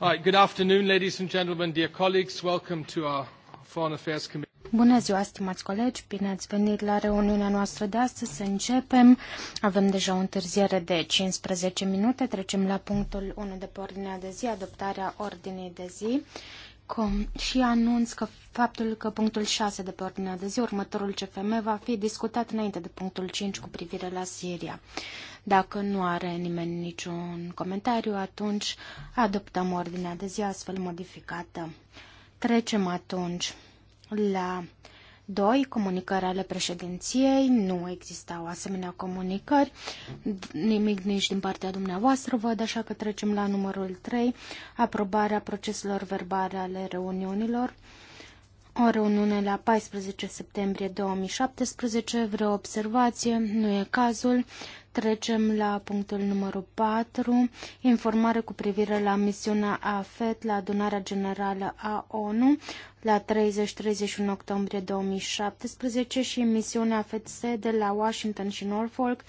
Right, good afternoon, ladies and gentlemen, dear colleagues. Welcome to our Foreign Affairs Committee. Bună ziua, stimați colegi, bine ați venit la reuniunea noastră de astăzi, să începem. Avem deja o întârziere de 15 minute, trecem la punctul 1 de pe ordinea de zi, adoptarea ordinii de zi. Com și anunț că faptul că punctul 6 de pe ordinea de zi, următorul CFM, va fi discutat înainte de punctul 5 cu privire la Siria. Dacă nu are nimeni niciun comentariu, atunci adoptăm ordinea de zi astfel modificată. Trecem atunci la 2. Comunicări ale președinției. Nu existau asemenea comunicări. Nimic nici din partea dumneavoastră văd, așa că trecem la numărul 3. Aprobarea proceselor verbale ale reuniunilor. O reuniune la 14 septembrie 2017. Vreo observație? Nu e cazul. Trecem la punctul numărul 4, informare cu privire la misiunea AFET la adunarea generală a ONU la 30-31 octombrie 2017 și misiunea AFET de la Washington și Norfolk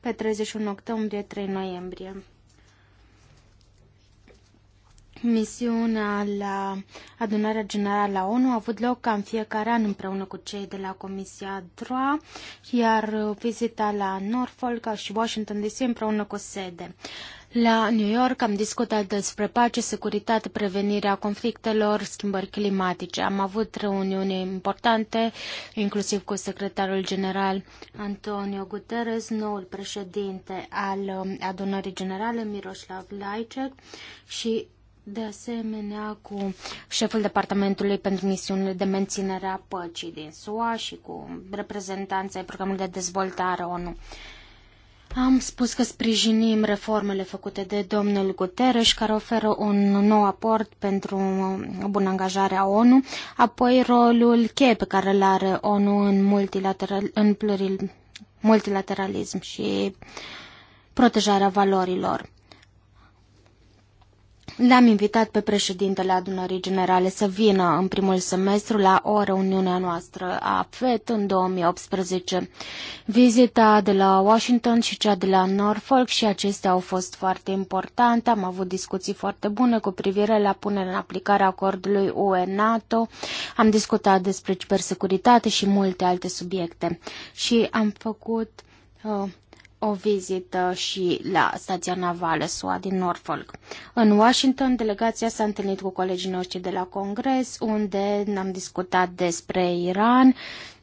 pe 31 octombrie 3 noiembrie. Misiunea la adunarea generală la ONU a avut loc cam fiecare an împreună cu cei de la Comisia DROA, iar vizita la Norfolk și Washington DC împreună cu sede. La New York am discutat despre pace, securitate, prevenirea conflictelor, schimbări climatice. Am avut reuniuni importante, inclusiv cu secretarul general Antonio Guterres, noul președinte al um, adunării generale Miroslav Lajcek și de asemenea cu șeful Departamentului pentru misiunile de menținere a păcii din SUA și cu reprezentanța ai programului de dezvoltare ONU. Am spus că sprijinim reformele făcute de domnul Guterres, care oferă un nou aport pentru o bună angajare a ONU, apoi rolul cheie pe care îl are ONU în, multilateral, în pluril, multilateralism și protejarea valorilor. L-am invitat pe președintele adunării generale să vină în primul semestru la o reuniune a noastră a FET în 2018. Vizita de la Washington și cea de la Norfolk și acestea au fost foarte importante. Am avut discuții foarte bune cu privire la punerea în aplicare a acordului UE-NATO. Am discutat despre cibersecuritate și multe alte subiecte. Și am făcut uh, o vizită și la stația navală SUA din Norfolk. În Washington, delegația s-a întâlnit cu colegii noștri de la Congres, unde am discutat despre Iran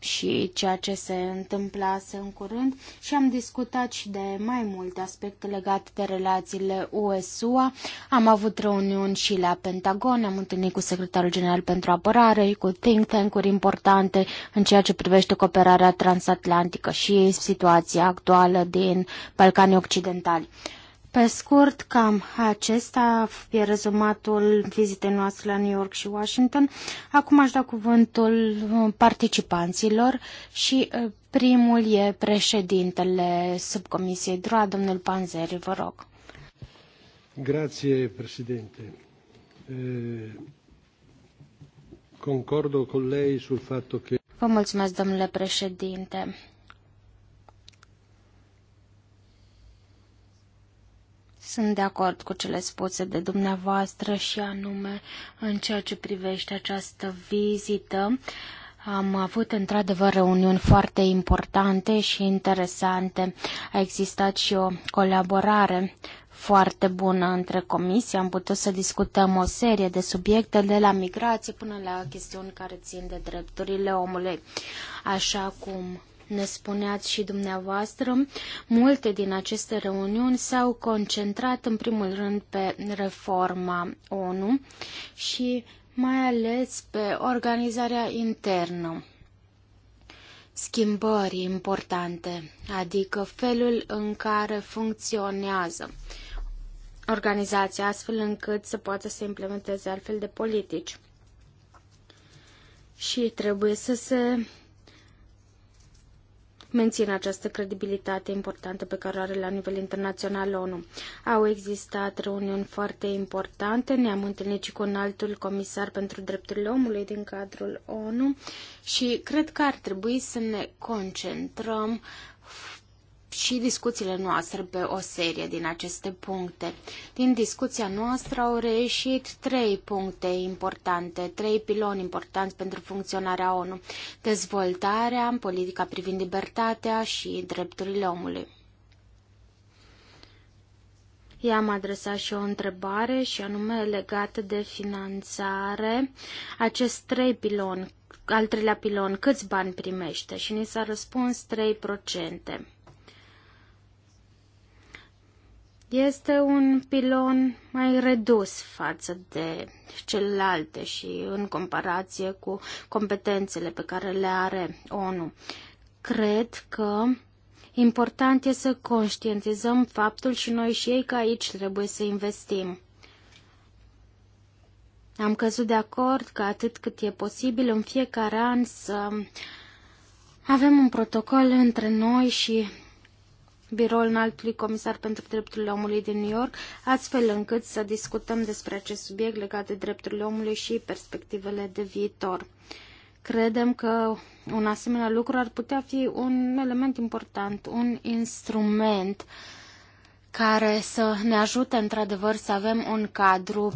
și ceea ce se întâmplase în curând și am discutat și de mai multe aspecte legate de relațiile USUA. Am avut reuniuni și la Pentagon, am întâlnit cu secretarul general pentru apărare, cu think tank-uri importante în ceea ce privește cooperarea transatlantică și situația actuală din Balcanii Occidentali. Pe scurt, cam acesta e rezumatul vizitei noastre la New York și Washington. Acum aș da cuvântul uh, participanților și uh, primul e președintele subcomisiei DROA, domnul Panzeri, vă rog. Grazie, președinte. Concordo con lei sul fatto che... Vă mulțumesc, domnule președinte. Sunt de acord cu cele spuse de dumneavoastră și anume în ceea ce privește această vizită. Am avut într-adevăr reuniuni foarte importante și interesante. A existat și o colaborare foarte bună între comisii. Am putut să discutăm o serie de subiecte, de la migrație până la chestiuni care țin de drepturile omului. Așa cum ne spuneați și dumneavoastră, multe din aceste reuniuni s-au concentrat în primul rând pe reforma ONU și mai ales pe organizarea internă schimbări importante, adică felul în care funcționează organizația, astfel încât să poată să implementeze altfel de politici. Și trebuie să se mențină această credibilitate importantă pe care o are la nivel internațional ONU. Au existat reuniuni foarte importante, ne-am întâlnit și cu un altul comisar pentru drepturile omului din cadrul ONU și cred că ar trebui să ne concentrăm și discuțiile noastre pe o serie din aceste puncte. Din discuția noastră au reieșit trei puncte importante, trei piloni importanți pentru funcționarea ONU. Dezvoltarea, politica privind libertatea și drepturile omului. I-am adresat și o întrebare și anume legată de finanțare. Acest trei piloni, al treilea pilon, câți bani primește? Și ni s-a răspuns 3%. Este un pilon mai redus față de celelalte și în comparație cu competențele pe care le are ONU. Cred că important este să conștientizăm faptul și noi și ei că aici trebuie să investim. Am căzut de acord că atât cât e posibil în fiecare an să avem un protocol între noi și biroul înaltului comisar pentru drepturile omului din New York, astfel încât să discutăm despre acest subiect legat de drepturile omului și perspectivele de viitor. Credem că un asemenea lucru ar putea fi un element important, un instrument care să ne ajute într-adevăr să avem un cadru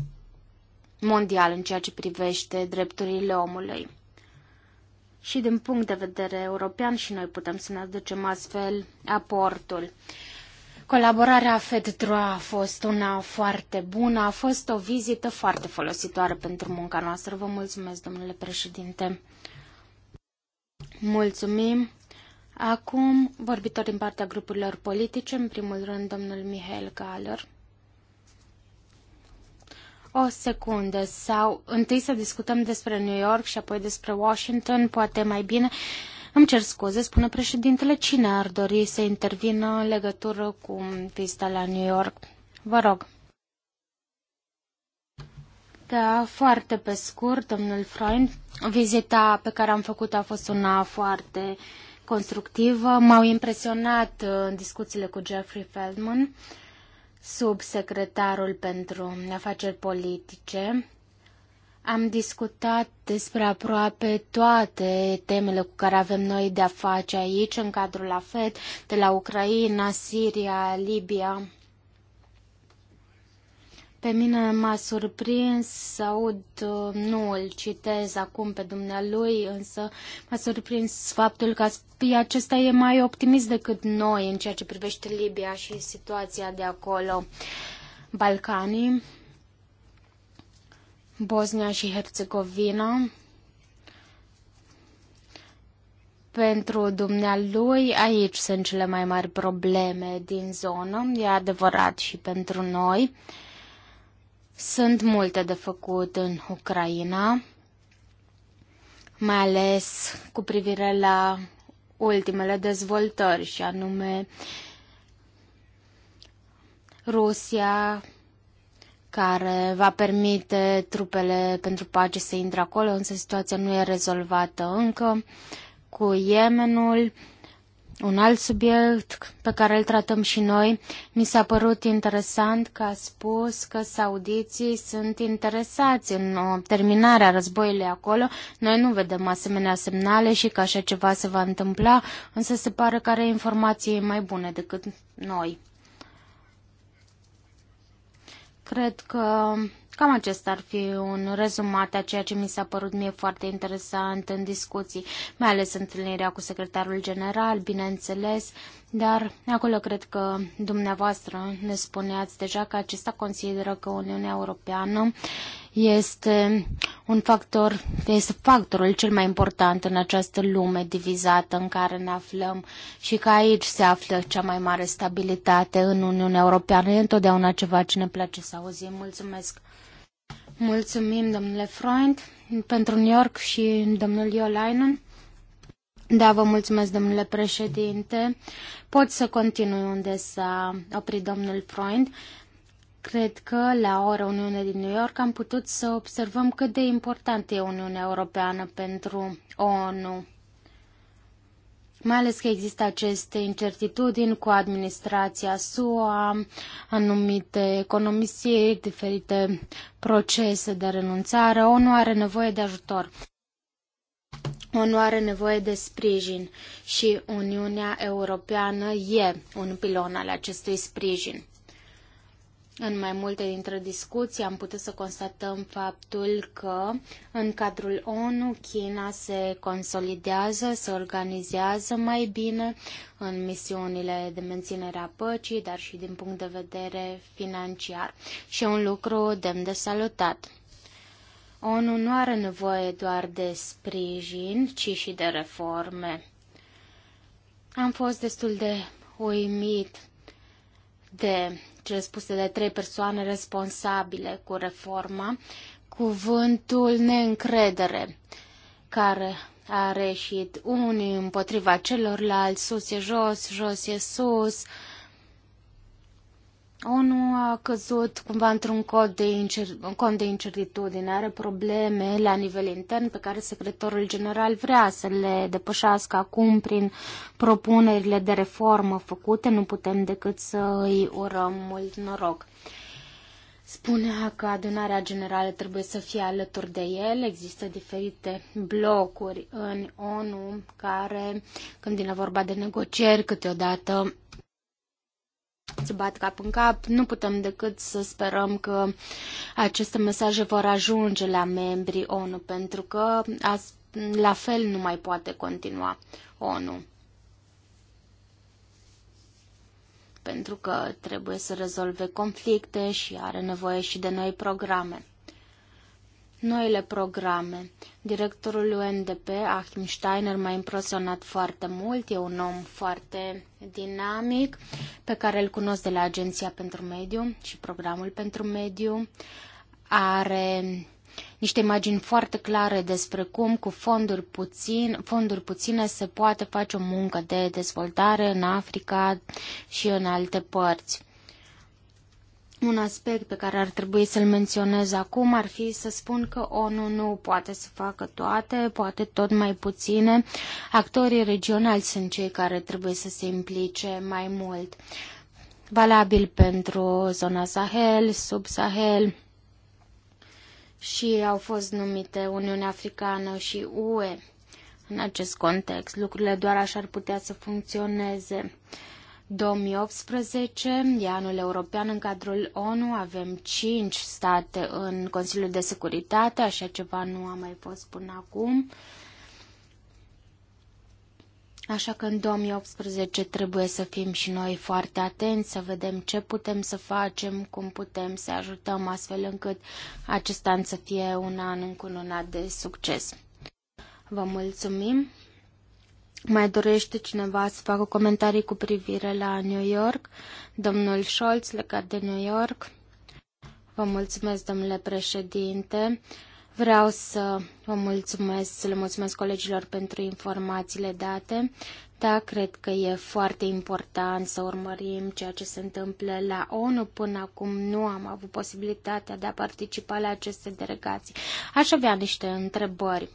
mondial în ceea ce privește drepturile omului și din punct de vedere european și noi putem să ne aducem astfel aportul. Colaborarea FedDRA a fost una foarte bună, a fost o vizită foarte folositoare pentru munca noastră. Vă mulțumesc, domnule președinte. Mulțumim. Acum, vorbitor din partea grupurilor politice, în primul rând, domnul Mihail Galer. O secundă, sau întâi să discutăm despre New York și apoi despre Washington, poate mai bine. Îmi cer scuze, spune președintele, cine ar dori să intervină în legătură cu vizita la New York? Vă rog. Da, foarte pe scurt, domnul Freund. Vizita pe care am făcut-o a fost una foarte constructivă. M-au impresionat uh, discuțiile cu Jeffrey Feldman. Uh, subsecretarul pentru afaceri politice. Am discutat despre aproape toate temele cu care avem noi de-a face aici, în cadrul AFET, de la Ucraina, Siria, Libia. Pe mine m-a surprins să aud, uh, nu îl citez acum pe dumnealui, însă m-a surprins faptul că acesta e mai optimist decât noi în ceea ce privește Libia și situația de acolo. Balcanii, Bosnia și Herțegovina, pentru dumnealui, aici sunt cele mai mari probleme din zonă, e adevărat și pentru noi. Sunt multe de făcut în Ucraina, mai ales cu privire la ultimele dezvoltări și anume Rusia care va permite trupele pentru pace să intre acolo, însă situația nu e rezolvată încă cu Yemenul. Un alt subiect pe care îl tratăm și noi, mi s-a părut interesant că a spus că saudiții sunt interesați în uh, terminarea războiului acolo. Noi nu vedem asemenea semnale și că așa ceva se va întâmpla, însă se pare că are informații mai bune decât noi. Cred că Cam acesta ar fi un rezumat a ceea ce mi s-a părut mie foarte interesant în discuții, mai ales întâlnirea cu secretarul general, bineînțeles, dar acolo cred că dumneavoastră ne spuneați deja că acesta consideră că Uniunea Europeană este un factor, este factorul cel mai important în această lume divizată în care ne aflăm și că aici se află cea mai mare stabilitate în Uniunea Europeană. E întotdeauna ceva ce ne place să auzim. Mulțumesc! Mulțumim, domnule Freund, pentru New York și domnul Iolainen. Da, vă mulțumesc, domnule președinte. Pot să continui unde s-a oprit domnul Freund. Cred că la o reuniune din New York am putut să observăm cât de important e Uniunea Europeană pentru ONU mai ales că există aceste incertitudini cu administrația SUA, anumite economisiri, diferite procese de renunțare. ONU are nevoie de ajutor. ONU are nevoie de sprijin și Uniunea Europeană e un pilon al acestui sprijin. În mai multe dintre discuții am putut să constatăm faptul că în cadrul ONU China se consolidează, se organizează mai bine în misiunile de menținere a păcii, dar și din punct de vedere financiar. Și un lucru demn de salutat. ONU nu are nevoie doar de sprijin, ci și de reforme. Am fost destul de uimit de cele spuse de trei persoane responsabile cu reforma, cuvântul neîncredere care a reșit unii împotriva celorlalți, sus e jos, jos e sus, uh, ONU a căzut cumva într-un cod de, incer- cont de incertitudine, are probleme la nivel intern pe care secretarul general vrea să le depășească acum prin propunerile de reformă făcute, nu putem decât să îi urăm mult noroc. Spunea că adunarea generală trebuie să fie alături de el. Există diferite blocuri în ONU care, când vine vorba de negocieri, câteodată se bat cap în cap. Nu putem decât să sperăm că aceste mesaje vor ajunge la membrii ONU, pentru că la fel nu mai poate continua ONU. Pentru că trebuie să rezolve conflicte și are nevoie și de noi programe noile programe. Directorul UNDP, Achim Steiner, m-a impresionat foarte mult. E un om foarte dinamic pe care îl cunosc de la Agenția pentru Mediu și programul pentru mediu. Are niște imagini foarte clare despre cum cu fonduri, puțin, fonduri puține se poate face o muncă de dezvoltare în Africa și în alte părți. Un aspect pe care ar trebui să-l menționez acum ar fi să spun că ONU nu poate să facă toate, poate tot mai puține. Actorii regionali sunt cei care trebuie să se implice mai mult. Valabil pentru zona Sahel, sub-Sahel și au fost numite Uniunea Africană și UE în acest context. Lucrurile doar așa ar putea să funcționeze. Uh, 2018 e anul european în cadrul ONU, avem 5 state în Consiliul de Securitate, așa ceva nu a mai fost până acum. Așa că în 2018 trebuie să fim și noi foarte atenți, să vedem ce putem să facem, cum putem să ajutăm astfel încât acest an să fie un an încununat de succes. Vă mulțumim! Mai dorește cineva să facă comentarii cu privire la New York? Domnul Scholz, legat de New York. Vă mulțumesc, domnule președinte. Vreau să vă mulțumesc, să le mulțumesc colegilor pentru informațiile date. Da, cred că e foarte important să urmărim ceea ce se întâmplă la ONU. Până acum nu am avut posibilitatea de a participa la aceste delegații. Aș avea niște întrebări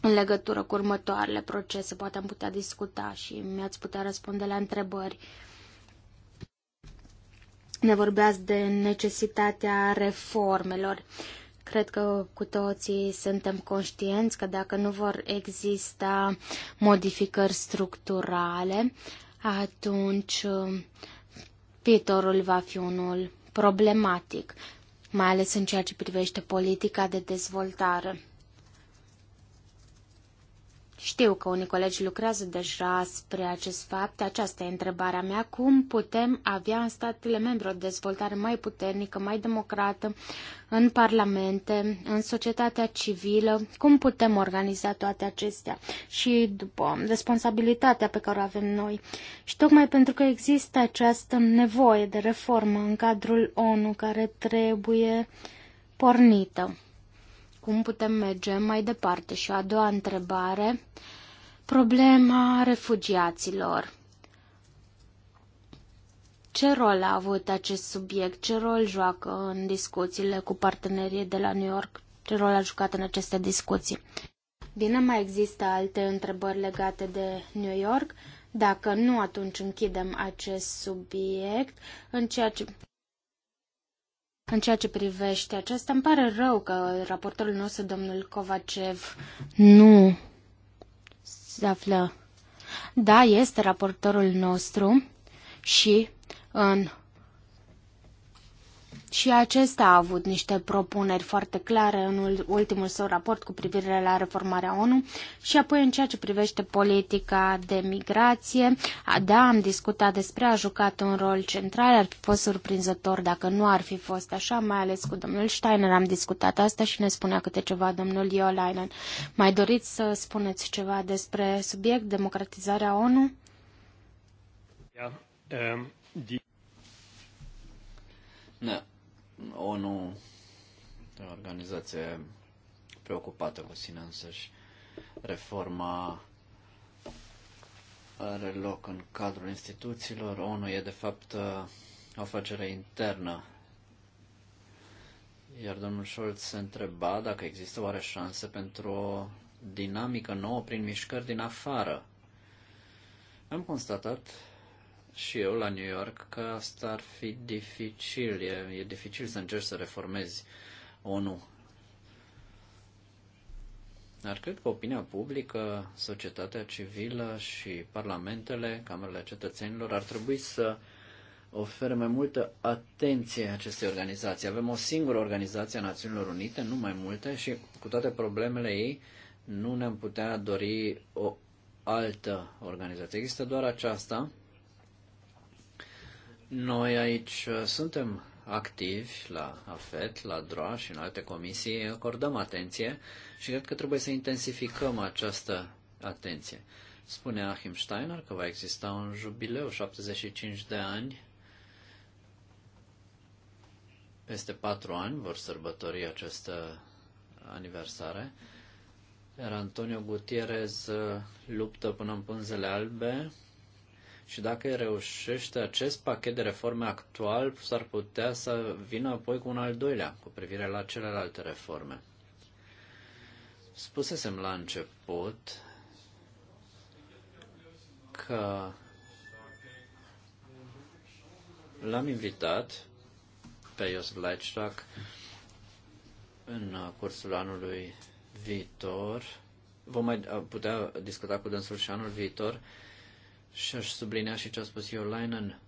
în legătură cu următoarele procese. Poate am putea discuta și mi-ați putea răspunde la întrebări. Ne vorbeați de necesitatea reformelor. Cred că cu toții suntem conștienți că dacă nu vor exista modificări structurale, atunci uh, viitorul va fi unul problematic, mai ales în ceea ce privește politica de dezvoltare. Știu că unii colegi lucrează deja spre acest fapt. Aceasta e întrebarea mea. Cum putem avea în statele membre o dezvoltare mai puternică, mai democrată, în parlamente, în societatea civilă? Cum putem organiza toate acestea? Și după responsabilitatea pe care o avem noi. Și tocmai pentru că există această nevoie de reformă în cadrul ONU care trebuie pornită cum putem merge mai departe. Și a doua întrebare, problema refugiaților. Ce rol a avut acest subiect? Ce rol joacă în discuțiile cu partenerii de la New York? Ce rol a jucat în aceste discuții? Bine, mai există alte întrebări legate de New York? Dacă nu, atunci închidem acest subiect în ceea ce în ceea ce privește acesta, îmi pare rău că raportorul nostru, domnul Kovacev, nu se află. Da, este raportorul nostru și în și acesta a avut niște propuneri foarte clare în ultimul său raport cu privire la reformarea ONU și apoi în ceea ce privește politica de migrație. Da, am discutat despre a jucat un rol central, ar fi fost surprinzător dacă nu ar fi fost așa, mai ales cu domnul Steiner am discutat asta și ne spunea câte ceva domnul Iolainen. Mai doriți să spuneți ceva despre subiect, democratizarea ONU? Da. Um, the... No. ONU o organizație preocupată cu sine însăși. Reforma are loc în cadrul instituțiilor. ONU e de fapt uh, o afacere internă. Iar domnul Scholz se întreba dacă există oare șanse pentru o dinamică nouă prin mișcări din afară. Am constatat și eu la New York că asta ar fi dificil. E, e dificil să încerci să reformezi ONU. Dar cred că opinia publică, societatea civilă și parlamentele, camerele cetățenilor, ar trebui să oferă mai multă atenție acestei organizații. Avem o singură organizație a Națiunilor Unite, nu mai multe, și cu toate problemele ei, nu ne-am putea dori o altă organizație. Există doar aceasta noi aici uh, suntem activi la AFET, la DROA și în alte comisii, acordăm atenție și cred că trebuie să intensificăm această atenție. Spune Achim Steiner că va exista un jubileu, 75 de ani, peste patru ani vor sărbători această aniversare. Iar Antonio Gutierrez uh, luptă până în pânzele albe și dacă reușește acest pachet de reforme actual, s-ar putea să vină apoi cu un al doilea cu privire la celelalte reforme. Spusesem la început că l-am invitat pe Jos Leitstock în cursul anului viitor. Vom mai putea discuta cu dânsul și anul viitor și aș sublinea și ce a spus Leinen.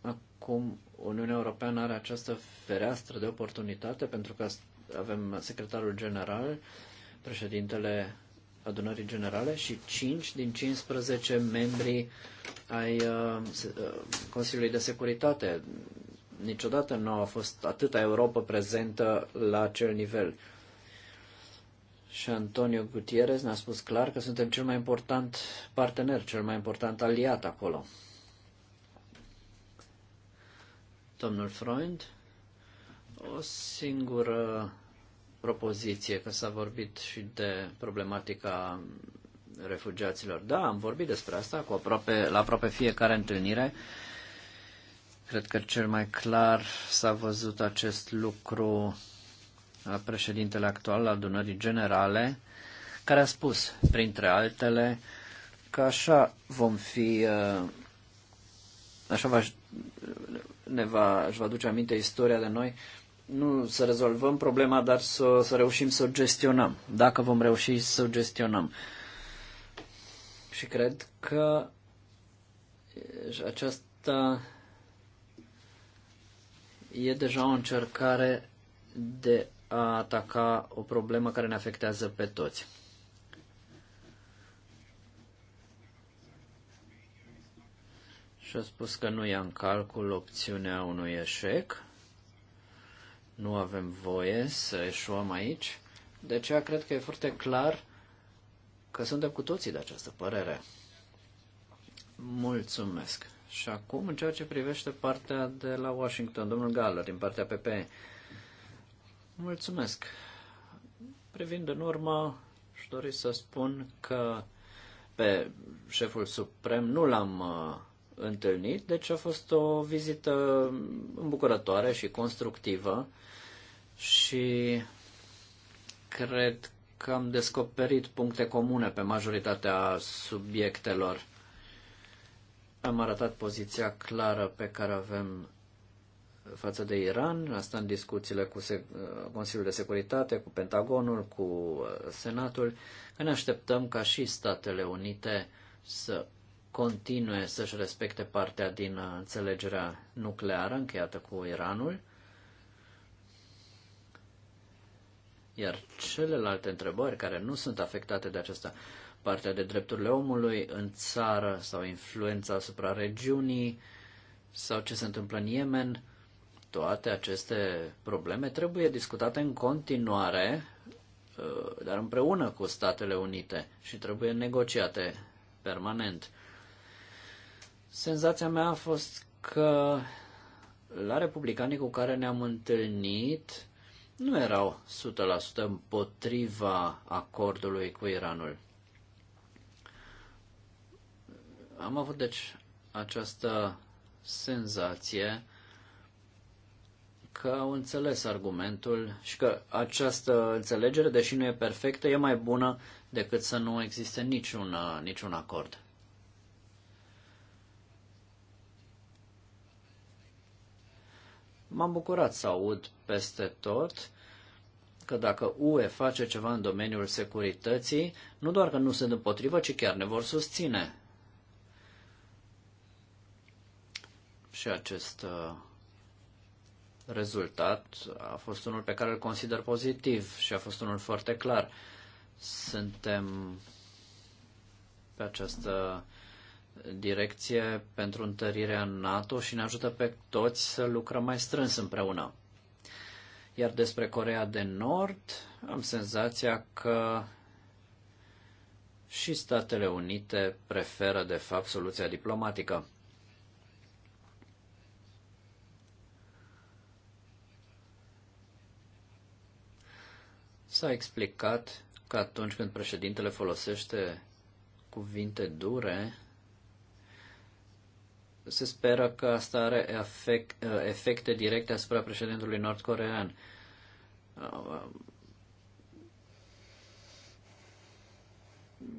Acum Uniunea Europeană are această fereastră de oportunitate pentru că avem secretarul general, președintele adunării generale și 5 din 15 membri ai uh, uh, Consiliului de Securitate. Niciodată nu a fost atâta Europa prezentă la acel nivel și Antonio Gutierrez ne-a spus clar că suntem cel mai important partener, cel mai important aliat acolo. Domnul Freund, o singură propoziție, că s-a vorbit și de problematica refugiaților. Da, am vorbit despre asta cu aproape, la aproape fiecare întâlnire. Cred că cel mai clar s-a văzut acest lucru președintele actual al adunării generale, care a spus, printre altele, că așa vom fi, uh, așa va, ne va, își va duce aminte istoria de noi, nu să rezolvăm problema, dar să, să reușim să o gestionăm, dacă vom reuși să o gestionăm. Și cred că uh, aceasta e deja o încercare de a ataca o problemă care ne afectează pe toți. Și a spus că nu ia în calcul opțiunea unui eșec. Nu avem voie să eșuăm aici. De aceea cred că e foarte clar că suntem cu toții de această părere. Mulțumesc. Și acum, în ceea ce privește partea de la Washington, domnul Galler, din partea PPE. Mulțumesc. Privind în urmă, aș dori să spun că pe șeful suprem nu l-am uh, întâlnit, deci a fost o vizită îmbucurătoare și constructivă și cred că am descoperit puncte comune pe majoritatea subiectelor. Am arătat poziția clară pe care avem față de Iran, asta în discuțiile cu Consiliul de Securitate, cu Pentagonul, cu uh, Senatul, că ne așteptăm ca și Statele Unite să continue să-și respecte partea din uh, înțelegerea nucleară încheiată cu Iranul. Iar celelalte întrebări care nu sunt afectate de aceasta, partea de drepturile omului în țară sau influența asupra regiunii sau ce se întâmplă în Yemen, toate aceste probleme trebuie discutate în continuare, uh, dar împreună cu Statele Unite și trebuie negociate permanent. Senzația mea a fost că la republicanii cu care ne-am întâlnit nu erau 100% împotriva acordului cu Iranul. Am avut deci această senzație că au înțeles argumentul și că această înțelegere, deși nu e perfectă, e mai bună decât să nu existe niciun, niciun acord. M-am bucurat să aud peste tot că dacă UE face ceva în domeniul securității, nu doar că nu sunt împotrivă, ci chiar ne vor susține. Și acest uh, rezultat a fost unul pe care îl consider pozitiv și a fost unul foarte clar. Suntem pe această direcție pentru întărirea NATO și ne ajută pe toți să lucrăm mai strâns împreună. Iar despre Corea de Nord, am senzația că și Statele Unite preferă, de fapt, soluția diplomatică. S-a explicat că atunci când președintele folosește cuvinte dure, se speră că asta are efect, uh, efecte directe asupra președintelui nordcorean.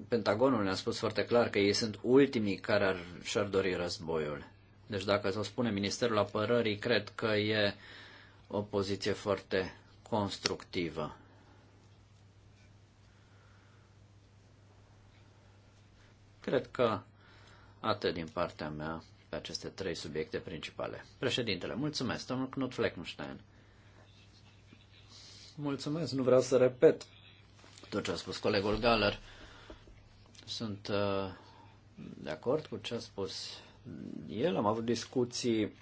Pentagonul ne-a spus foarte clar că ei sunt ultimii care ar, și-ar dori războiul. Deci dacă o spune Ministerul Apărării, cred că e o poziție foarte constructivă. Cred că atât din partea mea pe aceste trei subiecte principale. Președintele, mulțumesc, domnul Knut Fleckenstein. Mulțumesc, nu vreau să repet tot ce a spus colegul Galler. Sunt uh, de acord cu ce a spus el. Am avut discuții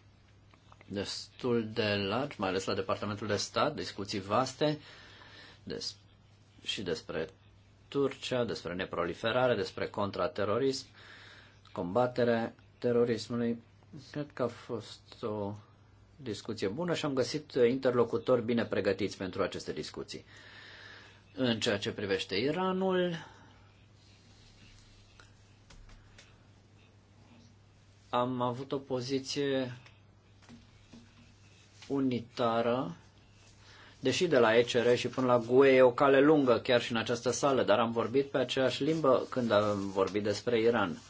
destul de largi, mai ales la Departamentul de Stat, discuții vaste des- și despre Turcia, despre neproliferare, despre contraterorism, combaterea terorismului. Cred că a fost o discuție bună și am găsit interlocutori bine pregătiți pentru aceste discuții. În ceea ce privește Iranul, am avut o poziție unitară deși de la ECR și până la GUE e o cale lungă chiar și în această sală, dar am vorbit pe aceeași limbă când am vorbit despre Iran.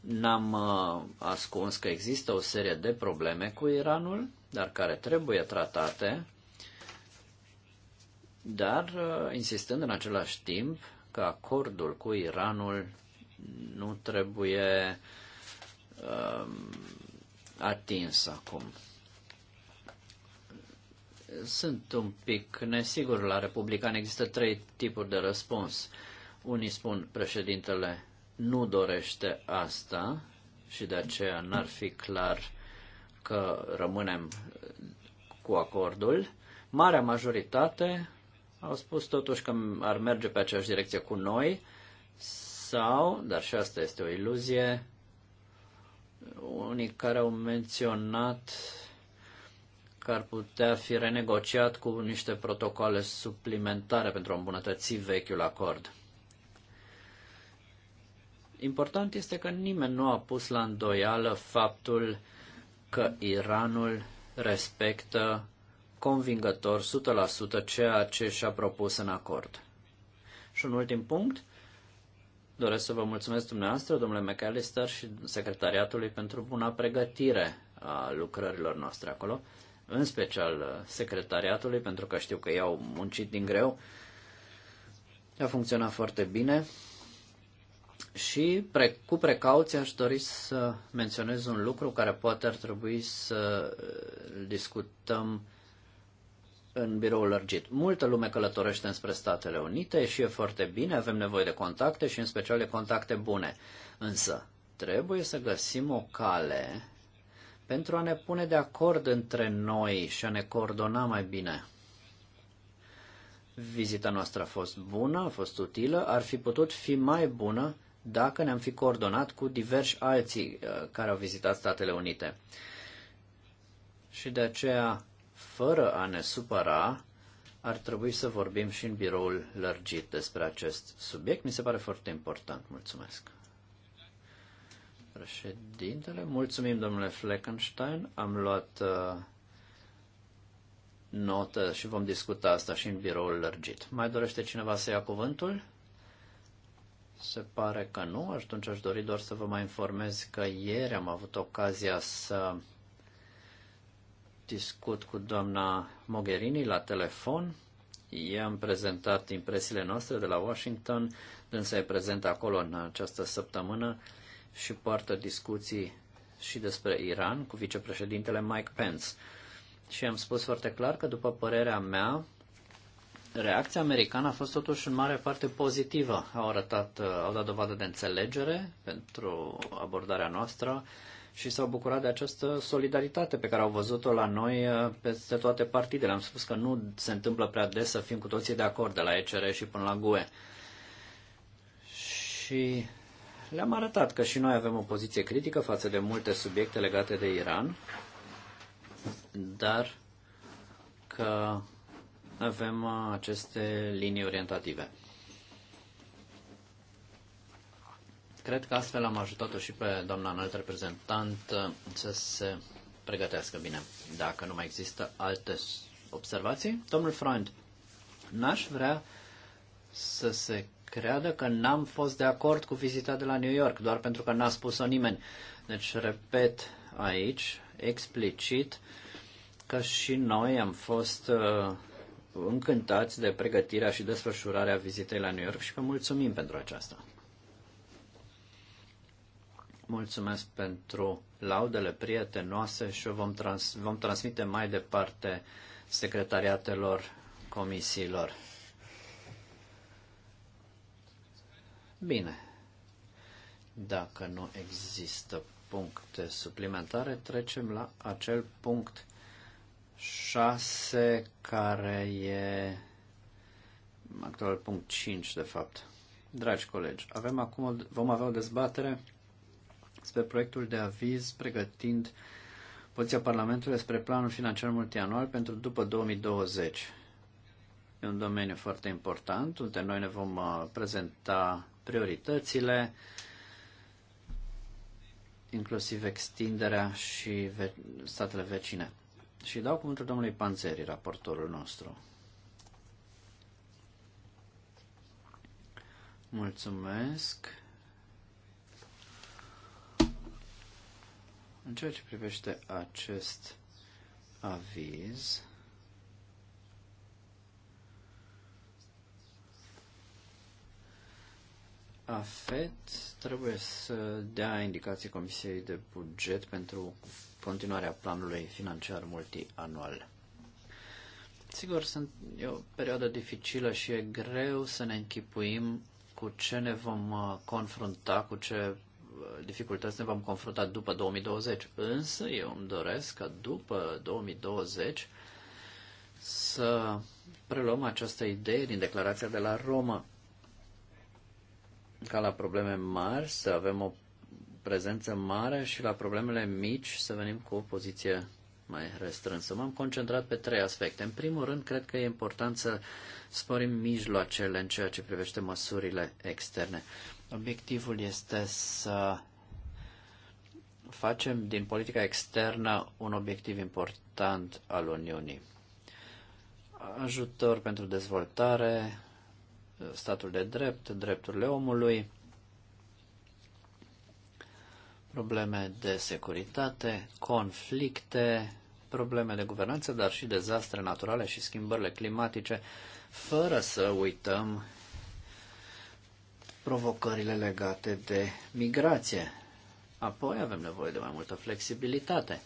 N-am uh, ascuns că există o serie de probleme cu Iranul, dar care trebuie tratate, dar uh, insistând în același timp că acordul cu Iranul nu trebuie uh, atins acum sunt un pic nesigur la republican. Există trei tipuri de răspuns. Unii spun președintele nu dorește asta și de aceea n-ar fi clar că rămânem cu acordul. Marea majoritate au spus totuși că ar merge pe aceeași direcție cu noi sau, dar și asta este o iluzie, unii care au menționat că ar putea fi renegociat cu niște protocoale suplimentare pentru a îmbunătăți vechiul acord. Important este că nimeni nu a pus la îndoială faptul că Iranul respectă convingător 100% ceea ce și-a propus în acord. Și un ultim punct, doresc să vă mulțumesc dumneavoastră, domnule McAllister și secretariatului pentru buna pregătire a lucrărilor noastre acolo în special uh, secretariatului, pentru că știu că ei au muncit din greu. A funcționat foarte bine și pre, cu precauție aș dori să menționez un lucru care poate ar trebui să uh, discutăm în biroul lărgit. Multă lume călătorește înspre Statele Unite și e foarte bine, avem nevoie de contacte și în special de contacte bune. Însă trebuie să găsim o cale pentru a ne pune de acord între noi și a ne coordona mai bine. Vizita noastră a fost bună, a fost utilă, ar fi putut fi mai bună dacă ne-am fi coordonat cu diversi alții uh, care au vizitat Statele Unite. Și de aceea, fără a ne supăra, ar trebui să vorbim și în biroul lărgit despre acest subiect. Mi se pare foarte important. Mulțumesc! Președintele, mulțumim domnule Fleckenstein, am luat uh, notă și vom discuta asta și în biroul lărgit. Mai dorește cineva să ia cuvântul? Se pare că nu, atunci aș dori doar să vă mai informez că ieri am avut ocazia să discut cu doamna Mogherini la telefon. I-am prezentat impresiile noastre de la Washington, însă e prezent acolo în această săptămână și poartă discuții și despre Iran cu vicepreședintele Mike Pence. Și am spus foarte clar că, după părerea mea, reacția americană a fost totuși în mare parte pozitivă. Au arătat, uh, au dat dovadă de înțelegere pentru abordarea noastră și s-au bucurat de această solidaritate pe care au văzut-o la noi uh, peste toate partidele. Am spus că nu se întâmplă prea des să fim cu toții de acord, de la ECR și până la GUE. Și le-am arătat că și noi avem o poziție critică față de multe subiecte legate de Iran, dar că avem uh, aceste linii orientative. Cred că astfel am ajutat-o și pe doamna înalt reprezentant uh, să se pregătească bine. Dacă nu mai există alte observații, domnul Freund, n-aș vrea să se creadă că n-am fost de acord cu vizita de la New York, doar pentru că n-a spus-o nimeni. Deci, repet aici, explicit, că și noi am fost uh, încântați de pregătirea și desfășurarea vizitei la New York și că mulțumim pentru aceasta. Mulțumesc pentru laudele prietenoase și vom, trans- vom transmite mai departe secretariatelor comisiilor. Bine. Dacă nu există puncte suplimentare, trecem la acel punct 6 care e actual punct 5 de fapt. Dragi colegi, avem acum, vom avea o dezbatere despre proiectul de aviz pregătind poziția Parlamentului despre planul financiar multianual pentru după 2020. E un domeniu foarte important, unde noi ne vom uh, prezenta prioritățile, inclusiv extinderea și ve- statele vecine. Și dau cuvântul domnului Panzeri, raportorul nostru. Mulțumesc. În ceea ce privește acest aviz, AFET trebuie să dea indicații Comisiei de Buget pentru continuarea planului financiar multianual. Sigur, sunt, e o perioadă dificilă și e greu să ne închipuim cu ce ne vom uh, confrunta, cu ce uh, dificultăți ne vom confrunta după 2020. Însă eu îmi doresc ca după 2020 să preluăm această idee din declarația de la Roma ca la probleme mari să avem o prezență mare și la problemele mici să venim cu o poziție mai restrânsă. M-am concentrat pe trei aspecte. În primul rând, cred că e important să sporim mijloacele în ceea ce privește măsurile externe. Obiectivul este să facem din politica externă un obiectiv important al Uniunii. Ajutor pentru dezvoltare, statul de drept, drepturile omului, probleme de securitate, conflicte, probleme de guvernanță, dar și dezastre naturale și schimbările climatice, fără să uităm provocările legate de migrație. Apoi avem nevoie de mai multă flexibilitate.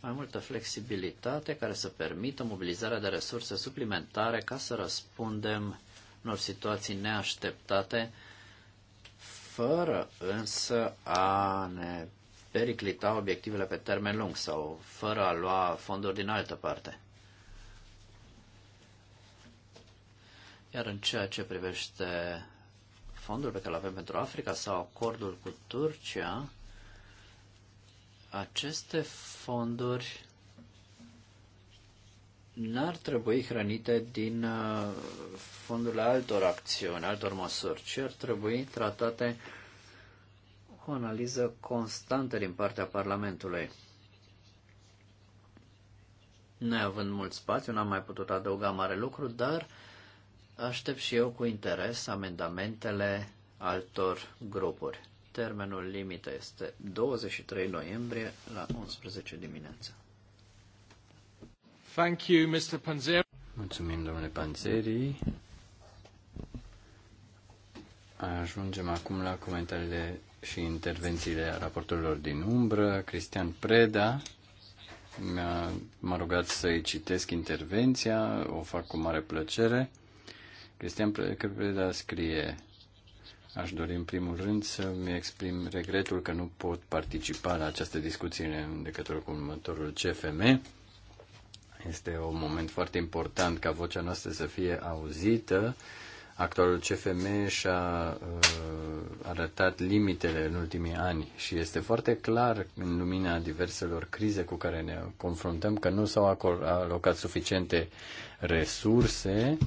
Mai multă flexibilitate care să permită mobilizarea de resurse suplimentare ca să răspundem unor situații neașteptate, fără însă a ne periclita obiectivele pe termen lung sau fără a lua fonduri din altă parte. Iar în ceea ce privește fondul pe care îl avem pentru Africa sau acordul cu Turcia, aceste fonduri n-ar trebui hrănite din uh, fondurile altor acțiuni, altor măsuri, ci ar trebui tratate o analiză constantă din partea Parlamentului. Noi având mult spațiu, n-am mai putut adăuga mare lucru, dar aștept și eu cu interes amendamentele altor grupuri. Termenul limită este 23 noiembrie la 11 dimineața. Thank you, Mr. Panzeri. Mulțumim, domnule Panzeri. Ajungem acum la comentariile și intervențiile raportorilor din umbră. Cristian Preda mi-a, m-a rugat să-i citesc intervenția, o fac cu mare plăcere. Cristian Preda scrie, aș dori în primul rând să-mi exprim regretul că nu pot participa la această discuție în legătură cu următorul CFM este un moment foarte important ca vocea noastră să fie auzită. Actualul CFM și-a uh, arătat limitele în ultimii ani și este foarte clar în lumina diverselor crize cu care ne confruntăm că nu s-au alocat suficiente resurse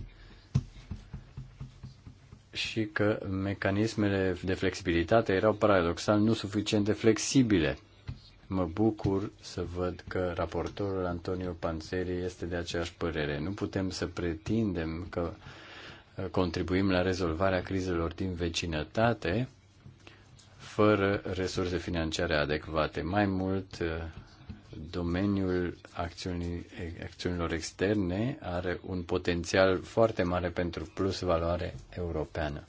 și că mecanismele de flexibilitate erau paradoxal nu suficient de flexibile. Mă bucur să văd că raportorul Antonio Panzeri este de aceeași părere. Nu putem să pretindem că uh, contribuim la rezolvarea crizelor din vecinătate fără resurse financiare adecvate. Mai mult, uh, domeniul acțiunilor externe are un potențial foarte mare pentru plus valoare europeană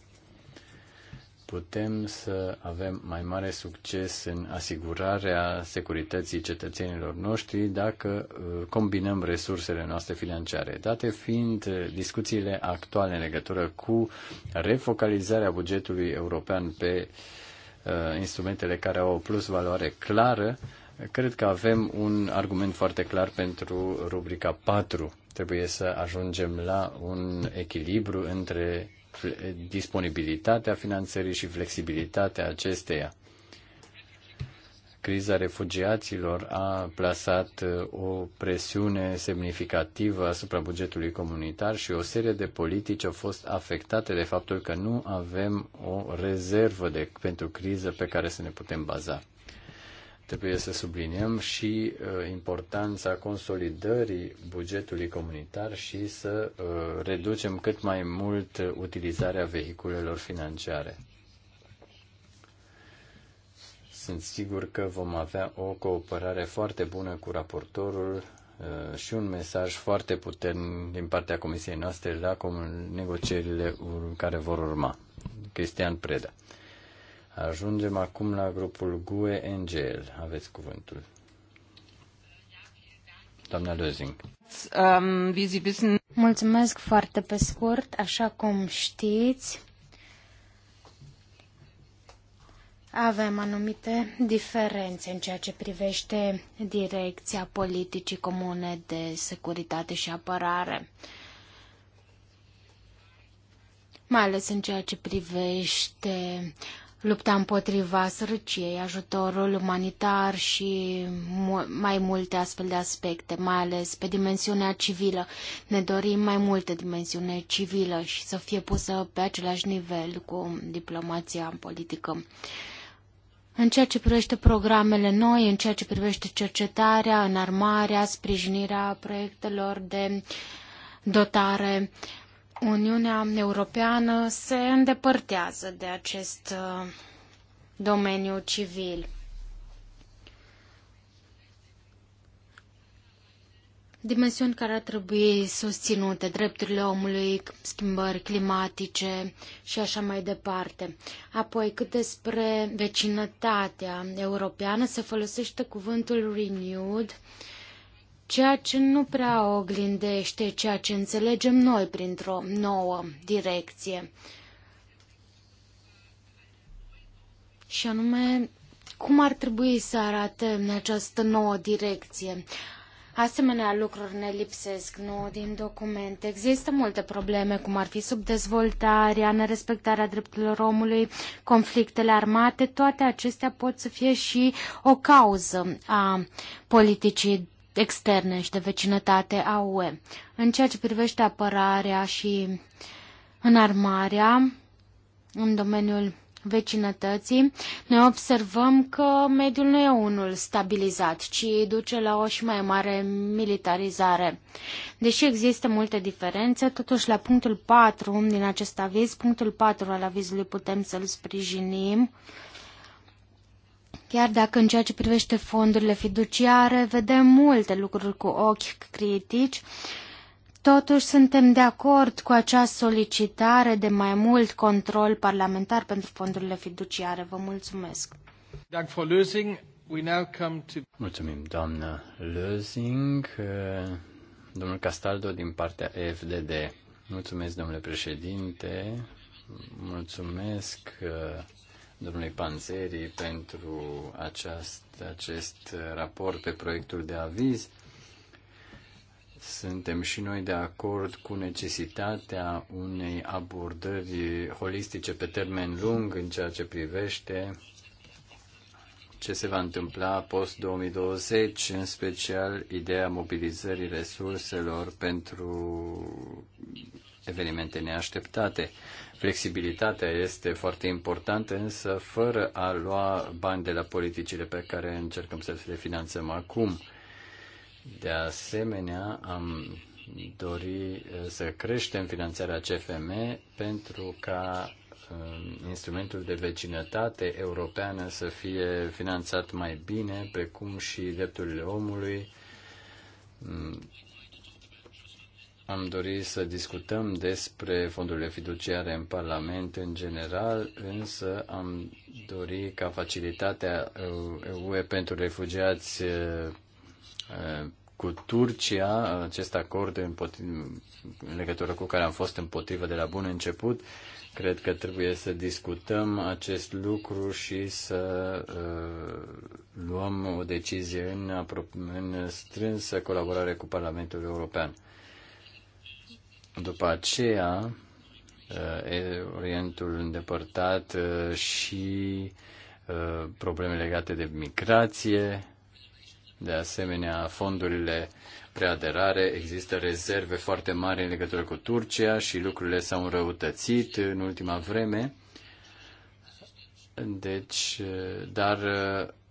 putem să avem mai mare succes în asigurarea securității cetățenilor noștri dacă uh, combinăm resursele noastre financiare. Date fiind uh, discuțiile actuale în legătură cu refocalizarea bugetului european pe uh, instrumentele care au o plus valoare clară, cred că avem un argument foarte clar pentru rubrica 4. Trebuie să ajungem la un echilibru între disponibilitatea finanțării și flexibilitatea acesteia. Criza refugiaților a plasat uh, o presiune semnificativă asupra bugetului comunitar și o serie de politici au fost afectate de faptul că nu avem o rezervă de, pentru criză pe care să ne putem baza. Trebuie să subliniem și uh, importanța consolidării bugetului comunitar și să uh, reducem cât mai mult utilizarea vehiculelor financiare. Sunt sigur că vom avea o cooperare foarte bună cu raportorul uh, și un mesaj foarte puternic din partea comisiei noastre la negocierile care vor urma. Cristian Preda. Ajungem acum la grupul GUE NGL. Aveți cuvântul. Doamna Lözing. Um, Mulțumesc foarte pe scurt. Așa cum știți, avem anumite diferențe în ceea ce privește direcția politicii comune de securitate și apărare mai ales în ceea ce privește lupta împotriva sărăciei, ajutorul umanitar și mai multe astfel de aspecte, mai ales pe dimensiunea civilă. Ne dorim mai multe dimensiune civilă și să fie pusă pe același nivel cu diplomația politică. În ceea ce privește programele noi, în ceea ce privește cercetarea, înarmarea, sprijinirea proiectelor de dotare, uh, Uniunea Europeană se îndepărtează de acest uh, domeniu civil. Dimensiuni care ar trebui susținute, drepturile omului, schimbări climatice și așa mai departe. Apoi, cât despre vecinătatea europeană, se folosește cuvântul renewed, uh, ceea ce nu prea oglindește ceea ce înțelegem noi printr-o nouă direcție. Și anume, cum ar trebui să arate în această nouă direcție? Asemenea lucruri ne lipsesc nu din document. Există multe probleme, cum ar fi subdezvoltarea, nerespectarea drepturilor omului, conflictele armate. Toate acestea pot să fie și o cauză a politicii externe și de vecinătate a UE. În ceea ce privește apărarea și înarmarea în domeniul vecinătății, noi observăm că mediul nu e unul stabilizat, ci duce la o și mai mare militarizare. Deși există multe diferențe, totuși la punctul 4 din acest aviz, punctul 4 al avizului putem să-l sprijinim, Chiar dacă în ceea ce privește fondurile fiduciare vedem multe lucruri cu ochi critici, totuși suntem de acord cu acea solicitare de mai mult control parlamentar pentru fondurile fiduciare. Vă mulțumesc. Mulțumim, doamnă Lösing. Domnul Castaldo din partea FDD. Mulțumesc, domnule președinte. Mulțumesc domnului Panzeri pentru aceast, acest raport pe proiectul de aviz. Suntem și noi de acord cu necesitatea unei abordări holistice pe termen lung în ceea ce privește ce se va întâmpla post-2020, în special ideea mobilizării resurselor pentru evenimente neașteptate. Flexibilitatea este foarte importantă, însă fără a lua bani de la politicile pe care încercăm să le finanțăm acum. De asemenea, am dori eh, să creștem finanțarea CFM pentru ca eh, instrumentul de vecinătate europeană să fie finanțat mai bine, precum și drepturile omului, mm, am dorit să discutăm despre fondurile fiduciare în Parlament în general, însă am dorit ca facilitatea UE pentru refugiați eh, eh, cu Turcia, acest acord în, în legătură cu care am fost împotrivă de la bun început, cred că trebuie să discutăm acest lucru și să eh, luăm o decizie în, în strânsă colaborare cu Parlamentul European. După aceea, Orientul îndepărtat și probleme legate de migrație, de asemenea, fondurile preaderare, există rezerve foarte mari în legătură cu Turcia și lucrurile s-au înrăutățit în ultima vreme. Deci, dar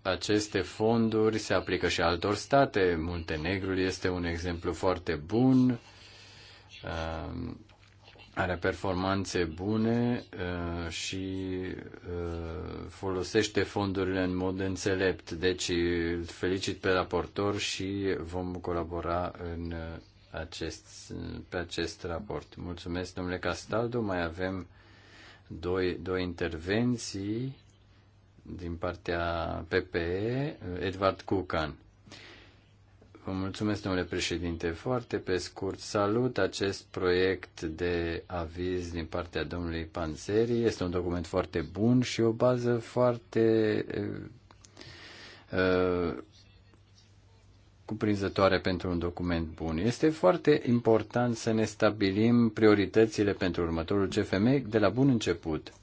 aceste fonduri se aplică și altor state. Muntenegrul este un exemplu foarte bun Um, are performanțe bune uh, și uh, folosește fondurile în mod înțelept. Deci îl felicit pe raportor și vom colabora în uh, acest, pe acest raport. Mulțumesc, domnule Castaldo. Mai avem doi, două intervenții din partea PPE, Edward Cucan. Vă mulțumesc, domnule președinte. Foarte pe scurt, salut acest proiect de aviz din partea domnului Panzeri. Este un document foarte bun și o bază foarte eh, eh, cuprinzătoare pentru un document bun. Este foarte important să ne stabilim prioritățile pentru următorul CFM de la bun început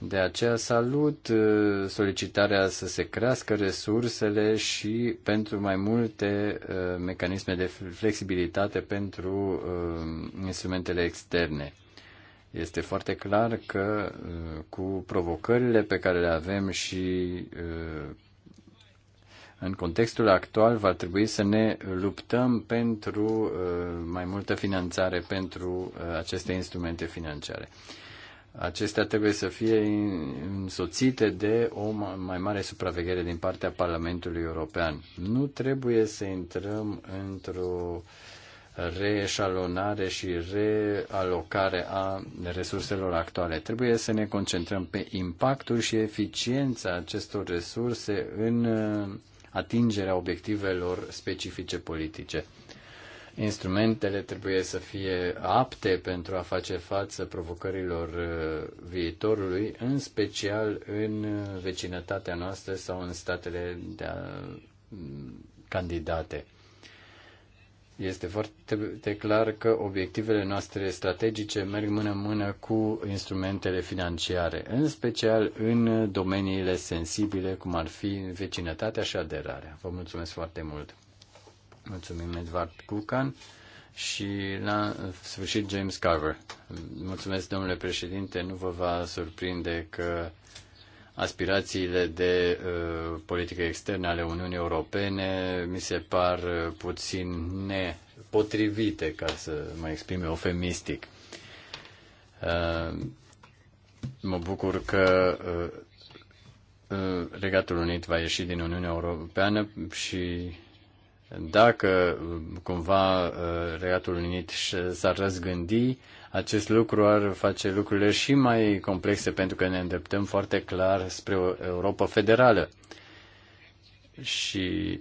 de aceea salut uh, solicitarea să se crească resursele și pentru mai multe uh, mecanisme de flexibilitate pentru uh, instrumentele externe. Este foarte clar că cu provocările pe care le avem și în contextul actual va trebui să ne luptăm pentru mai multă finanțare pentru aceste instrumente financiare acestea trebuie să fie însoțite de o mai mare supraveghere din partea Parlamentului European. Nu trebuie să intrăm într-o reeșalonare și realocare a resurselor actuale. Trebuie să ne concentrăm pe impactul și eficiența acestor resurse în uh, atingerea obiectivelor specifice politice. Instrumentele trebuie să fie apte pentru a face față provocărilor uh, viitorului, în special în vecinătatea noastră sau în statele de a, uh, candidate. Este foarte clar că obiectivele noastre strategice merg mână-mână cu instrumentele financiare, în special în domeniile sensibile, cum ar fi vecinătatea și aderarea. Vă mulțumesc foarte mult! Mulțumim, Edward Cucan. Și la sfârșit, James Carver. Mulțumesc, domnule președinte. Nu vă va surprinde că aspirațiile de uh, politică externă ale Uniunii Europene mi se par uh, puțin nepotrivite, ca să mă exprim eufemistic. Uh, mă bucur că uh, uh, Regatul Unit va ieși din Uniunea Europeană și dacă uh, cumva uh, Regatul Unit s-ar răzgândi, acest lucru ar face lucrurile și mai complexe pentru că ne îndreptăm foarte clar spre o Europa federală. Și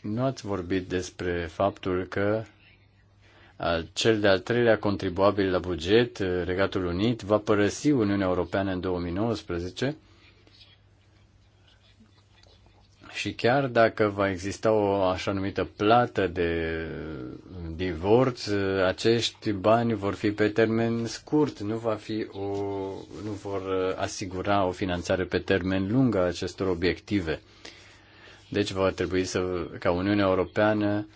nu ați vorbit despre faptul că cel de-al treilea contribuabil la buget, uh, Regatul Unit, va părăsi Uniunea Europeană în 2019 Și chiar dacă va exista o așa numită plată de divorț, acești bani vor fi pe termen scurt, nu, va fi o, nu vor asigura o finanțare pe termen lung a acestor obiective. Deci va trebui să, ca Uniunea Europeană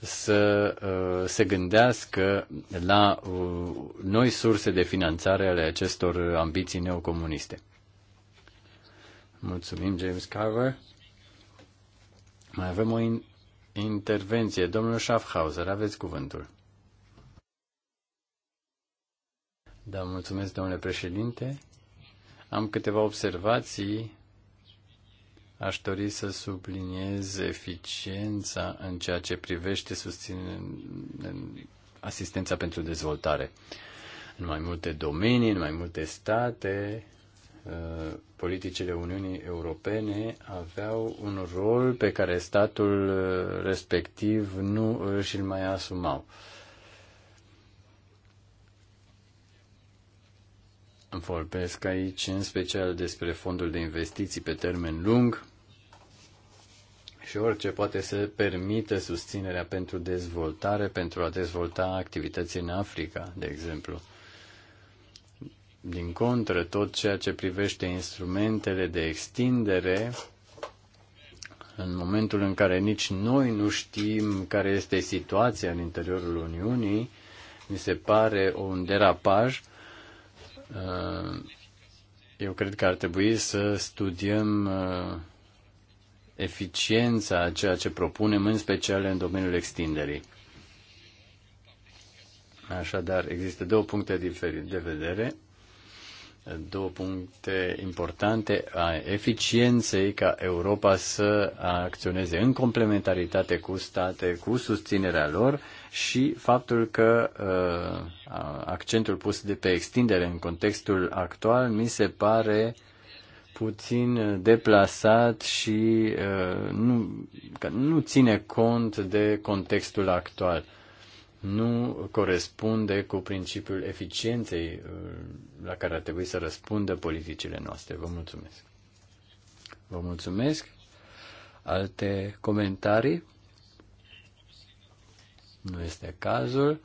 să uh, se gândească la uh, noi surse de finanțare ale acestor ambiții neocomuniste. Mulțumim, James Carver. Mai avem o in- intervenție. Domnul Schaffhauser, aveți cuvântul. Da, mulțumesc, domnule președinte. Am câteva observații. Aș dori să subliniez eficiența în ceea ce privește susținerea asistența pentru dezvoltare. În mai multe domenii, în mai multe state, Uh, politicile Uniunii Europene aveau un rol pe care statul uh, respectiv nu își îl mai asumau. Vorbesc aici în special despre fondul de investiții pe termen lung și orice poate să permită susținerea pentru dezvoltare, pentru a dezvolta activități în Africa, de exemplu. Din contră, tot ceea ce privește instrumentele de extindere, în momentul în care nici noi nu știm care este situația în interiorul Uniunii, mi se pare un derapaj. Uh, eu cred că ar trebui să studiem uh, eficiența a ceea ce propunem, în special în domeniul extinderii. Așadar, există două puncte diferite de vedere două puncte importante a eficienței ca Europa să acționeze în complementaritate cu state, cu susținerea lor și faptul că uh, accentul pus de pe extindere în contextul actual mi se pare puțin deplasat și uh, nu, că nu ține cont de contextul actual. Uh, nu corespunde cu principiul eficienței uh, la care ar trebui să răspundă politicile noastre. Vă mulțumesc. Vă mulțumesc. Alte comentarii? Nu este cazul.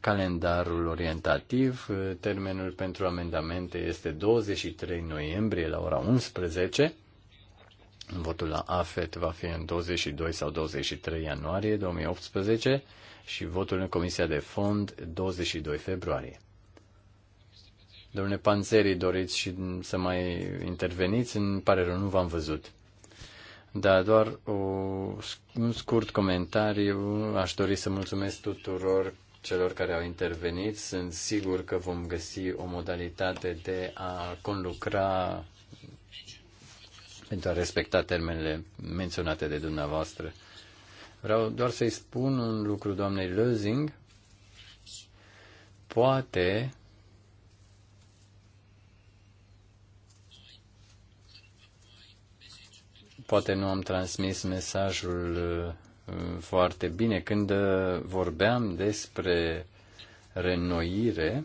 Calendarul orientativ, uh, termenul pentru amendamente este 23 noiembrie la ora 11. Votul la AFET va fi în 22 sau 23 ianuarie 2018 și votul în Comisia de Fond 22 februarie. Domnule Panzeri, doriți și să mai interveniți? În pare rău, nu v-am văzut. Da, doar o, un scurt comentariu. Aș dori să mulțumesc tuturor celor care au intervenit. Sunt sigur că vom găsi o modalitate de a conlucra pentru a respecta termenele menționate de dumneavoastră. Vreau doar să-i spun un lucru doamnei Lözing. Poate poate nu am transmis mesajul uh, foarte bine. Când uh, vorbeam despre renoire,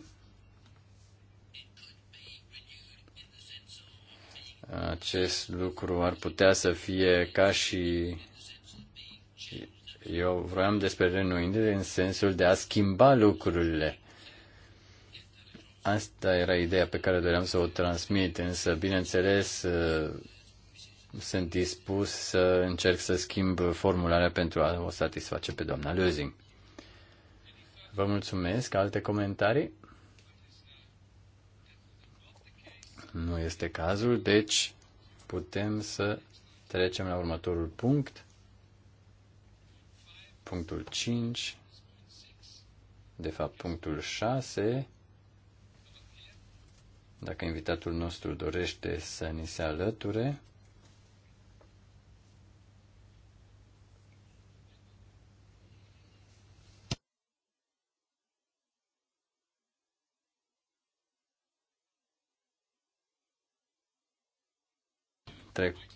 Acest lucru ar putea să fie ca și eu vroiam despre renuindere în sensul de a schimba lucrurile. Asta era ideea pe care doream să o transmit, însă, bineînțeles, sunt dispus să încerc să schimb formularea pentru a o satisface pe doamna Lözing. Vă mulțumesc. Alte comentarii? Nu este cazul, deci putem să trecem la următorul punct. Punctul 5, de fapt punctul 6. Dacă invitatul nostru dorește să ni se alăture,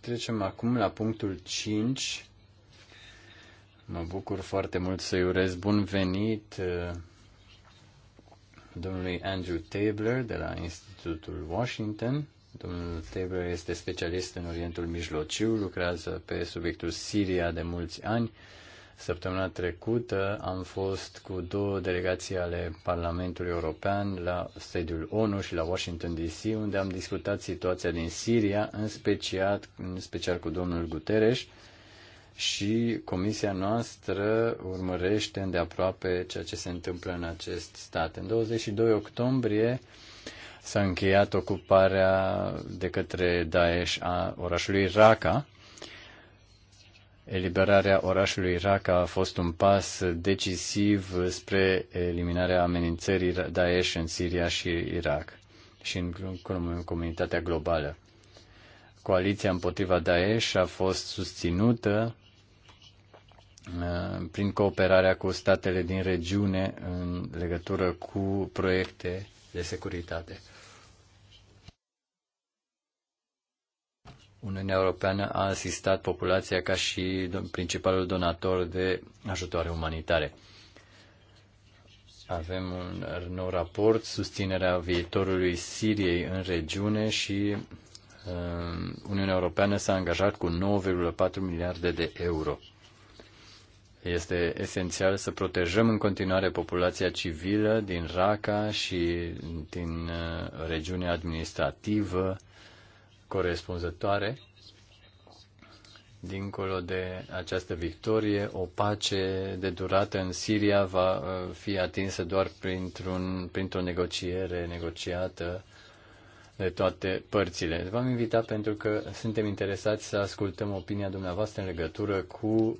Trecem acum la punctul 5. Mă bucur foarte mult să-i urez bun venit uh, domnului Andrew Tabler de la Institutul Washington. Domnul Tabler este specialist în Orientul Mijlociu, lucrează pe subiectul Siria de mulți ani Săptămâna trecută am fost cu două delegații ale Parlamentului European la sediul ONU și la Washington DC, unde am discutat situația din Siria, în special, în special cu domnul Guterres, și comisia noastră urmărește îndeaproape ceea ce se întâmplă în acest stat. În 22 octombrie s-a încheiat ocuparea de către Daesh a orașului Raqqa, Eliberarea orașului Raqqa a fost un pas decisiv spre eliminarea amenințării Daesh în Siria și Irak și în comunitatea globală. Coaliția împotriva Daesh a fost susținută uh, prin cooperarea cu statele din regiune în legătură cu proiecte de securitate. Uniunea Europeană a asistat populația ca și principalul donator de ajutoare umanitare. Avem un nou raport, susținerea viitorului Siriei în regiune și uh, Uniunea Europeană s-a angajat cu 9,4 miliarde de euro. Este esențial să protejăm în continuare populația civilă din Raqqa și din uh, regiunea administrativă corespunzătoare. Dincolo de această victorie, o pace de durată în Siria va uh, fi atinsă doar printr-un, printr-o negociere negociată de toate părțile. V-am invitat pentru că suntem interesați să ascultăm opinia dumneavoastră în legătură cu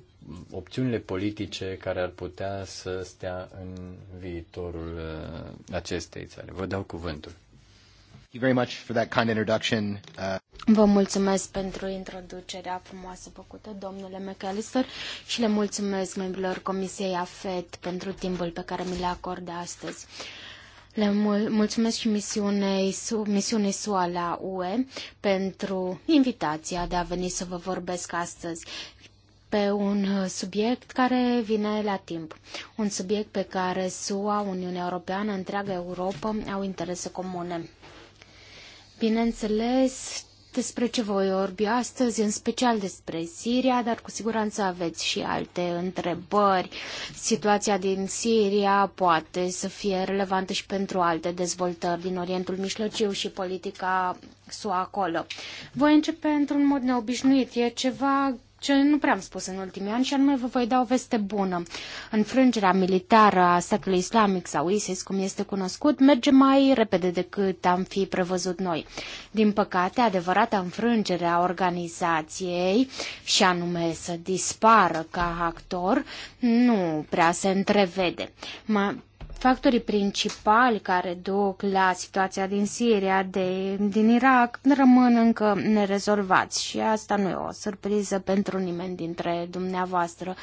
opțiunile politice care ar putea să stea în viitorul uh, acestei țări. Vă dau cuvântul very much for that kind introduction. Uh... Vă mulțumesc pentru introducerea frumoasă făcută, domnule McAllister, și le mulțumesc membrilor Comisiei AFET pentru timpul pe care mi le acordă astăzi. Le mul- mulțumesc și misiunei, su- misiunei SUA la UE pentru invitația de a veni să vă vorbesc astăzi pe un uh, subiect care vine la timp. Un subiect pe care SUA, Uniunea Europeană, întreaga Europa au interese comune. Bineînțeles, despre ce voi orbi astăzi, în special despre Siria, dar cu siguranță aveți și alte întrebări. Situația din Siria poate să fie relevantă și pentru alte dezvoltări din Orientul Mijlociu și politica SUA acolo. Voi începe într-un mod neobișnuit. E ceva ce nu prea am spus în ultimii ani și anume vă voi da o veste bună. Înfrângerea militară a statului islamic sau ISIS, cum este cunoscut, merge mai repede decât am fi prevăzut noi. Din păcate, adevărata înfrângere a organizației și anume să dispară ca actor, nu prea se întrevede. Ma Factorii principali care duc la situația din Siria, de, din Irak, rămân încă nerezolvați și asta nu e o surpriză pentru nimeni dintre dumneavoastră.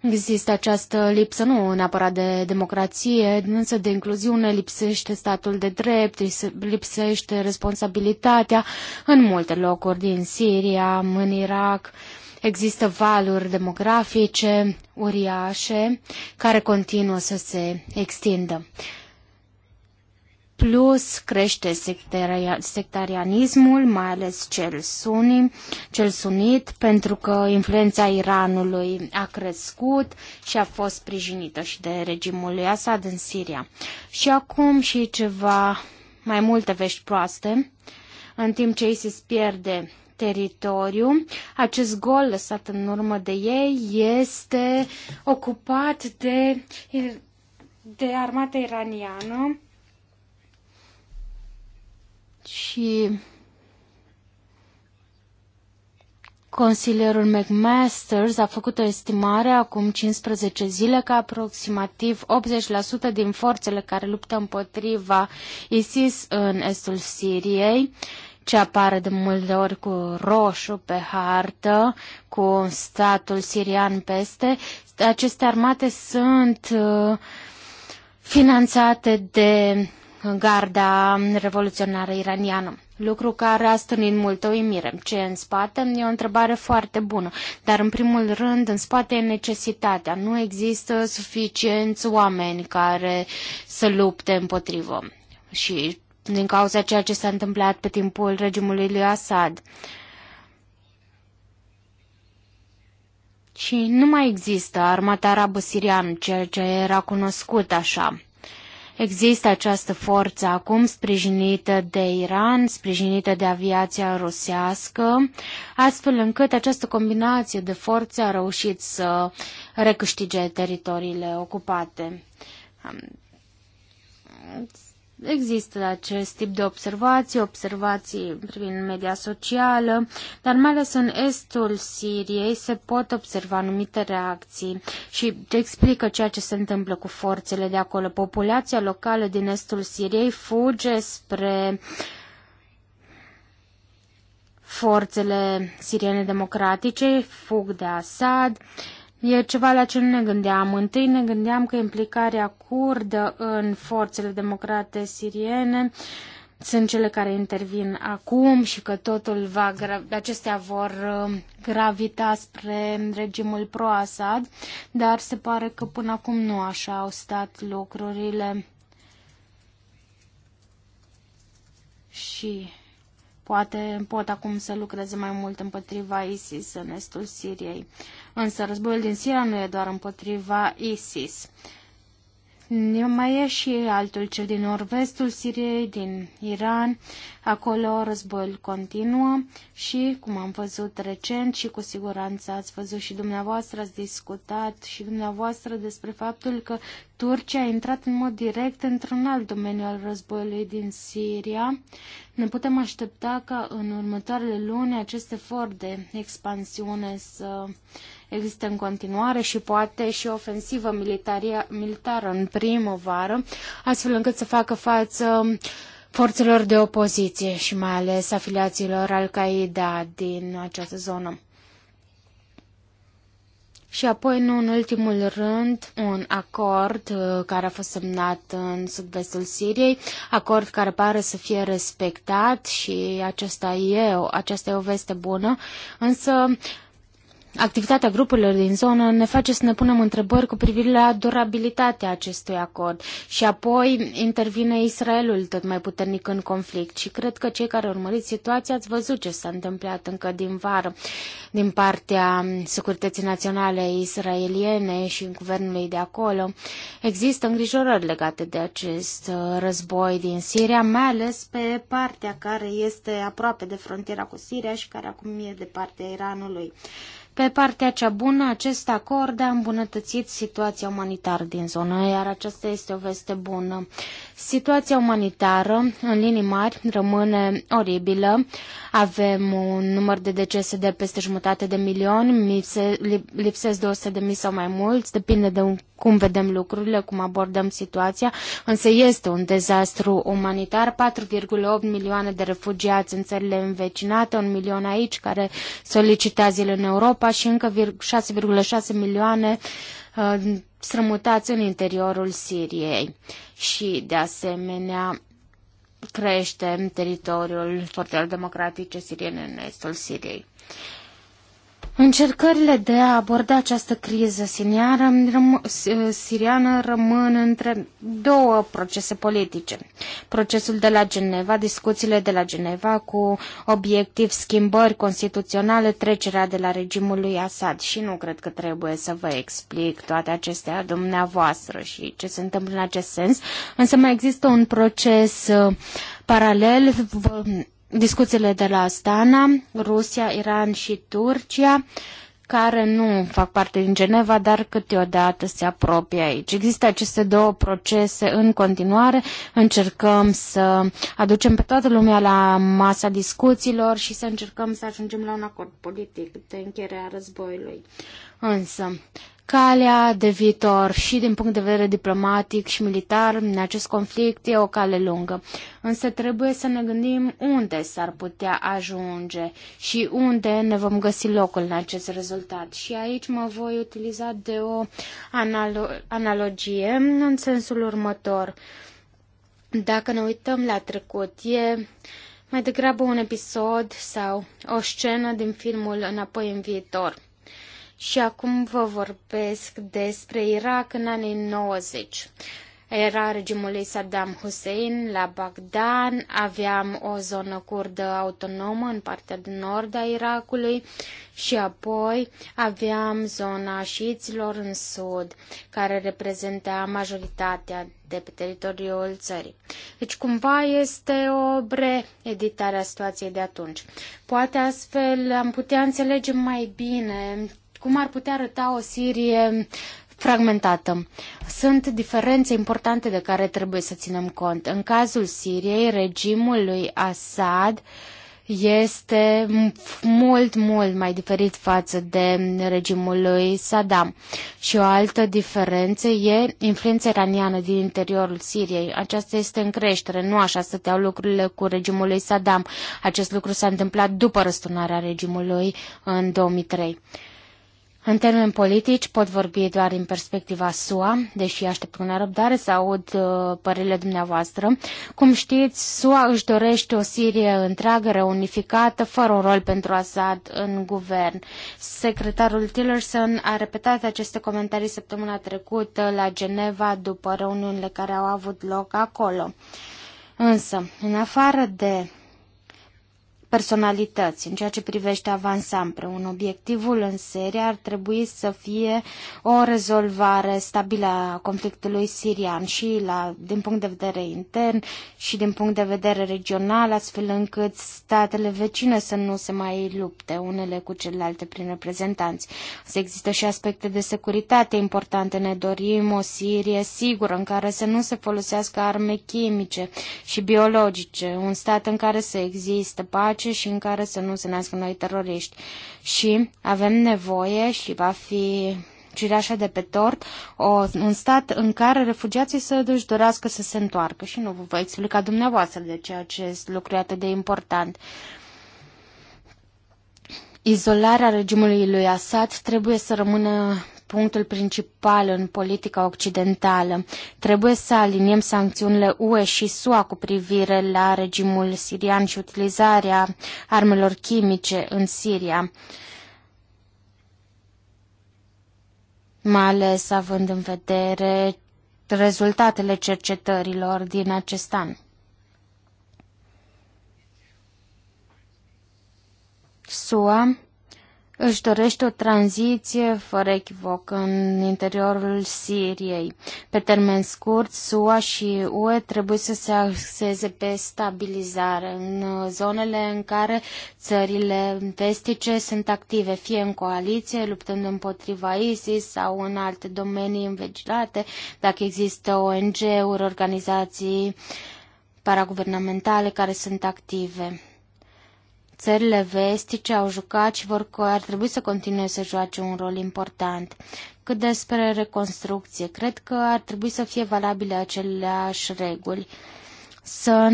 Există această lipsă nu neapărat de democrație, însă de incluziune, lipsește statul de drept, lipsește responsabilitatea în multe locuri din Siria, în Irak. Există valuri demografice uriașe care continuă să se extindă. Plus crește sectarianismul, mai ales cel, suni, cel sunit, pentru că influența Iranului a crescut și a fost sprijinită și de regimul lui Assad în Siria. Și acum și ceva mai multe vești proaste, în timp ce ISIS pierde teritoriu. Acest gol lăsat în urmă de ei este ocupat de, de armata iraniană și Consilierul McMasters a făcut o estimare acum 15 zile că aproximativ 80% din forțele care luptă împotriva ISIS în estul Siriei uh, ce apare de multe ori cu roșu pe hartă, cu statul sirian peste. Aceste armate sunt uh, finanțate de garda revoluționară iraniană. Lucru care a stănit multă uimire. Ce e în spate? E o întrebare foarte bună. Dar, în primul rând, în spate e necesitatea. Nu există suficienți oameni care să lupte împotrivă și din cauza ceea ce s-a întâmplat pe timpul regimului lui Assad. Și nu mai există armata arabă siriană, ceea ce era cunoscut așa. Există această forță acum sprijinită de Iran, sprijinită de aviația rusească, astfel încât această combinație de forțe a reușit să recâștige teritoriile ocupate Există acest tip de observații, observații privind media socială, dar mai ales în estul Siriei se pot observa anumite reacții și explică ceea ce se întâmplă cu forțele de acolo. Populația locală din estul Siriei fuge spre forțele siriene democratice, fug de Assad, uh, E ceva la ce nu ne gândeam. Întâi ne gândeam că implicarea curdă în forțele democrate siriene sunt cele care intervin acum și că totul va acestea vor uh, gravita spre regimul pro-Assad, dar se pare că până acum nu așa au stat lucrurile. Și poate pot acum să lucreze mai mult împotriva ISIS în estul Siriei. Însă războiul din Siria nu e doar împotriva ISIS. Mai e și altul, cel din nord-vestul Siriei, din Iran. Acolo războiul continuă și, cum am văzut recent și cu siguranță ați văzut și dumneavoastră, ați discutat și dumneavoastră despre faptul că Turcia a intrat în mod direct într-un alt domeniu al războiului din Siria. Ne putem aștepta ca în următoarele luni acest efort de expansiune să există în continuare și poate și ofensivă militară în primăvară, astfel încât să facă față forțelor de opoziție și mai ales afiliațiilor Al-Qaeda din această zonă. Și apoi, nu în ultimul rând, un acord uh, care a fost semnat în sud-vestul Siriei, acord care pare să fie respectat și aceasta e, aceasta e o veste bună, însă activitatea grupurilor din zonă ne face să ne punem întrebări cu privire la durabilitatea acestui acord și apoi intervine Israelul tot mai puternic în conflict și cred că cei care urmăriți situația ați văzut ce s-a întâmplat încă din vară din partea Securității Naționale Israeliene și în guvernului de acolo. Există îngrijorări legate de acest uh, război din Siria, mai ales pe partea care este aproape de frontiera cu Siria și care acum e de partea Iranului. Pe partea cea bună, acest acord a îmbunătățit situația umanitară din zonă, iar aceasta este o veste bună. Situația umanitară, în linii mari, rămâne oribilă. Avem un număr de decese de peste jumătate de milion, lipsesc 200 de mii sau mai mulți, depinde de cum vedem lucrurile, cum abordăm situația, însă este un dezastru umanitar. 4,8 milioane de refugiați în țările învecinate, un milion aici care solicită azil în Europa și încă 6,6 milioane Uh, strămutați în interiorul Siriei și, de asemenea, crește în teritoriul forțelor democratice siriene în estul Siriei. Încercările de a aborda această criză siriană, răm, eh, siriană rămân între două procese politice. Procesul de la Geneva, discuțiile de la Geneva cu obiectiv schimbări constituționale, trecerea de la regimul lui Assad și nu cred că trebuie să vă explic toate acestea dumneavoastră și ce se întâmplă în acest sens, însă mai există un proces eh, paralel discuțiile de la Astana, Rusia, Iran și Turcia, care nu fac parte din Geneva, dar câteodată se apropie aici. Există aceste două procese în continuare. Încercăm să aducem pe toată lumea la masa discuțiilor și să încercăm să ajungem la un acord politic de încheiere a războiului. Însă, calea de viitor și din punct de vedere diplomatic și militar în acest conflict e o cale lungă. Însă trebuie să ne gândim unde s-ar putea ajunge și unde ne vom găsi locul în acest rezultat. Și aici mă voi utiliza de o analo- analogie în sensul următor. Dacă ne uităm la trecut, e mai degrabă un episod sau o scenă din filmul Înapoi în viitor și acum vă vorbesc despre Irak în anii 90. Era regimul lui Saddam Hussein la Bagdad. aveam o zonă curdă autonomă în partea de nord a Irakului și apoi aveam zona șiților în sud, care reprezenta majoritatea de pe teritoriul țării. Deci cumva este o reeditare a situației de atunci. Poate astfel am putea înțelege mai bine cum ar putea arăta o Sirie fragmentată. Sunt diferențe importante de care trebuie să ținem cont. În cazul Siriei, regimul lui Assad este mult, mult mai diferit față de regimul lui Saddam. Și o altă diferență e influența iraniană din interiorul Siriei. Aceasta este în creștere, nu așa stăteau lucrurile cu regimul lui Saddam. Acest lucru s-a întâmplat după răsturnarea regimului în 2003. În termeni politici pot vorbi doar din perspectiva SUA, deși aștept cu nerăbdare să aud uh, părerile dumneavoastră. Cum știți, SUA își dorește o Sirie întreagă, reunificată, fără un rol pentru Assad în guvern. Secretarul Tillerson a repetat aceste comentarii săptămâna trecută la Geneva după reuniunile care au avut loc acolo. Însă, în afară de personalități în ceea ce privește avansample, un Obiectivul în serie ar trebui să fie o rezolvare stabilă a conflictului sirian și la, din punct de vedere intern și din punct de vedere regional, astfel încât statele vecine să nu se mai lupte unele cu celelalte prin reprezentanți. Să există și aspecte de securitate importante. Ne dorim o Sirie sigură în care să nu se folosească arme chimice și biologice, un stat în care să există pace pace și în care să nu se nască noi teroriști. Și avem nevoie și va fi cireașa de pe tort, o, un stat în care refugiații să își dorească să se întoarcă. Și nu vă voi explica dumneavoastră de ce acest lucru e atât de important. Izolarea regimului lui Assad trebuie să rămână punctul principal în politica occidentală. Trebuie să aliniem sancțiunile UE și SUA cu privire la regimul sirian și utilizarea armelor chimice în Siria. mai ales având în vedere rezultatele cercetărilor din acest an. SUA își dorește o tranziție fără echivoc în interiorul Siriei. Pe termen scurt, SUA și UE trebuie să se axeze pe stabilizare în zonele în care țările vestice sunt active, fie în coaliție, luptând împotriva ISIS sau în alte domenii învegilate, dacă există ONG-uri, organizații paraguvernamentale care sunt active. Țările vestice au jucat și vor, ar trebui să continue să joace un rol important. Cât despre reconstrucție, cred că ar trebui să fie valabile aceleași reguli. Să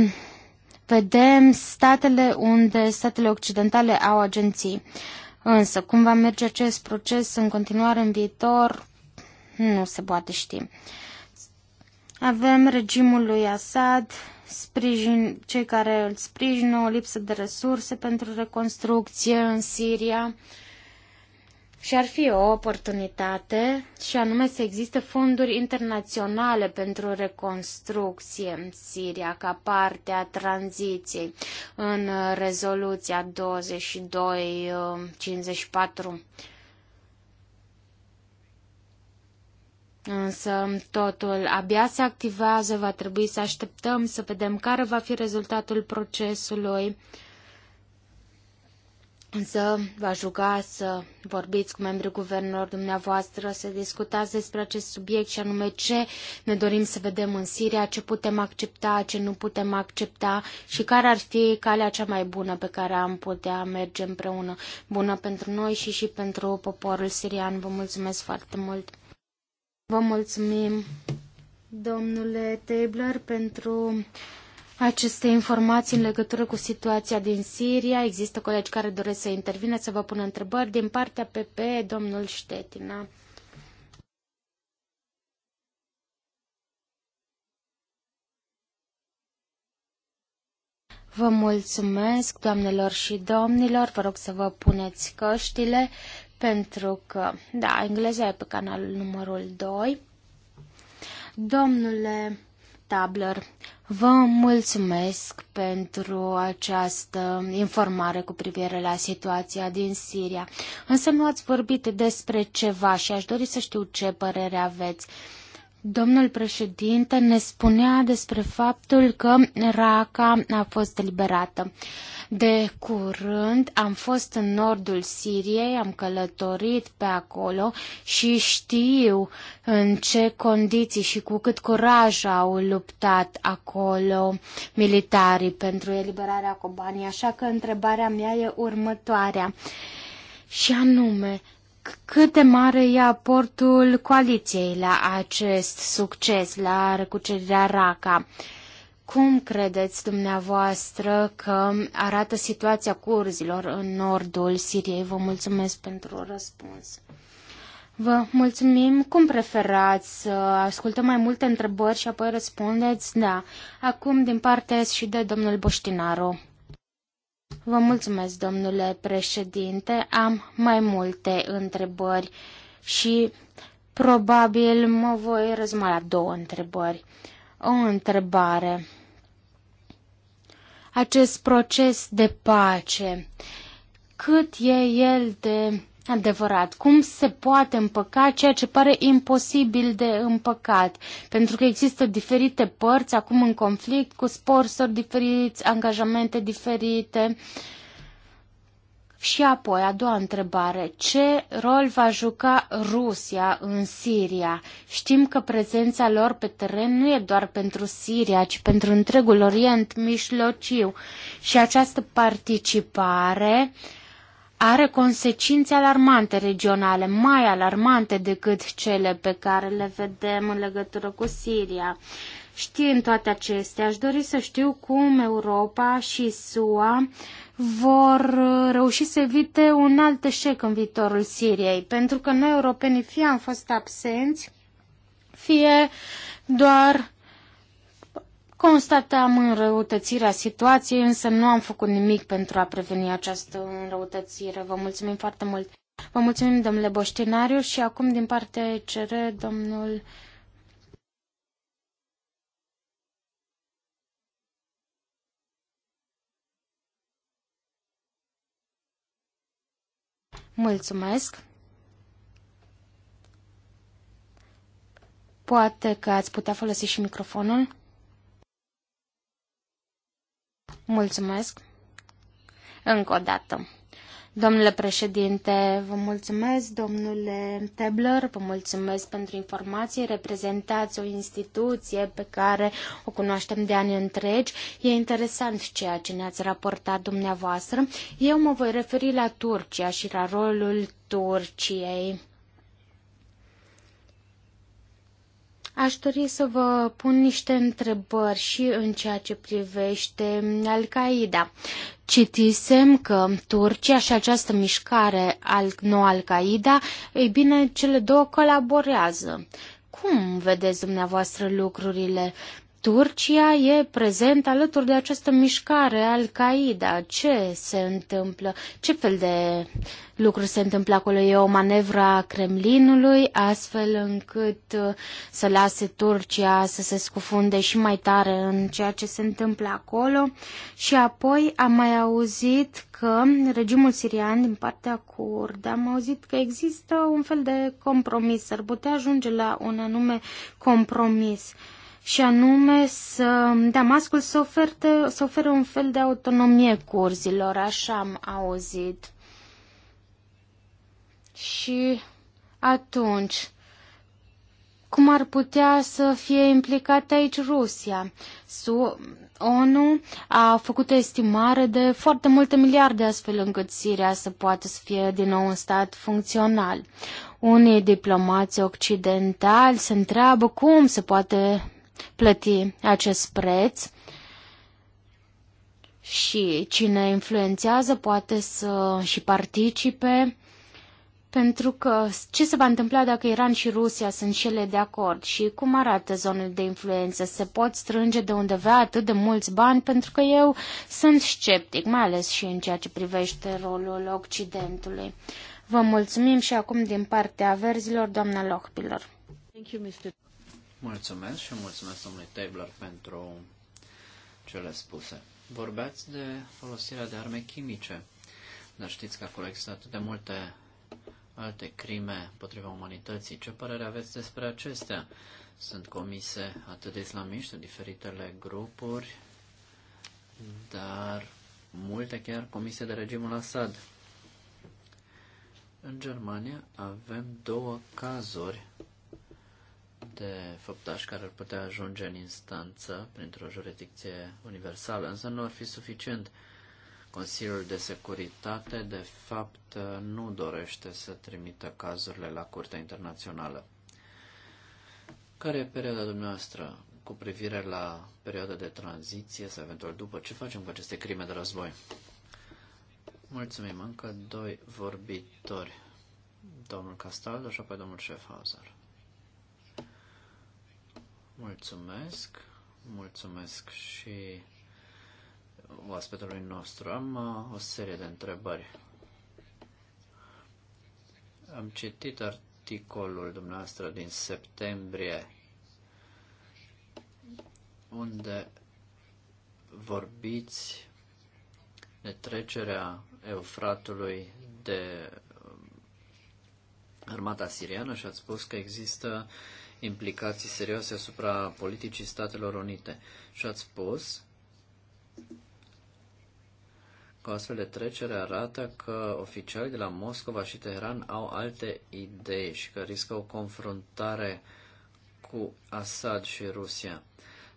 vedem statele unde statele occidentale au agenții. Însă, cum va merge acest proces în continuare în viitor, nu se poate ști. Avem regimul lui Assad, sprijin, cei care îl sprijină, o lipsă de resurse pentru reconstrucție în Siria. Și ar fi o oportunitate, și anume să existe fonduri internaționale pentru reconstrucție în Siria, ca parte a tranziției în rezoluția 2254. Însă totul abia se activează, va trebui să așteptăm să vedem care va fi rezultatul procesului. Însă va aș ruga să vorbiți cu membrii guvernelor dumneavoastră, să discutați despre acest subiect și anume ce ne dorim să vedem în Siria, ce putem accepta, ce nu putem accepta și care ar fi calea cea mai bună pe care am putea merge împreună. Bună pentru noi și și pentru poporul sirian. Vă mulțumesc foarte mult! Vă mulțumim, domnule Tabler, pentru aceste informații în legătură cu situația din Siria. Există colegi care doresc să intervină, să vă pună întrebări. Din partea PP, domnul Ștetina. Vă mulțumesc, doamnelor și domnilor, vă rog să vă puneți căștile pentru că, da, engleza e pe canalul numărul 2. Domnule Tabler, vă mulțumesc pentru această informare cu privire la situația din Siria. Însă nu ați vorbit despre ceva și aș dori să știu ce părere aveți. Domnul președinte ne spunea despre faptul că Raqqa a fost eliberată. De curând am fost în nordul Siriei, am călătorit pe acolo și știu în ce condiții și cu cât curaj au luptat acolo militarii pentru eliberarea Kobani. Așa că întrebarea mea e următoarea. Și anume, cât de mare e aportul coaliției la acest succes, la recucerirea RACA. Cum credeți dumneavoastră că arată situația curzilor în nordul Siriei? Vă mulțumesc pentru răspuns. Vă mulțumim. Cum preferați să ascultăm mai multe întrebări și apoi răspundeți? Da. Acum din partea și de domnul Boștinaru. Vă mulțumesc, domnule președinte. Am mai multe întrebări și probabil mă voi răzma la două întrebări. O întrebare. Acest proces de pace, cât e el de adevărat. Cum se poate împăca ceea ce pare imposibil de împăcat? Pentru că există diferite părți acum în conflict cu sponsori diferiți, angajamente diferite. Și apoi, a doua întrebare, ce rol va juca Rusia în Siria? Știm că prezența lor pe teren nu e doar pentru Siria, ci pentru întregul Orient Mișlociu. Și această participare uh, are consecințe alarmante regionale, mai alarmante decât cele pe care le vedem în legătură cu Siria. Știind toate acestea, aș dori să știu cum Europa și SUA vor reuși să evite un alt eșec în viitorul Siriei, pentru că noi europenii fie am fost absenți, fie doar Constatam înrăutățirea situației, însă nu am făcut nimic pentru a preveni această înrăutățire. Vă mulțumim foarte mult. Vă mulțumim, domnule Boștinariu, și acum din partea CR, domnul Mulțumesc! Poate că ați putea folosi și microfonul? Mulțumesc. Încă o dată. Domnule președinte, vă mulțumesc, domnule Tebler, vă mulțumesc pentru informații, reprezentați o instituție pe care o cunoaștem de ani întregi. E interesant ceea ce ne-ați raportat dumneavoastră. Eu mă voi referi la Turcia și la rolul Turciei Aș dori să vă pun niște întrebări și în ceea ce privește Al-Qaeda. Citisem că Turcia și această mișcare al, nou Al-Qaeda, ei bine, cele două colaborează. Cum vedeți dumneavoastră lucrurile? Turcia e prezent alături de această mișcare Al-Qaeda. Ce se întâmplă? Ce fel de lucruri se întâmplă acolo? E o manevră a Kremlinului, astfel încât uh, să lase Turcia să se scufunde și mai tare în ceea ce se întâmplă acolo. Și apoi am mai auzit că regimul sirian din partea curd, am auzit că există un fel de compromis, ar putea ajunge la un anume compromis și anume să Damascul să, oferte, să ofere un fel de autonomie curzilor, așa am auzit. Și atunci, cum ar putea să fie implicată aici Rusia? Su ONU a făcut o estimare de foarte multe miliarde astfel încât Siria să poată să fie din nou un stat funcțional. Unii diplomați occidentali se întreabă cum se poate plăti acest preț și cine influențează poate să și participe pentru că ce se va întâmpla dacă Iran și Rusia sunt și ele de acord și cum arată zonele de influență? Se pot strânge de undeva atât de mulți bani? Pentru că eu sunt sceptic, mai ales și în ceea ce privește rolul Occidentului. Vă mulțumim și acum din partea verzilor, doamna Lochpiller. Thank you, Mr. Mulțumesc și mulțumesc domnului Tabler pentru cele spuse. Vorbeați de folosirea de arme chimice, dar știți că acolo există atât de multe alte crime împotriva umanității. Ce părere aveți despre acestea? Sunt comise atât de islamiști, diferitele grupuri, dar multe chiar comise de regimul Assad. În Germania avem două cazuri de făptași care ar putea ajunge în instanță printr-o jurisdicție universală, însă nu ar fi suficient. Consiliul de Securitate, de fapt, nu dorește să trimită cazurile la Curtea Internațională. Care e perioada dumneavoastră cu privire la perioada de tranziție sau eventual după? Ce facem cu aceste crime de război? Mulțumim. Încă doi vorbitori. Domnul Castaldo și apoi domnul Schaffhauser. Mulțumesc, mulțumesc și oaspetului nostru. Am uh, o serie de întrebări. Am citit articolul dumneavoastră din septembrie unde vorbiți de trecerea Eufratului de um, armata siriană și ați spus că există uh, implicații serioase asupra politicii Statelor Unite. Și ați spus că o astfel de trecere arată că oficialii de la Moscova și Teheran au alte idei și că riscă o confruntare cu Assad și Rusia.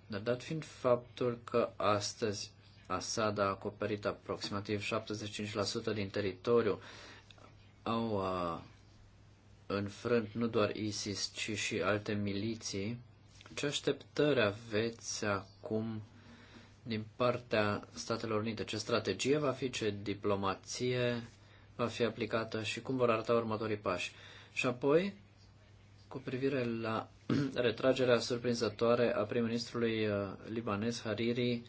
Dar dat fiind faptul că astăzi Assad a acoperit aproximativ 75% din teritoriu, au uh, înfrânt nu doar ISIS, ci și alte miliții, ce așteptări aveți acum din partea Statelor Unite? Ce strategie va fi, ce diplomație va fi aplicată și cum vor arăta următorii pași? Și apoi, cu privire la retragerea surprinzătoare a prim-ministrului uh, libanez Hariri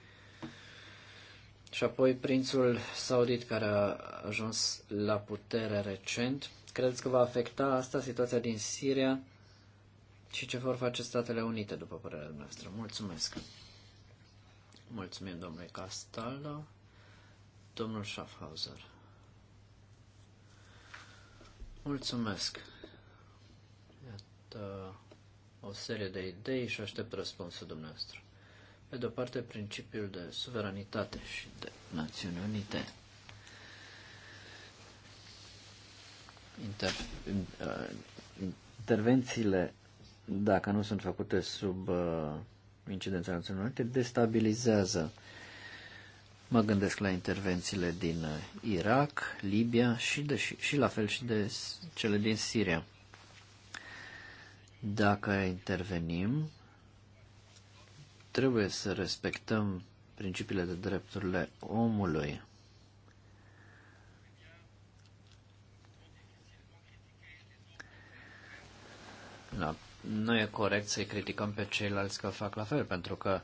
și apoi prințul saudit care a ajuns la putere recent, Credeți că va afecta asta situația din Siria și ce vor face Statele Unite, după părerea noastră? Mulțumesc! Mulțumim, domnule Castaldo. Domnul Schaffhauser. Mulțumesc. Iată o serie de idei și aștept răspunsul dumneavoastră. Pe de-o parte, principiul de suveranitate și de Națiuni Unite. Inter, uh, intervențiile, dacă nu sunt făcute sub uh, incidența Națiunilor Unite, destabilizează. Mă gândesc la intervențiile din uh, Irak, Libia și, de, și, și la fel și de cele din Siria. Dacă intervenim, trebuie să respectăm principiile de drepturile omului Da. Nu e corect să-i criticăm pe ceilalți că fac la fel, pentru că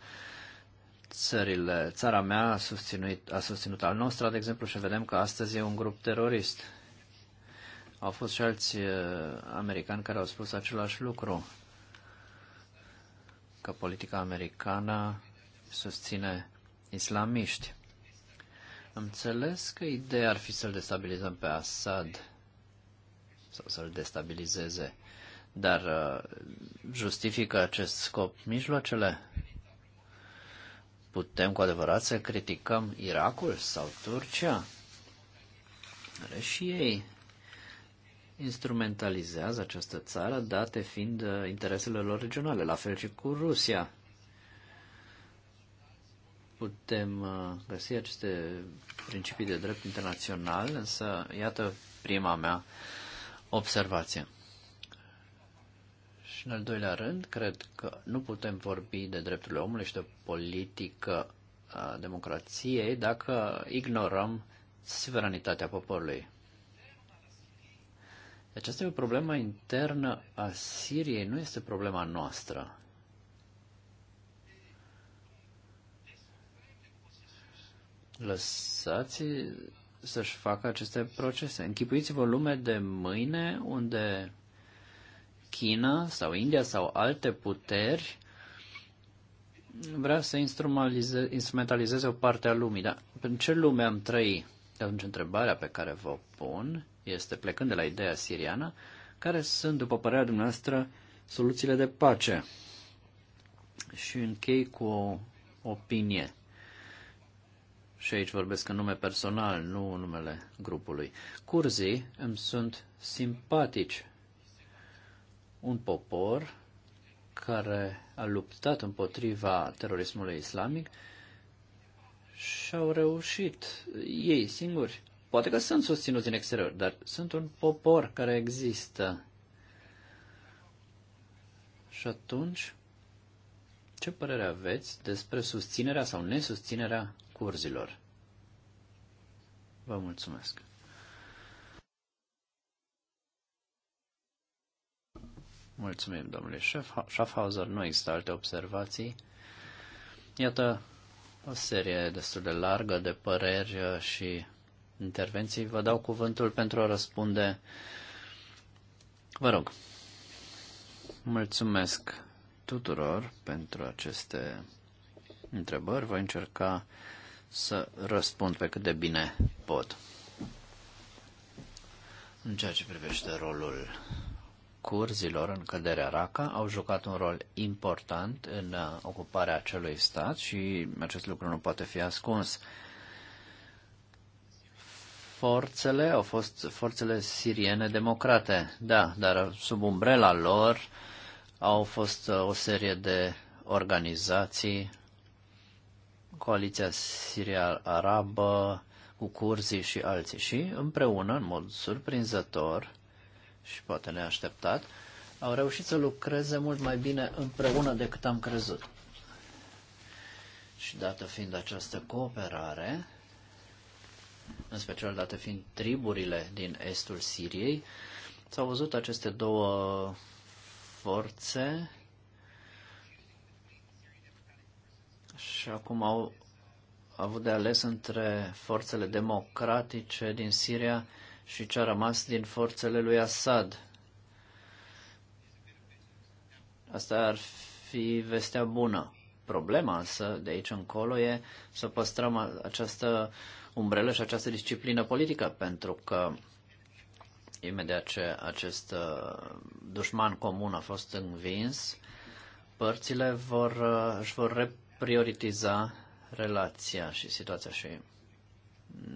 țările, țara mea a susținut, a susținut al nostru, de exemplu, și vedem că astăzi e un grup terorist. Au fost și alți uh, americani care au spus același lucru, că politica americană susține islamiști. Am înțeles că ideea ar fi să-l destabilizăm pe Assad sau să-l destabilizeze. Dar uh, justifică acest scop mijloacele? Putem cu adevărat să criticăm Irakul sau Turcia? Are și ei instrumentalizează această țară, date fiind uh, interesele lor regionale, la fel și cu Rusia. Putem uh, găsi aceste principii de drept internațional, însă iată prima mea observație. Și în al doilea rând, cred că nu putem vorbi de drepturile omului și de politică a democrației dacă ignorăm suveranitatea poporului. Deci aceasta e o problemă internă a Siriei, nu este problema noastră. Lăsați să-și facă aceste procese. Închipuiți-vă lume de mâine unde China sau India sau alte puteri vrea să instrumentalizeze o parte a lumii. Dar în ce lume am trăit? De atunci întrebarea pe care vă pun este, plecând de la ideea siriană, care sunt, după părerea dumneavoastră, soluțiile de pace? Și închei cu o opinie. Și aici vorbesc în nume personal, nu în numele grupului. Curzii îmi sunt simpatici un popor care a luptat împotriva terorismului islamic și au reușit ei singuri. Poate că sunt susținuți în exterior, dar sunt un popor care există. Și atunci, ce părere aveți despre susținerea sau nesusținerea curzilor? Vă mulțumesc. Mulțumim, domnule Schaffhauser. Nu există alte observații. Iată o serie destul de largă de păreri și intervenții. Vă dau cuvântul pentru a răspunde. Vă rog. Mulțumesc tuturor pentru aceste întrebări. Voi încerca să răspund pe cât de bine pot. În ceea ce privește rolul curzilor în căderea Raca au jucat un rol important în uh, ocuparea acelui stat și acest lucru nu poate fi ascuns. Forțele au fost forțele siriene democrate, da, dar sub umbrela lor au fost uh, o serie de organizații, Coaliția Siria-Arabă, cu curzii și alții și împreună, în mod surprinzător, și poate neașteptat, au reușit să lucreze mult mai bine împreună decât am crezut. Și dată fiind această cooperare, în special dată fiind triburile din estul Siriei, s-au văzut aceste două forțe și acum au avut de ales între forțele democratice din Siria și ce a rămas din forțele lui Assad. Asta ar fi vestea bună. Problema însă de aici încolo e să păstrăm această umbrelă și această disciplină politică, pentru că imediat ce acest uh, dușman comun a fost învins, părțile vor, uh, își vor reprioritiza relația și situația și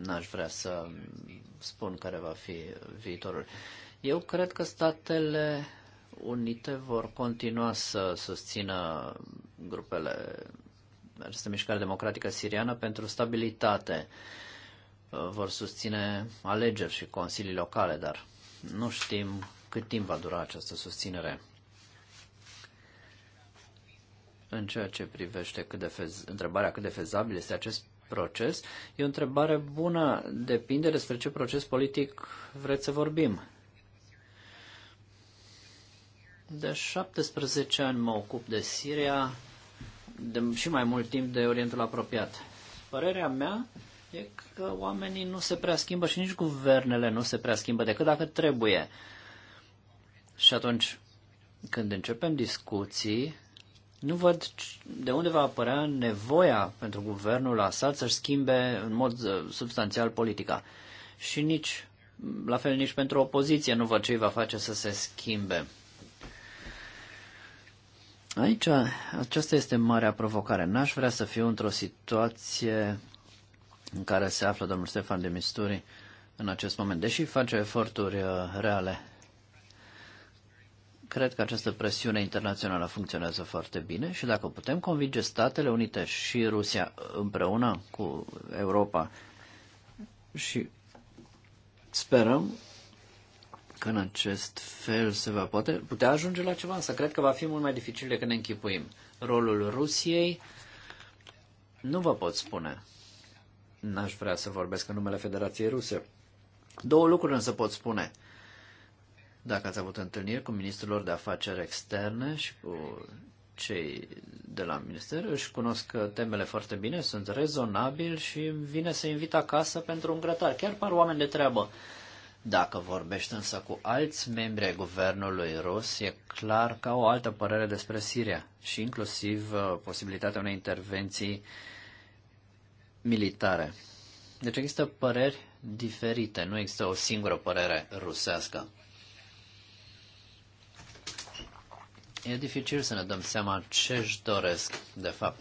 n-aș vrea să spun care va fi viitorul. Eu cred că Statele Unite vor continua să susțină grupele această mișcare democratică siriană pentru stabilitate. Vor susține alegeri și consilii locale, dar nu știm cât timp va dura această susținere. În ceea ce privește cât de fez, întrebarea cât de fezabil este acest proces. E o întrebare bună, depinde despre ce proces politic vreți să vorbim. De 17 ani mă ocup de Siria, de și mai mult timp de Orientul Apropiat. Părerea mea e că oamenii nu se prea schimbă și nici guvernele nu se prea schimbă decât dacă trebuie. Și atunci, când începem discuții, nu văd de unde va apărea nevoia pentru guvernul Assad să-și schimbe în mod uh, substanțial politica. Și nici, la fel nici pentru opoziție nu văd ce îi va face să se schimbe. Aici, aceasta este marea provocare. N-aș vrea să fiu într-o situație în care se află domnul Stefan de Misturi în acest moment, deși face eforturi uh, reale Cred că această presiune internațională funcționează foarte bine și dacă putem convinge Statele Unite și Rusia împreună cu Europa și sperăm că în acest fel se va poate, putea ajunge la ceva, însă cred că va fi mult mai dificil decât ne închipuim. Rolul Rusiei nu vă pot spune. N-aș vrea să vorbesc în numele Federației Ruse. Două lucruri însă pot spune dacă ați avut întâlniri cu ministrilor de afaceri externe și cu cei de la minister, își cunosc temele foarte bine, sunt rezonabili și vine să invit acasă pentru un grătar. Chiar par oameni de treabă. Dacă vorbești însă cu alți membri ai guvernului rus, e clar că au o altă părere despre Siria și inclusiv uh, posibilitatea unei intervenții militare. Deci există păreri diferite, nu există o singură părere rusească. E dificil să ne dăm seama ce își doresc, de fapt.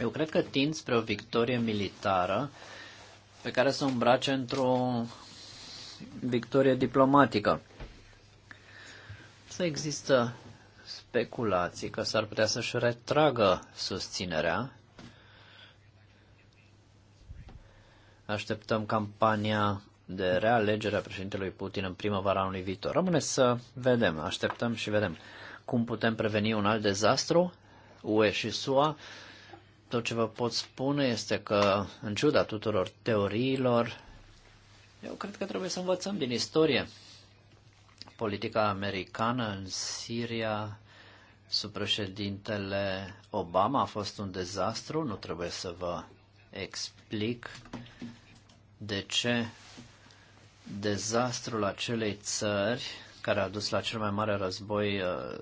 Eu cred că tind spre o victorie militară pe care să o îmbrace într-o victorie diplomatică. Să există speculații că s-ar putea să-și retragă susținerea. Așteptăm campania de realegere a președintelui Putin în primăvara anului viitor. Rămâne să vedem, așteptăm și vedem cum putem preveni un alt dezastru, UE și SUA, tot ce vă pot spune este că, în ciuda tuturor teoriilor, eu cred că trebuie să învățăm din istorie. Politica americană în Siria, sub președintele Obama, a fost un dezastru, nu trebuie să vă explic de ce dezastrul acelei țări care a dus la cel mai mare război uh,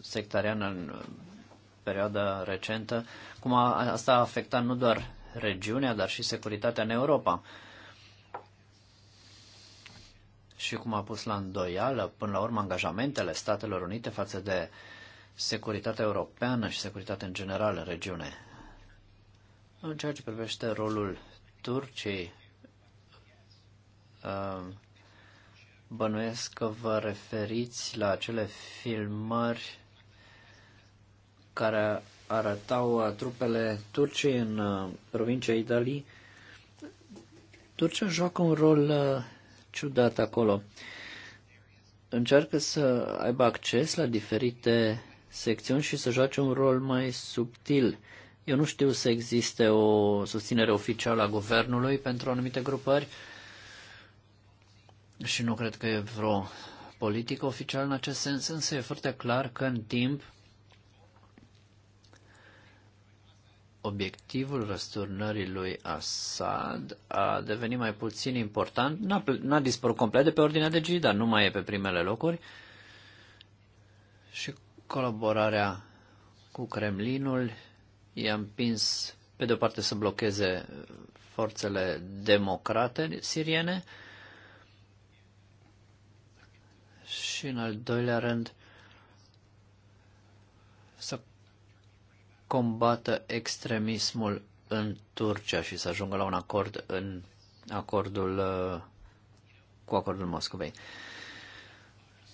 sectarian în perioada recentă, cum a, asta a afectat nu doar regiunea, dar și securitatea în Europa. Și cum a pus la îndoială, până la urmă, angajamentele Statelor Unite față de securitatea europeană și securitatea în general în regiune. În ceea ce privește rolul Turciei, uh, Bănuiesc că vă referiți la acele filmări care arătau uh, trupele turcii în uh, provincia Italii. Turcia joacă un rol uh, ciudat acolo. Încearcă să aibă acces la diferite secțiuni și să joace un rol mai subtil. Eu nu știu să existe o susținere oficială a guvernului pentru anumite grupări, și nu cred că e vreo politică oficială în acest sens, însă e foarte clar că în timp obiectivul răsturnării lui Assad a devenit mai puțin important, n-a, dispărut complet de pe ordinea de zi, dar nu mai e pe primele locuri și colaborarea cu Kremlinul i-a împins pe de o parte să blocheze forțele democrate siriene, și în al doilea rând să combată extremismul în Turcia și să ajungă la un acord în acordul uh, cu acordul Moscovei.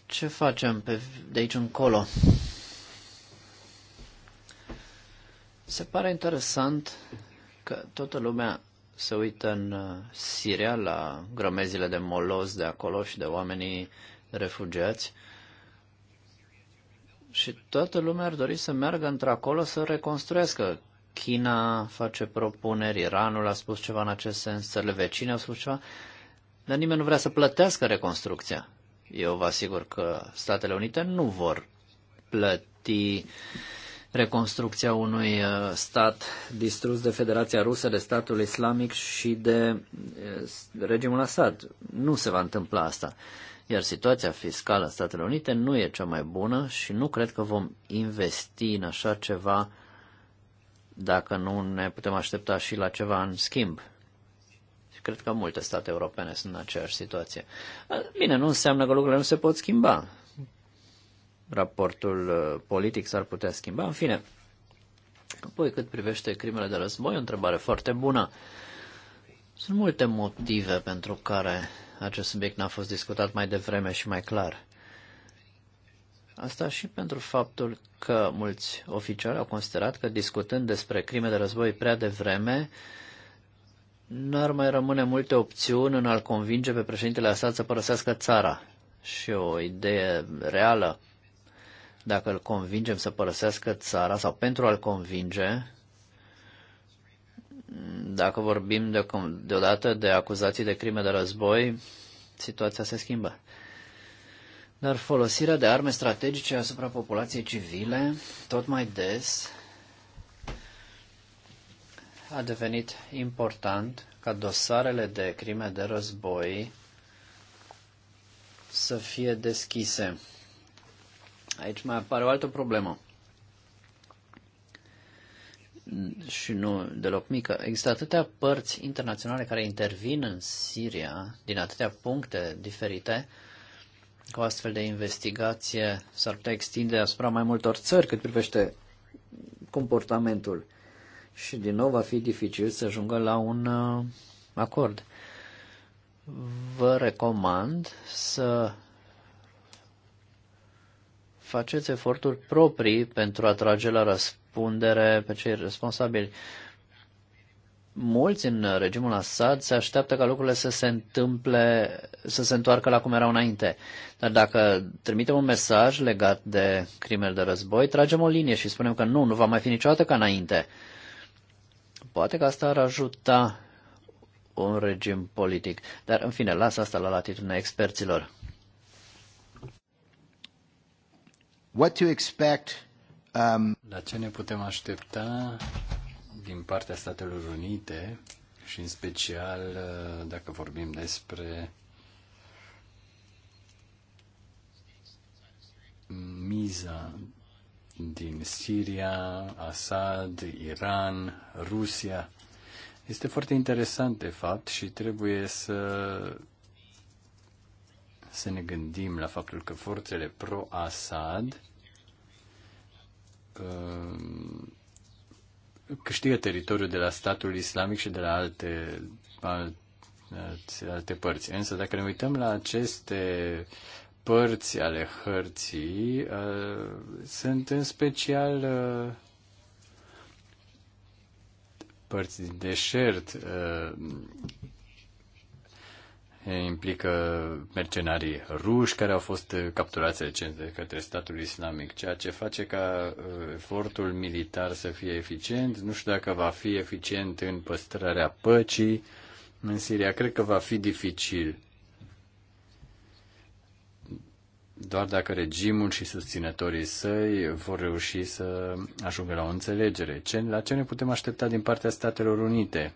Ce facem pe, de aici încolo? Se pare interesant că toată lumea se uită în uh, Siria la grămezile de moloz de acolo și de oamenii refugiați și toată lumea ar dori să meargă într-acolo să reconstruiască. China face propuneri, Iranul a spus ceva în acest sens, țările vecine au spus ceva, dar nimeni nu vrea să plătească reconstrucția. Eu vă asigur că Statele Unite nu vor plăti reconstrucția unui uh, stat distrus de Federația Rusă, de statul islamic și de uh, regimul Assad. Nu se va întâmpla asta. Iar situația fiscală a Statelor Unite nu e cea mai bună și nu cred că vom investi în așa ceva dacă nu ne putem aștepta și la ceva în schimb. Și cred că multe state europene sunt în aceeași situație. Bine, nu înseamnă că lucrurile nu se pot schimba. Raportul uh, politic s-ar putea schimba. În fine, apoi cât privește crimele de război, o întrebare foarte bună. Sunt multe motive pentru care acest subiect n-a fost discutat mai devreme și mai clar. Asta și pentru faptul că mulți oficiali au considerat că discutând despre crime de război prea devreme, n-ar mai rămâne multe opțiuni în a-l convinge pe președintele Assad să părăsească țara. Și o idee reală, dacă îl convingem să părăsească țara sau pentru a-l convinge, dacă vorbim de, deodată de acuzații de crime de război, situația se schimbă. Dar folosirea de arme strategice asupra populației civile, tot mai des, a devenit important ca dosarele de crime de război să fie deschise. Aici mai apare o altă problemă și nu deloc mică. Există atâtea părți internaționale care intervin în Siria din atâtea puncte diferite că o astfel de investigație s-ar putea extinde asupra mai multor țări cât privește comportamentul. Și din nou va fi dificil să ajungă la un uh, acord. Vă recomand să faceți eforturi proprii pentru a trage la răspundere pe cei responsabili. Mulți în regimul Assad se așteaptă ca lucrurile să se întâmple, să se întoarcă la cum erau înainte. Dar dacă trimitem un mesaj legat de crimele de război, tragem o linie și spunem că nu, nu va mai fi niciodată ca înainte. Poate că asta ar ajuta un regim politic. Dar, în fine, las asta la latitudinea experților. What to expect, um... La ce ne putem aștepta din partea Statelor Unite și în special uh, dacă vorbim despre miza din Siria, Assad, Iran, Rusia. Este foarte interesant, de fapt, și trebuie să să ne gândim la faptul că forțele pro-Assad uh, câștigă teritoriul de la statul islamic și de la alte, alte, alte părți. Însă dacă ne uităm la aceste părți ale hărții, uh, sunt în special uh, părți din deșert, implică mercenarii ruși care au fost capturați recent de către statul islamic, ceea ce face ca efortul militar să fie eficient. Nu știu dacă va fi eficient în păstrarea păcii în Siria. Cred că va fi dificil. Doar dacă regimul și susținătorii săi vor reuși să ajungă la o înțelegere. Ce, la ce ne putem aștepta din partea Statelor Unite?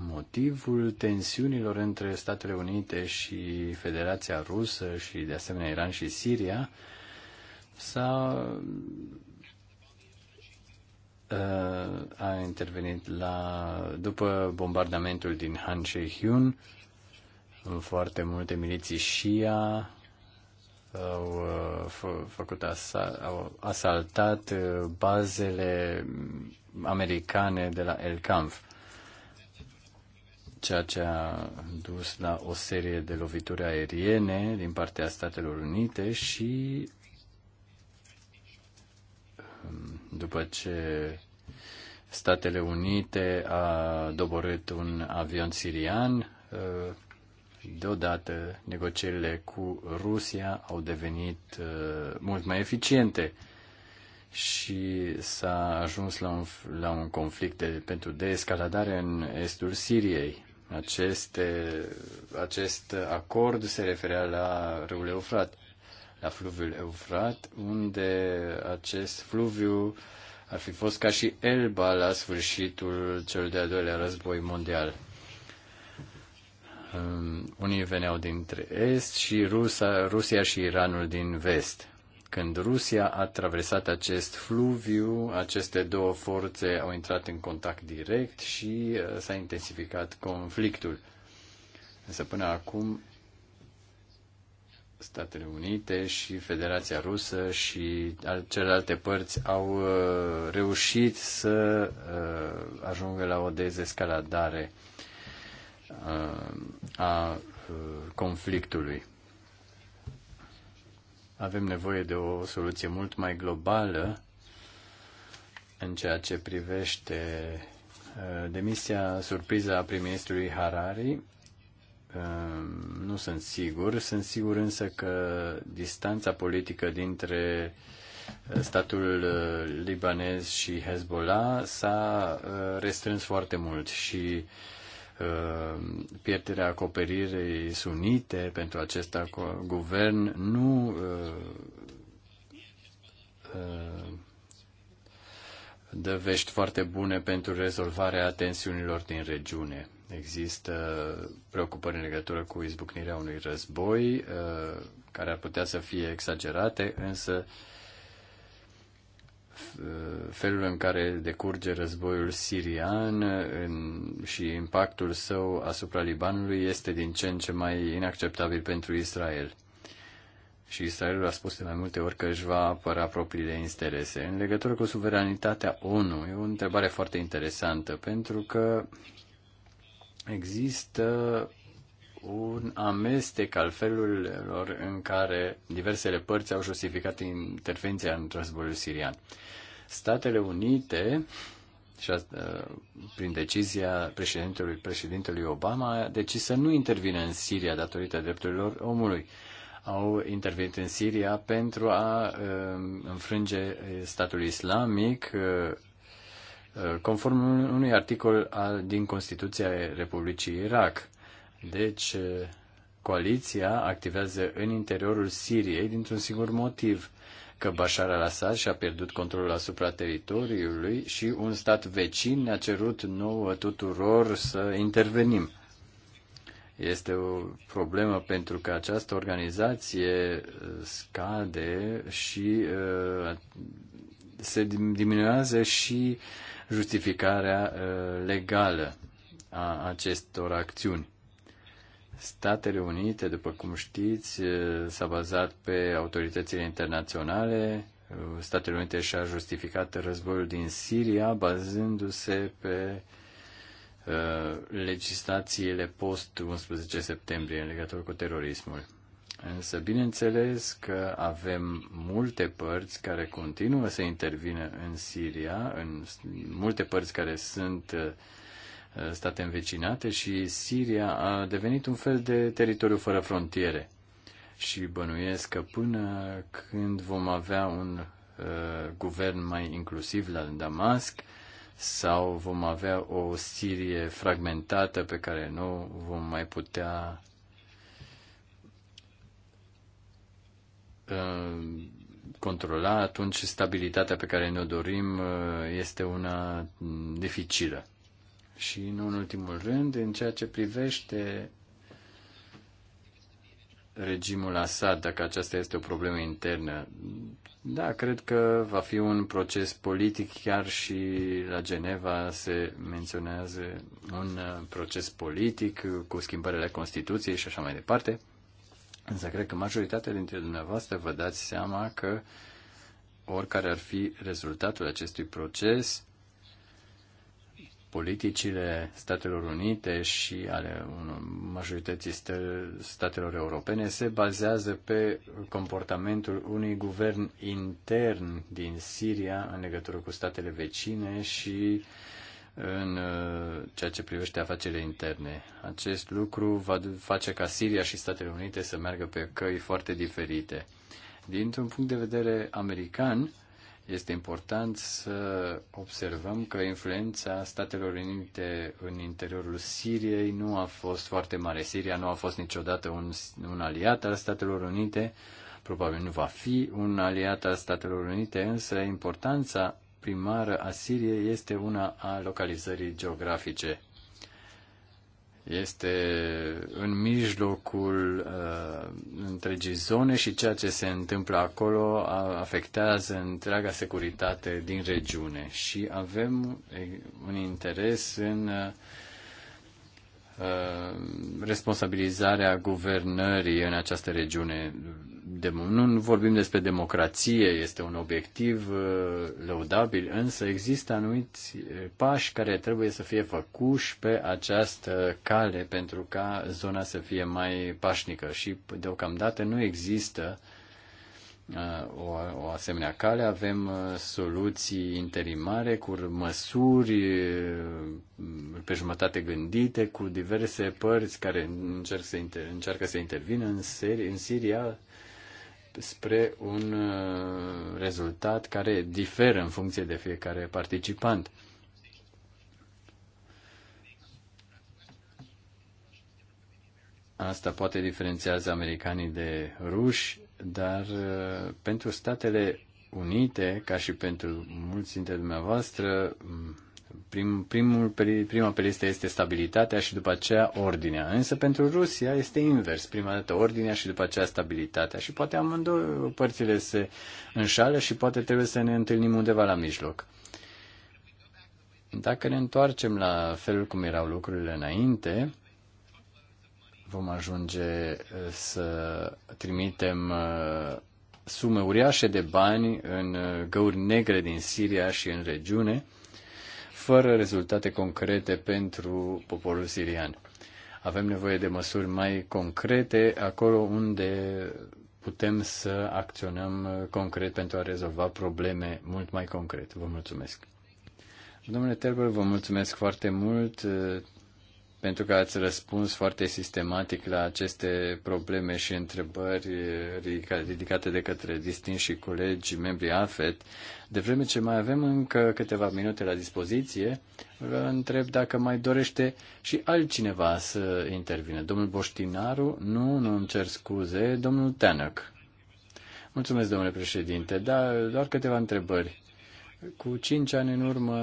Motivul tensiunilor între Statele Unite și Federația Rusă și de asemenea Iran și Siria s-a uh, a intervenit la, după bombardamentul din Han hyun foarte multe miliții Shia au, uh, făcut asa, au asaltat uh, bazele americane de la El Camp ceea ce a dus la o serie de lovituri aeriene din partea Statelor Unite și um, după ce Statele Unite a doborât un avion sirian, uh, deodată negocierile cu Rusia au devenit uh, mult mai eficiente și s-a ajuns la un, la un conflict de, pentru descaladare în estul Siriei. Aceste, acest acord se referea la râul Eufrat, la fluviul Eufrat, unde acest fluviu ar fi fost ca și Elba la sfârșitul cel de-al doilea război mondial. Um, unii veneau dintre est și Rusa, Rusia și Iranul din vest. Când Rusia a traversat acest fluviu, aceste două forțe au intrat în contact direct și uh, s-a intensificat conflictul. Însă până acum Statele Unite și Federația Rusă și celelalte părți au uh, reușit să uh, ajungă la o dezescaladare a conflictului. Avem nevoie de o soluție mult mai globală în ceea ce privește uh, demisia surpriză a prim-ministrului Harari. Uh, nu sunt sigur. Sunt sigur însă că distanța politică dintre uh, statul libanez și Hezbollah s-a restrâns foarte mult și uh, Uh, pierderea acoperirei sunite pentru acest guvern nu uh, uh, dă vești foarte bune pentru rezolvarea tensiunilor din regiune. Există preocupări în legătură cu izbucnirea unui război care ar putea să fie exagerate, însă uh, felul în care decurge războiul sirian în, și impactul său asupra Libanului este din ce în ce mai inacceptabil pentru Israel. Și Israelul a spus de mai multe ori că își va apăra propriile interese. În legătură cu suveranitatea ONU, e o întrebare foarte interesantă, pentru că există un amestec al felurilor în care diversele părți au justificat intervenția în războiul sirian. Statele Unite și a, uh, prin decizia președintelui, președintelui Obama a decis să nu intervine în Siria datorită drepturilor omului. Au intervenit în Siria pentru a a uh, înfrânge uh, statul islamic conform unui articol al, din Constituția Republicii Irak. Deci, coaliția activează în interiorul Siriei dintr-un singur motiv că Bashar al-Assad și-a pierdut controlul asupra teritoriului și un stat vecin ne-a cerut nouă tuturor să intervenim. Este o problemă pentru că această organizație uh, scade și uh, se diminuează și justificarea uh, legală a acestor acțiuni. Statele Unite, după cum știți, s-a bazat pe autoritățile internaționale. Statele Unite și-a justificat războiul din Siria bazându-se pe legislațiile post-11 septembrie în legătură cu terorismul. Însă, bineînțeles că avem multe părți care continuă să intervină în Siria, în multe părți care sunt uh, Uh, state învecinate și Siria a devenit un fel de teritoriu fără frontiere. Și bănuiesc că până când vom avea un uh, guvern mai inclusiv la Damasc sau vom avea o Sirie fragmentată pe care nu vom mai putea uh, controla, atunci stabilitatea pe care ne-o dorim uh, este una dificilă. Și, nu în ultimul rând, în ceea ce privește regimul Assad, dacă aceasta este o problemă internă. Da, cred că va fi un proces politic, chiar și la Geneva se menționează un uh, proces politic cu schimbările Constituției și așa mai departe. Însă cred că majoritatea dintre dumneavoastră vă dați seama că oricare ar fi rezultatul acestui proces, politicile Statelor Unite și ale majorității statelor europene se bazează pe comportamentul unui guvern intern din Siria în legătură cu statele vecine și în uh, ceea ce privește afacerile interne. Acest lucru va face ca Siria și Statele Unite să meargă pe căi foarte diferite. Dintr-un punct de vedere american, este important să observăm că influența Statelor Unite în interiorul Siriei nu a fost foarte mare. Siria nu a fost niciodată un, un aliat al Statelor Unite, probabil nu va fi un aliat al Statelor Unite, însă importanța primară a Siriei este una a localizării geografice este în mijlocul uh, întregii zone și ceea ce se întâmplă acolo afectează întreaga securitate din regiune și avem un interes în uh, uh responsabilizarea guvernării în această regiune de, nu, vorbim despre democrație, este un obiectiv uh, lăudabil, însă există anumiți uh, pași care trebuie să fie făcuși pe această cale pentru ca zona să fie mai pașnică și deocamdată nu există uh, o, o asemenea cale. Avem soluții interimare cu măsuri pe jumătate gândite, cu diverse părți care încerc să inter, încearcă să intervină în, seri, în Siria spre un uh, rezultat care diferă în funcție de fiecare participant. Asta poate diferențiază americanii de ruși, dar uh, pentru Statele Unite, ca și pentru mulți dintre dumneavoastră, Prim, primul, prima pe listă este stabilitatea și după aceea ordinea. Însă pentru Rusia este invers. Prima dată ordinea și după aceea stabilitatea. Și poate amândouă părțile se înșală și poate trebuie să ne întâlnim undeva la mijloc. Dacă ne întoarcem la felul cum erau lucrurile înainte, vom ajunge uh, să trimitem uh, sume uriașe de bani în uh, găuri negre din Siria și în regiune, fără rezultate concrete pentru poporul sirian. Avem nevoie de măsuri mai concrete acolo unde putem să acționăm concret pentru a rezolva probleme mult mai concret. Vă mulțumesc. Domnule Terbel, vă mulțumesc foarte mult pentru că ați răspuns foarte sistematic la aceste probleme și întrebări ridicate de către distinși și colegi, membrii AFET. De vreme ce mai avem încă câteva minute la dispoziție, vă întreb dacă mai dorește și altcineva să intervine, Domnul Boștinaru? Nu, nu îmi cer scuze. Domnul Teanăc. Mulțumesc, domnule președinte. dar doar câteva întrebări. Cu cinci ani în urmă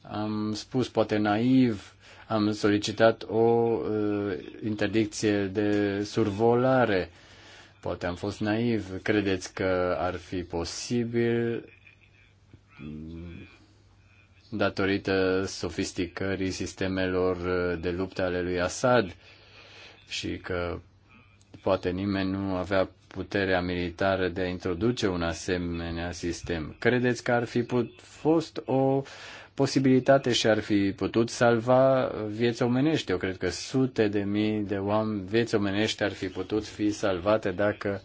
am spus, poate naiv, am solicitat o uh, interdicție de survolare. Poate am fost naiv. Credeți că ar fi posibil mm, datorită sofisticării sistemelor uh, de luptă ale lui Assad și că poate nimeni nu avea puterea militară de a introduce un asemenea sistem. Credeți că ar fi put, fost o posibilitate și ar fi putut salva vieți omenești. Eu cred că sute de mii de oameni, vieți omenești ar fi putut fi salvate dacă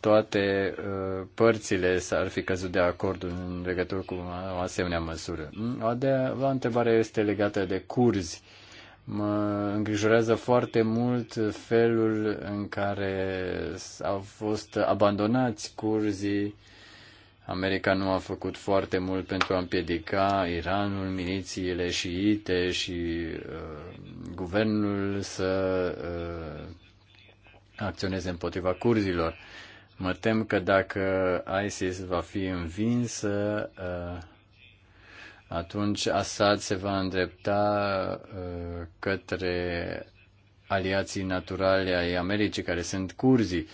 toate uh, părțile s-ar fi căzut de acord în legătură cu o asemenea măsură. Mm, A întrebare este legată de curzi. Mă îngrijorează foarte mult felul în care au fost abandonați curzii uh, America nu a făcut foarte mult pentru a împiedica Iranul, milițiile șiite și uh, guvernul să uh, acționeze împotriva curzilor. Mă tem că dacă ISIS va fi învinsă, uh, atunci Assad se va îndrepta uh, către aliații naturale ai Americii, care sunt curzii. Uh,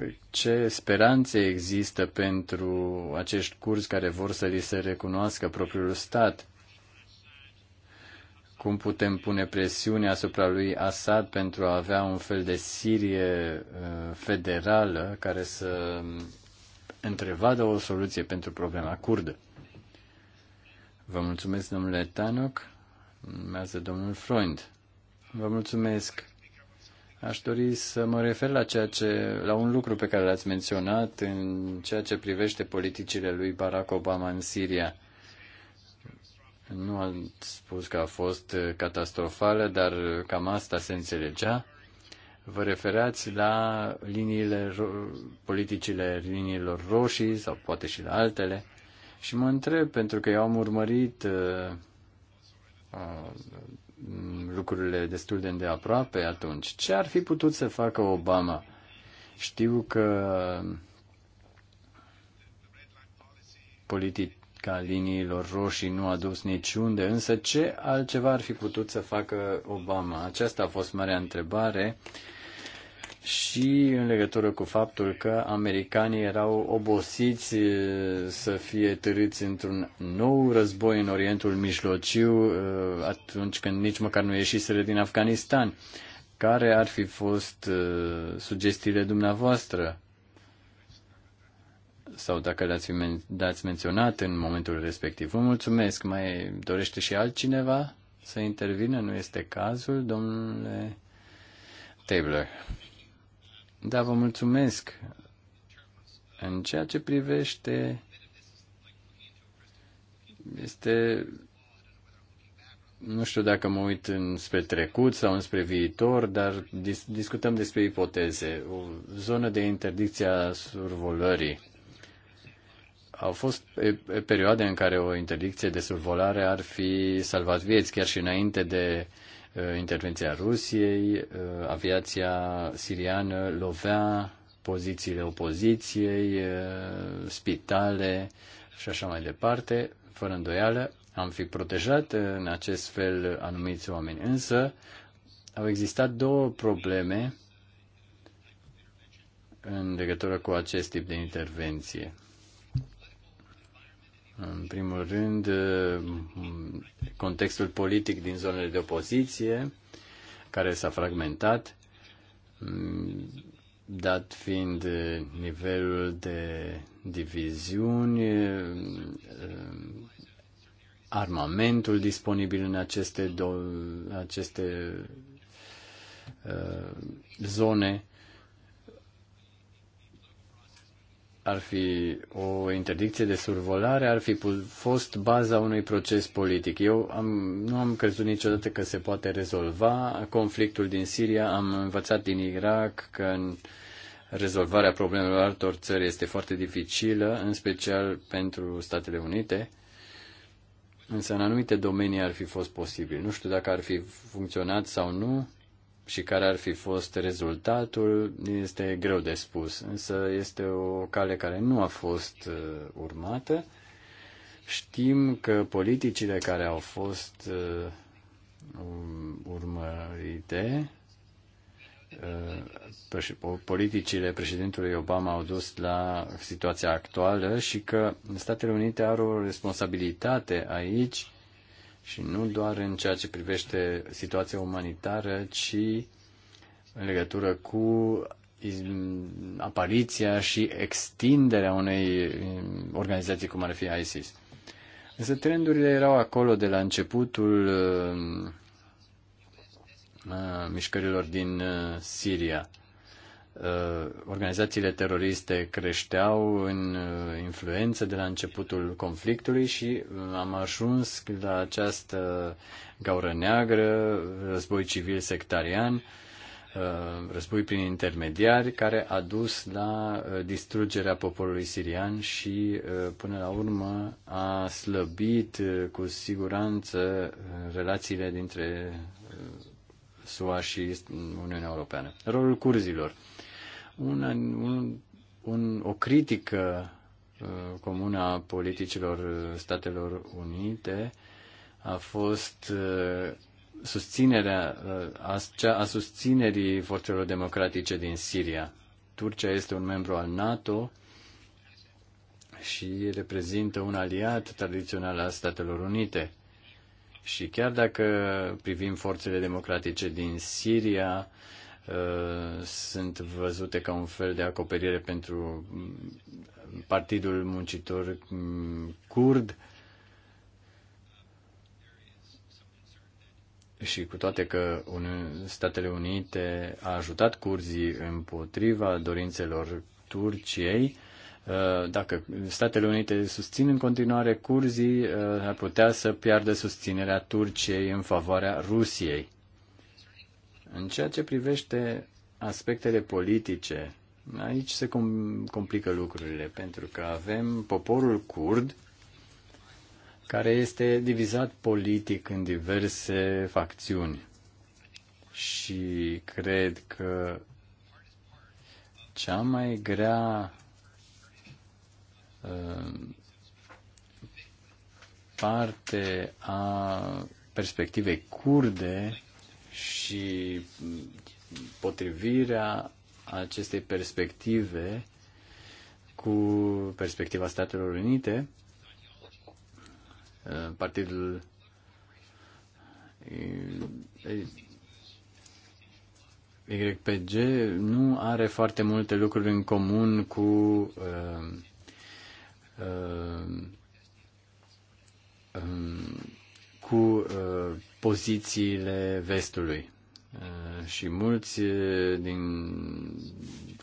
Păi, ce speranțe există pentru acești curs care vor să li se recunoască propriul stat? Cum putem pune presiune asupra lui Assad pentru a avea un fel de Sirie uh, federală care să um, întrevadă o soluție pentru problema curdă? Vă mulțumesc, domnule Tanoc. Urmează domnul Freund. Vă mulțumesc. Aș dori să mă refer la, ceea ce, la un lucru pe care l-ați menționat în ceea ce privește politicile lui Barack Obama în Siria. Nu am spus că a fost catastrofală, dar cam asta se înțelegea. Vă referați la liniile, politicile liniilor roșii sau poate și la altele. Și mă întreb, pentru că eu am urmărit uh, uh, Mm, lucrurile destul de îndeaproape atunci. Ce ar fi putut să facă Obama? Știu că politica liniilor roșii nu a dus niciunde, însă ce altceva ar fi putut să facă Obama? Aceasta a fost marea întrebare și în legătură cu faptul că americanii erau obosiți să fie târâți într-un nou război în Orientul Mijlociu atunci când nici măcar nu ieșiseră din Afganistan. Care ar fi fost sugestiile dumneavoastră? Sau dacă le-ați, men- le menționat în momentul respectiv. Vă mulțumesc. Mai dorește și altcineva să intervină? Nu este cazul, domnule Tabler. Da, vă mulțumesc. În ceea ce privește este nu știu dacă mă uit spre trecut sau spre viitor, dar dis- discutăm despre ipoteze. O zonă de interdicție a survolării. Au fost perioade în care o interdicție de survolare ar fi salvat vieți, chiar și înainte de uh, Uh, intervenția Rusiei, uh, aviația siriană lovea pozițiile opoziției, uh, spitale și așa mai departe, fără îndoială, am fi protejat în acest fel anumiți oameni. Însă au existat două probleme în legătură cu acest tip de intervenție. În primul rând, contextul politic din zonele de opoziție, care s-a fragmentat, dat fiind nivelul de diviziuni, armamentul disponibil în aceste, do- aceste zone ar fi o interdicție de survolare, ar fi fost baza unui proces politic. Eu am, nu am crezut niciodată că se poate rezolva conflictul din Siria. Am învățat din Irak că în rezolvarea problemelor altor țări este foarte dificilă, în special pentru Statele Unite. Însă în anumite domenii ar fi fost posibil. Nu știu dacă ar fi funcționat sau nu și care ar fi fost rezultatul este greu de spus, însă este o cale care nu a fost uh, urmată. Știm că politicile care au fost uh, um, urmărite, uh, politicile președintelui Obama au dus la situația actuală și că Statele Unite au o responsabilitate aici și nu doar în ceea ce privește situația umanitară, ci în legătură cu apariția și extinderea unei um, organizații cum ar fi ISIS. Însă trendurile erau acolo de la începutul um, uh, mișcărilor din uh, Siria. Uh, organizațiile teroriste creșteau în uh, influență de la începutul conflictului și uh, am ajuns la această gaură neagră, război civil sectarian, război prin intermediari, care a dus la distrugerea poporului sirian și, până la urmă, a slăbit cu siguranță relațiile dintre SUA și Uniunea Europeană. Rolul curzilor un, un, un, o critică uh, comună a politicilor Statelor Unite a fost uh, susținerea, uh, a susținerii forțelor democratice din Siria. Turcia este un membru al NATO și reprezintă un aliat tradițional al Statelor Unite. Și chiar dacă privim forțele democratice din Siria, uh, Uh, sunt văzute ca un fel de acoperire pentru mm, Partidul Muncitor mm, Kurd. Și cu toate că Statele Unite a ajutat curzii împotriva dorințelor Turciei, uh, dacă Statele Unite susțin în continuare curzii, uh, ar putea să piardă susținerea Turciei în favoarea Rusiei în ceea ce privește aspectele politice, aici se complică lucrurile, pentru că avem poporul curd, care este divizat politic în diverse facțiuni. Și cred că cea mai grea uh, parte a perspectivei curde și potrivirea acestei perspective cu perspectiva Statelor Unite, uh, partidul uh, YPG nu are foarte multe lucruri în comun cu uh, uh, um, cu uh, pozițiile vestului. Uh, și mulți uh, din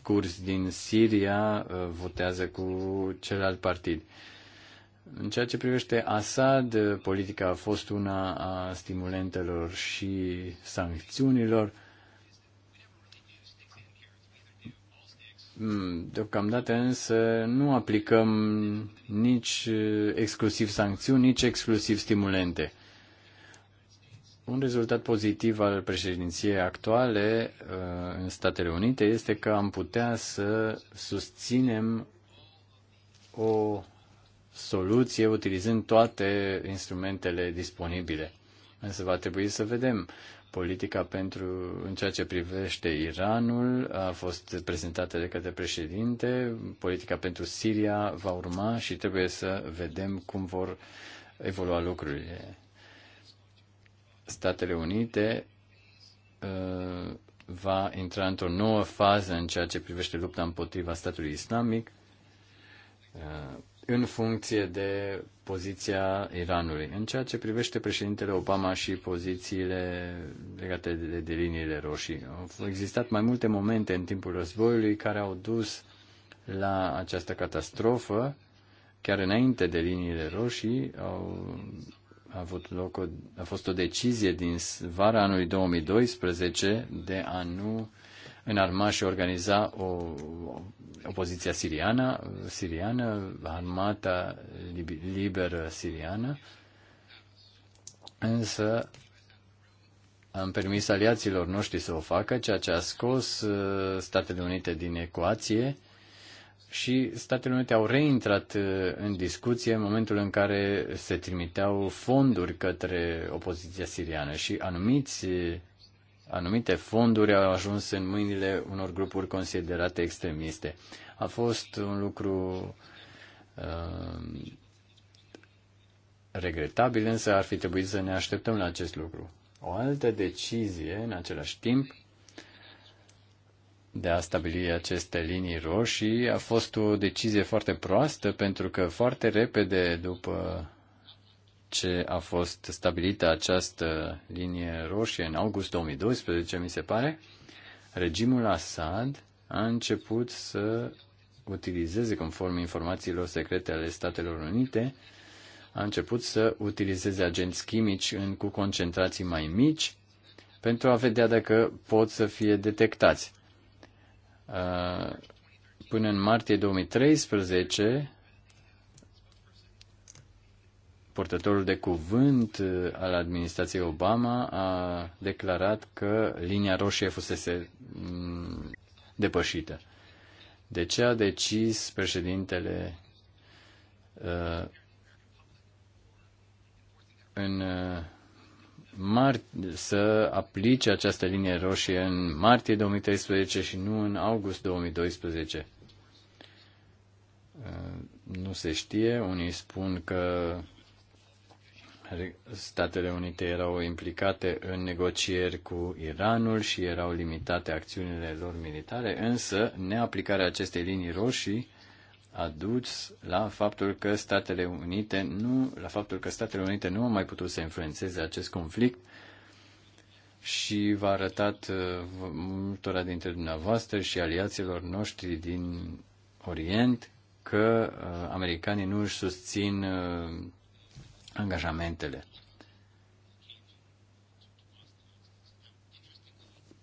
curs din Siria uh, votează cu celălalt partid. În ceea ce privește Assad, uh, politica a fost una a stimulentelor și sancțiunilor. Mm, deocamdată însă nu aplicăm nici uh, exclusiv sancțiuni, nici exclusiv stimulente. Un rezultat pozitiv al președinției actuale uh, în Statele Unite este că am putea să susținem o soluție utilizând toate instrumentele disponibile. Însă va trebui să vedem. Politica pentru, în ceea ce privește Iranul a fost prezentată de către președinte, politica pentru Siria va urma și trebuie să vedem cum vor evolua lucrurile. Statele Unite uh, va intra într-o nouă fază în ceea ce privește lupta împotriva statului islamic uh, în funcție de poziția Iranului. În ceea ce privește președintele Obama și pozițiile legate de, de liniile roșii, au existat mai multe momente în timpul războiului care au dus la această catastrofă, chiar înainte de liniile roșii, au a avut loc o, a fost o decizie din vara anului 2012 de a nu înarma și organiza o opoziția siriană, siriană, armata liberă siriană, însă am permis aliaților noștri să o facă, ceea ce a scos uh, Statele Unite din ecuație și Statele Unite au reintrat uh, în discuție în momentul în care se trimiteau fonduri către opoziția siriană și anumiți, uh, anumite fonduri au ajuns în mâinile unor grupuri considerate extremiste. A fost un lucru uh, regretabil, însă ar fi trebuit să ne așteptăm la acest lucru. O altă decizie, în același timp, de a stabili aceste linii roșii a fost o decizie foarte proastă pentru că foarte repede după ce a fost stabilită această linie roșie în august 2012, mi se pare, regimul Assad a început să utilizeze, conform informațiilor secrete ale Statelor Unite, a început să utilizeze agenți chimici în, cu concentrații mai mici pentru a vedea dacă pot să fie detectați. Uh, până în martie 2013, purtătorul de cuvânt uh, al administrației Obama a declarat că linia roșie fusese mm, depășită. De ce a decis președintele uh, în să aplice această linie roșie în martie 2013 și nu în august 2012. Uh, nu se știe, unii spun că Statele Unite erau implicate în negocieri cu Iranul și erau limitate acțiunile lor militare, însă neaplicarea acestei linii roșii adus la faptul că Statele Unite nu, la faptul că Statele Unite nu au mai putut să influențeze acest conflict și v-a arătat uh, multora dintre dumneavoastră și aliaților noștri din Orient că uh, americanii nu își susțin uh, angajamentele.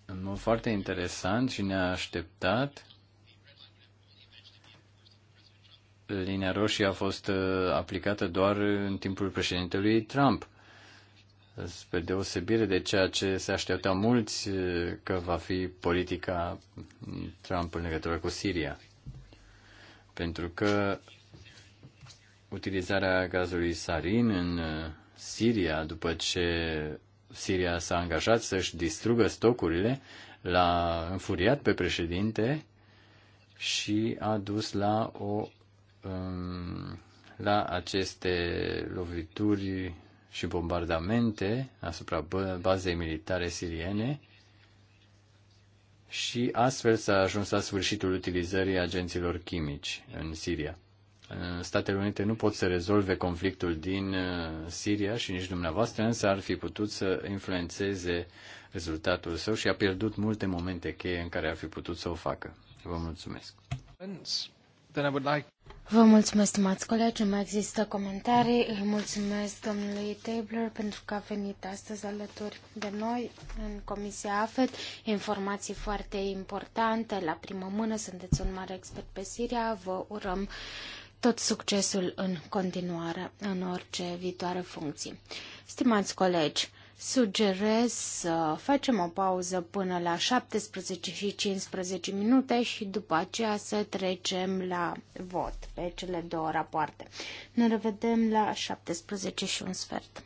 În mod foarte interesant și ne-a așteptat linia roșie a fost uh, aplicată doar în timpul președintelui Trump. Spre deosebire de ceea ce se aștepta mulți uh, că va fi politica Trump în legătură cu Siria. Pentru că utilizarea gazului sarin în uh, Siria, după ce Siria s-a angajat să-și distrugă stocurile, l-a înfuriat pe președinte și a dus la o Um, la aceste lovituri și bombardamente asupra bazei militare siriene și astfel s-a ajuns la sfârșitul utilizării agenților chimici în Siria. Statele Unite nu pot să rezolve conflictul din uh, Siria și nici dumneavoastră, însă ar fi putut să influențeze rezultatul său și a pierdut multe momente cheie în care ar fi putut să o facă. Vă mulțumesc. Then I would like... Vă mulțumesc, stimați colegi, mai există comentarii. Îl mulțumesc domnului Tabler pentru că a venit astăzi alături de noi în Comisia AFET. Informații foarte importante, la primă mână, sunteți un mare expert pe Siria, vă urăm tot succesul în continuare în orice viitoare funcții. Stimați colegi, Sugerez să facem o pauză până la 17 și 15 minute și după aceea să trecem la vot pe cele două rapoarte. Ne revedem la 17 și un sfert.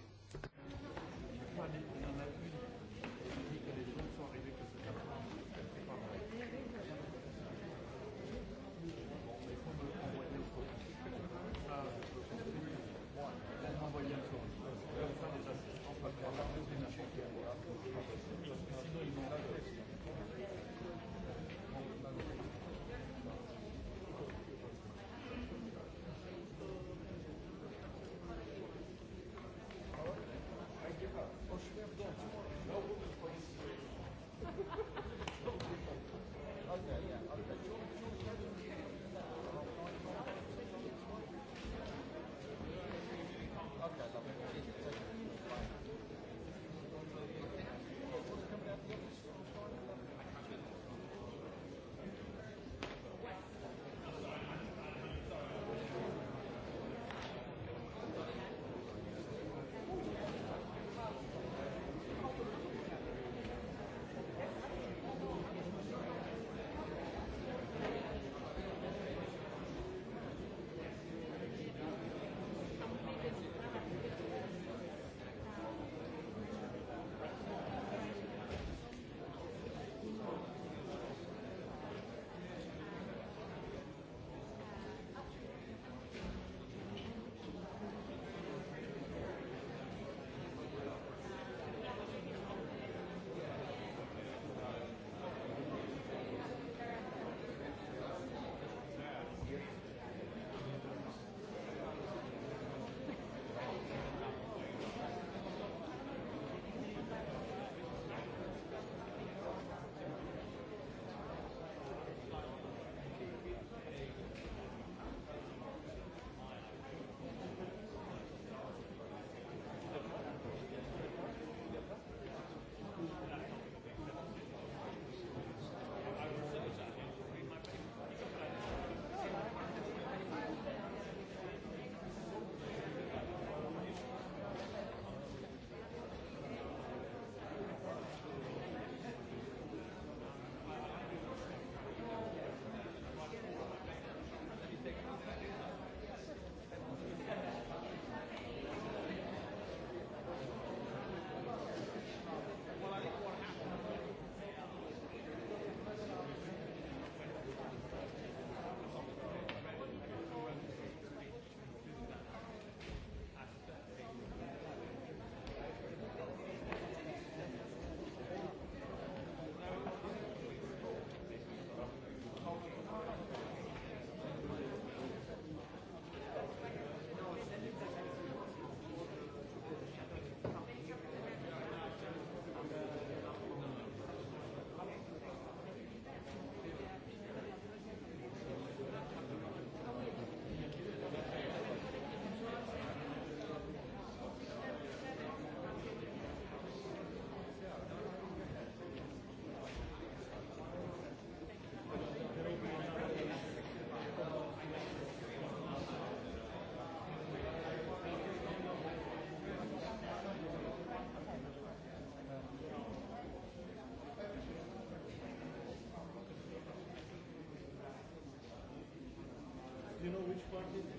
you know which part is it?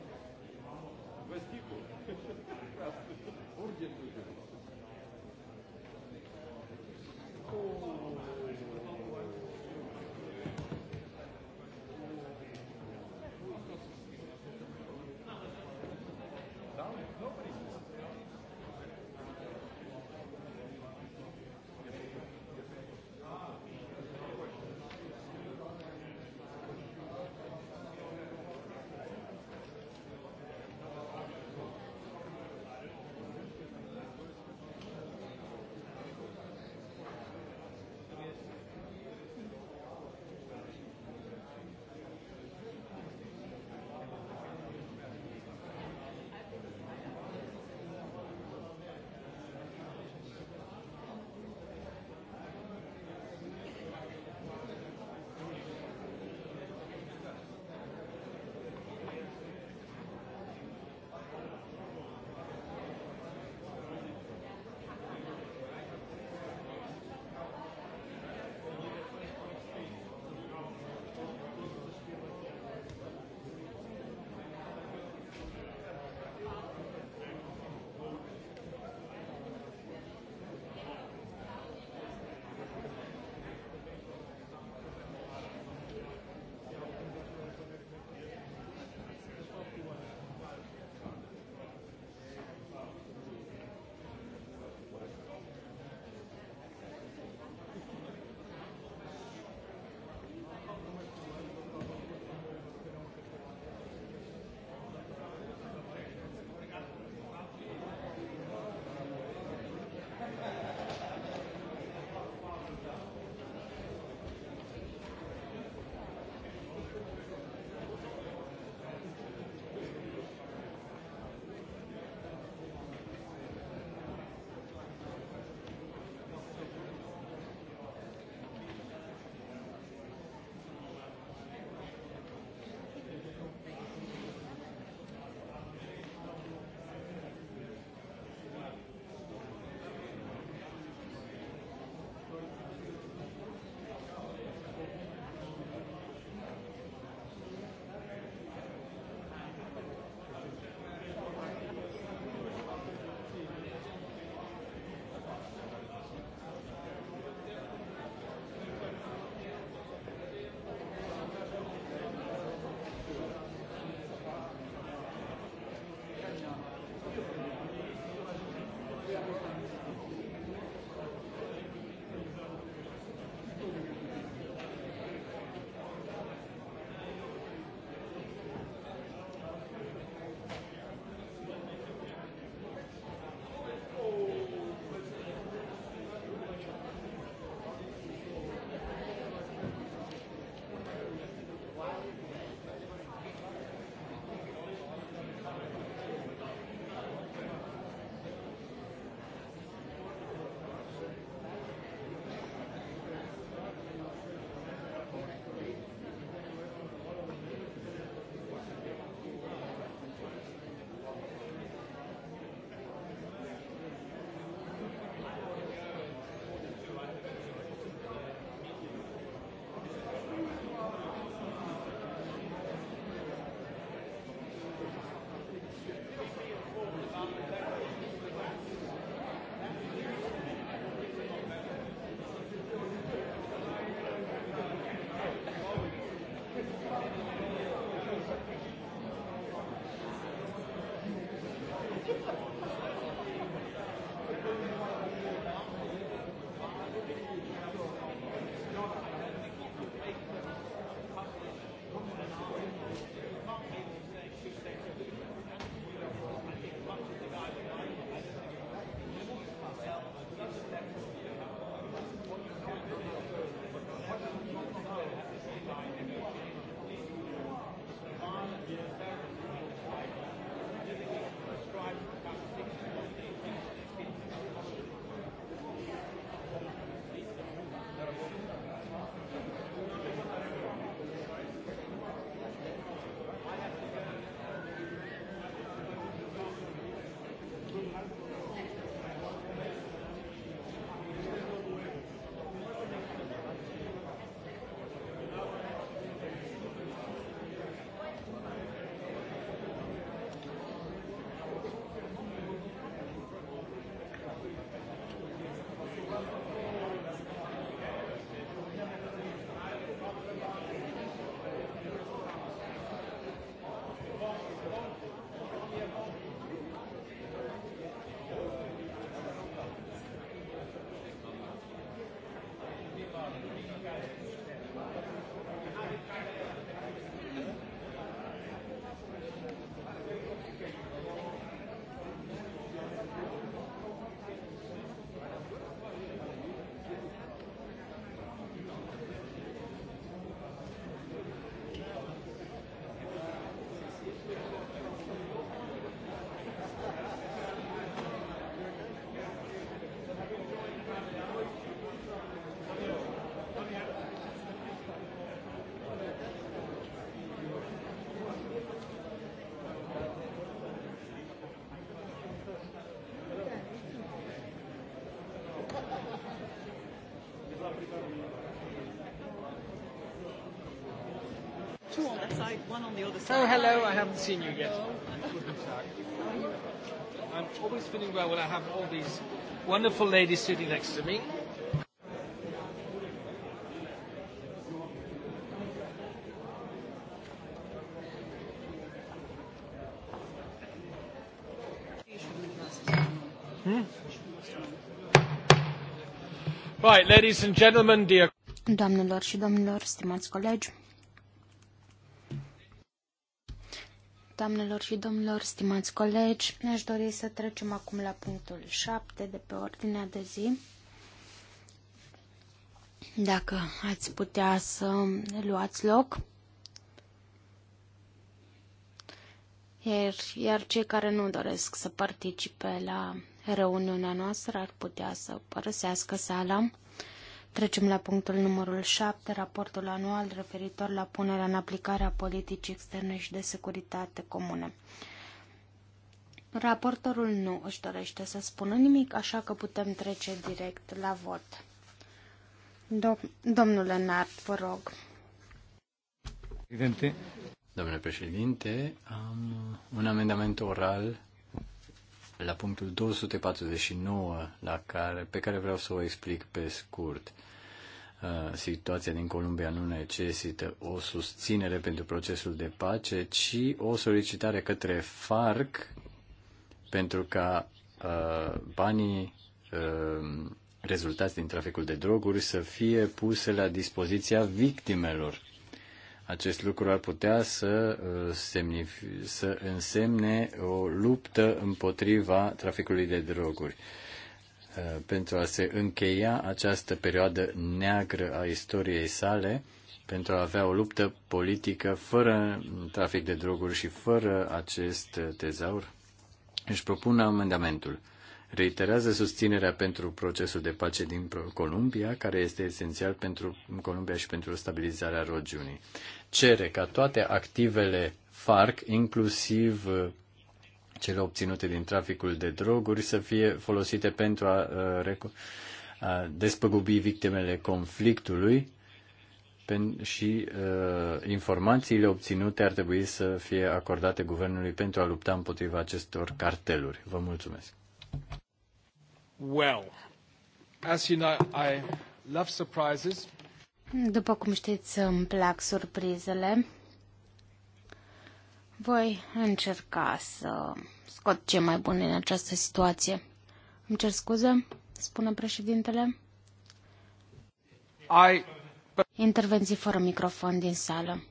that side, one on the other side. Oh, hello, I haven't seen you yet. I'm always feeling well when I have all these wonderful ladies sitting next to me. Hmm? Right, ladies and gentlemen, dear... Doamnelor și domnilor, stimați colegi, doamnelor și domnilor, stimați colegi, aș dori să trecem acum la punctul 7 de pe ordinea de zi. Dacă ați putea să luați loc. Iar, iar cei care nu doresc să participe la reuniunea noastră ar putea să părăsească sala. Trecem la punctul numărul 7, raportul anual referitor la punerea în aplicare a politicii externe și de securitate comune. Raportorul nu își dorește să spună nimic, așa că putem trece direct la vot. Dom- Domnule Nart, vă rog. Președinte. Domnule președinte, am un amendament oral la punctul 249 la care, pe care vreau să o explic pe scurt. Uh, situația din Columbia nu necesită o susținere pentru procesul de pace, ci o solicitare către FARC pentru ca uh, banii uh, rezultați din traficul de droguri să fie puse la dispoziția victimelor acest lucru ar putea să, uh, să însemne o luptă împotriva traficului de droguri. Uh, pentru a se încheia această perioadă neagră a istoriei sale, pentru a avea o luptă politică fără trafic de droguri și fără acest uh, tezaur, își propun amendamentul reiterează susținerea pentru procesul de pace din Columbia, care este esențial pentru Columbia și pentru stabilizarea regiunii. Cere ca toate activele FARC, inclusiv uh, cele obținute din traficul de droguri, să fie folosite pentru a, uh, a despăgubi victimele conflictului și uh, informațiile obținute ar trebui să fie acordate guvernului pentru a lupta împotriva acestor carteluri. Vă mulțumesc! well. As you know, I love surprises. După cum știți, îmi plac surprizele. Voi încerca să scot ce mai bun în această situație. Îmi cer scuze, spune președintele. I... Intervenții fără microfon din sală.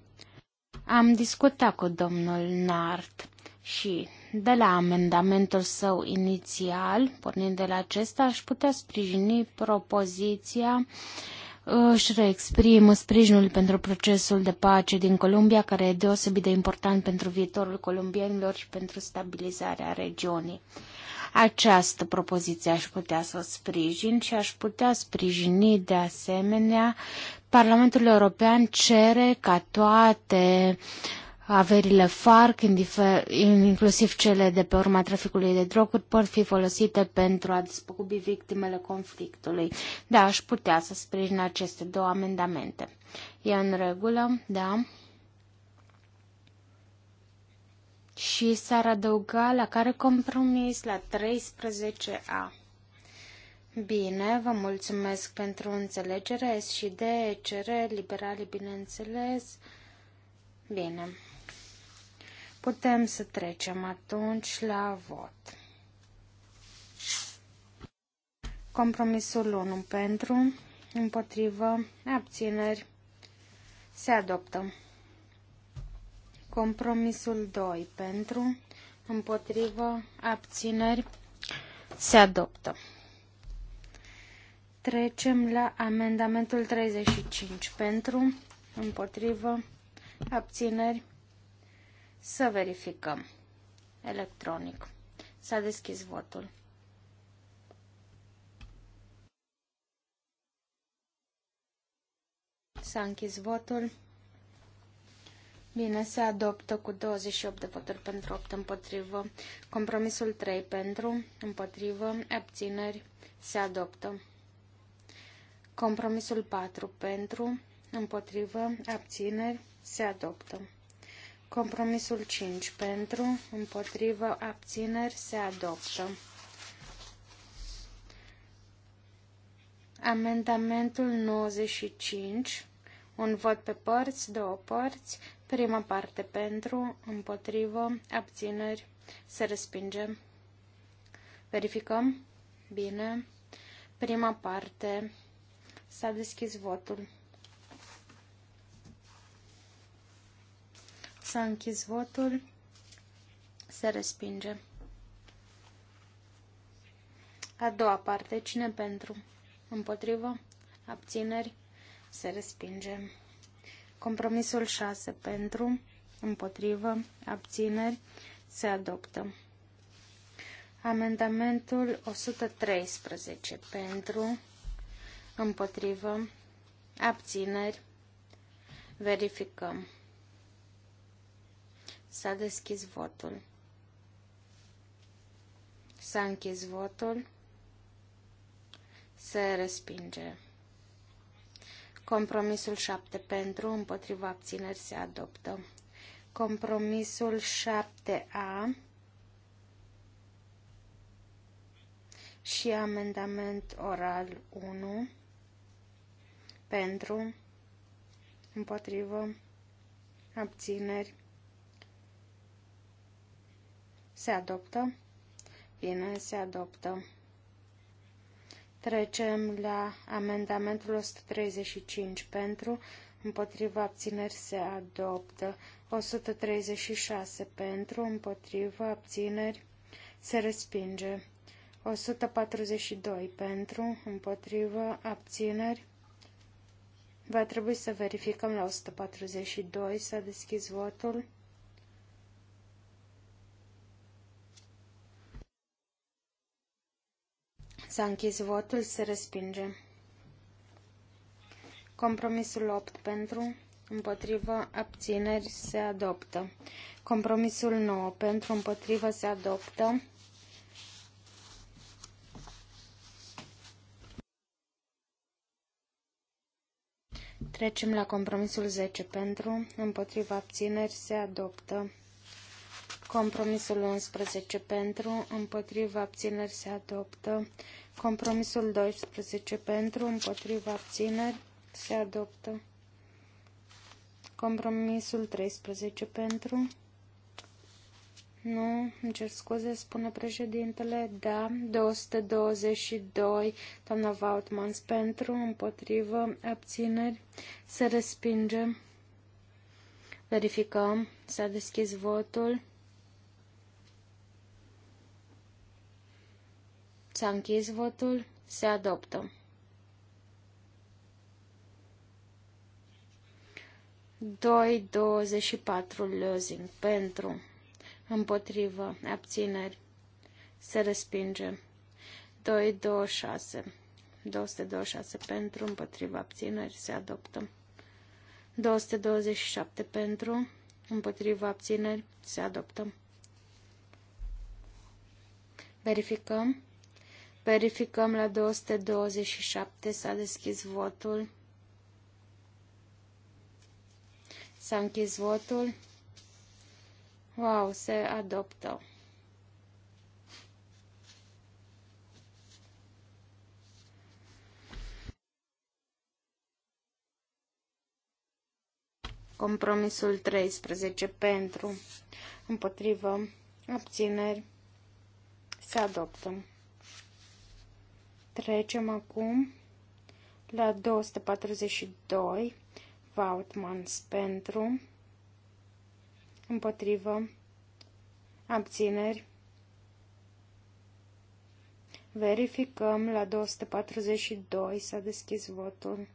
Am discutat cu domnul Nart și de la amendamentul său inițial, pornind de la acesta, aș putea sprijini propoziția își reexprimă sprijinul pentru procesul de pace din Columbia, care e deosebit de important pentru viitorul columbienilor și pentru stabilizarea regiunii. Această propoziție aș putea să o sprijin și aș putea sprijini de asemenea Parlamentul European cere ca toate uh, averile FARC, inclusiv cele de pe urma traficului de droguri, pot fi folosite pentru a despăgubi victimele conflictului. Da, aș putea să sprijin aceste două amendamente. E în regulă, da. Și s-ar adăuga la care compromis? La 13A. Bine, vă mulțumesc pentru înțelegere. S și D, cere, liberale, bineînțeles. Bine. Putem să trecem atunci la vot. Compromisul 1 pentru, împotrivă, abțineri, se adoptă. Compromisul 2 pentru, împotrivă, abțineri, se adoptă. Trecem la amendamentul 35 pentru, împotrivă, abțineri, să verificăm. Electronic. S-a deschis votul. S-a închis votul. Bine, se adoptă cu 28 de voturi pentru 8 împotrivă. Compromisul 3 pentru, împotrivă, abțineri, se adoptă. Compromisul 4 pentru, împotrivă, abțineri, se adoptă. Compromisul 5 pentru, împotrivă, abțineri se adoptă. Amendamentul 95, un vot pe părți, două părți, prima parte pentru, împotrivă, abțineri, se respinge. Verificăm? Bine. Prima parte. S-a deschis votul. S-a închis votul. Se respinge. A doua parte. Cine pentru? Împotrivă? Abțineri? Se respinge. Compromisul 6. Pentru? Împotrivă? Abțineri? Se adoptă. Amendamentul 113. Pentru? Împotrivă? Abțineri? Verificăm. S-a deschis votul. S-a închis votul. Se respinge. Compromisul 7 pentru, împotriva abțineri se adoptă. Compromisul 7A și amendament oral 1 pentru, împotrivă, abțineri se adoptă. Bine, se adoptă. Trecem la amendamentul 135 pentru, împotriva abțineri se adoptă. 136 pentru, împotriva abțineri se respinge. 142 pentru, împotriva abțineri. Va trebui să verificăm la 142, s-a deschis votul. S-a închis votul, se respinge. Compromisul 8 pentru, împotrivă, abțineri, se adoptă. Compromisul 9 pentru, împotrivă, se adoptă. Trecem la compromisul 10 pentru, împotriva abțineri se adoptă. Compromisul 11 pentru, împotriva abțineri se adoptă. Compromisul 12 pentru, împotriva abțineri se adoptă. Compromisul 13 pentru. Nu, îmi cer scuze, spune președintele. Da, 222, doamna Vautmans, pentru, împotrivă, abțineri, se respinge. Verificăm, s-a deschis votul. S-a închis votul. Se adoptă. 2.24 lozing pentru, împotrivă, abțineri, se respinge. 2.26 226 pentru, împotriva abțineri, se adoptă. 227 pentru, împotriva abțineri, se adoptă. Verificăm. Verificăm la 227, s-a deschis votul. S-a închis votul. Wow, se adoptă. Compromisul 13 pentru, împotrivă, abțineri, se adoptă. Trecem acum la 242 Vautmans pentru împotrivă abțineri. Verificăm la 242 s-a deschis votul.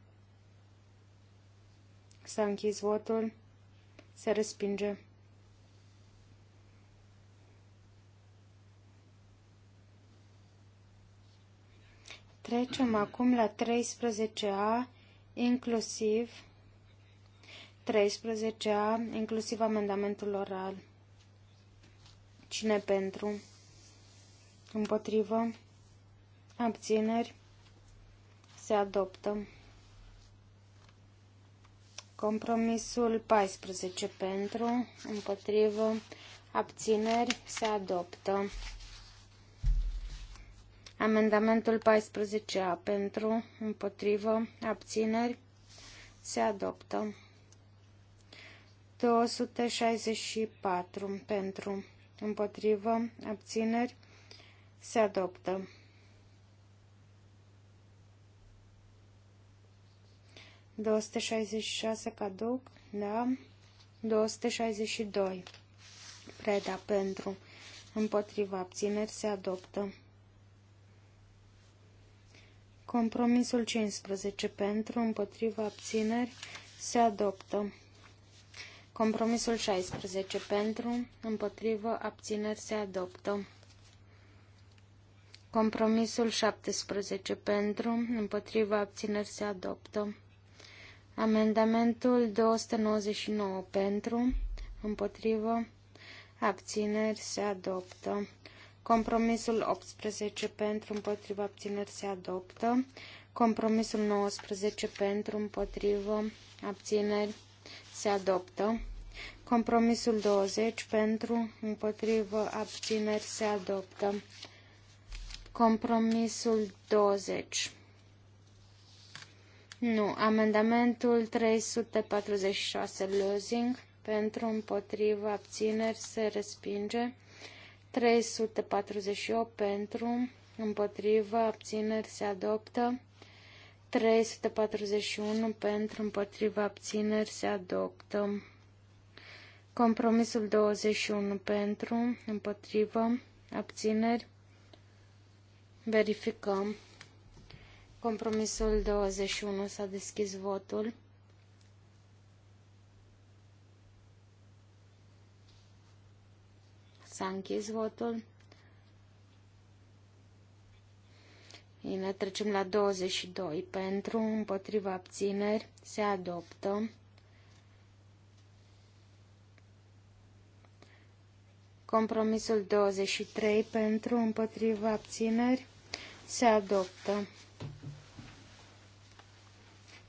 S-a închis votul. Se respinge. Trecem acum la 13A, inclusiv 13A, inclusiv amendamentul oral. Cine pentru? Împotrivă? Abțineri? Se adoptă. Compromisul 14 pentru, împotrivă, abțineri, se adoptă. Amendamentul 14A pentru, împotrivă, abțineri, se adoptă. 264 pentru, împotrivă, abțineri, se adoptă. șase caduc, da? 262. Preda pentru, împotriva abțineri, se adoptă. Compromisul 15 pentru, împotriva abțineri se adoptă. Compromisul 16 pentru, împotriva abțineri se adoptă. Compromisul 17 pentru, împotriva abțineri se adoptă. Amendamentul 299 pentru, împotriva abțineri se adoptă. Compromisul 18 pentru împotriva abțineri se adoptă. Compromisul 19 pentru împotriva abțineri se adoptă. Compromisul 20 pentru împotriva abțineri se adoptă. Compromisul 20. Nu. Amendamentul 346 losing pentru împotriva abțineri se respinge. 348 pentru, împotrivă, abțineri se adoptă. 341 pentru, împotrivă, abțineri se adoptă. Compromisul 21 pentru, împotrivă, abțineri. Verificăm. Compromisul 21 s-a deschis votul. S-a închis votul. Bine, trecem la 22. Pentru, împotriva abțineri, se adoptă. Compromisul 23 pentru împotriva abțineri se adoptă.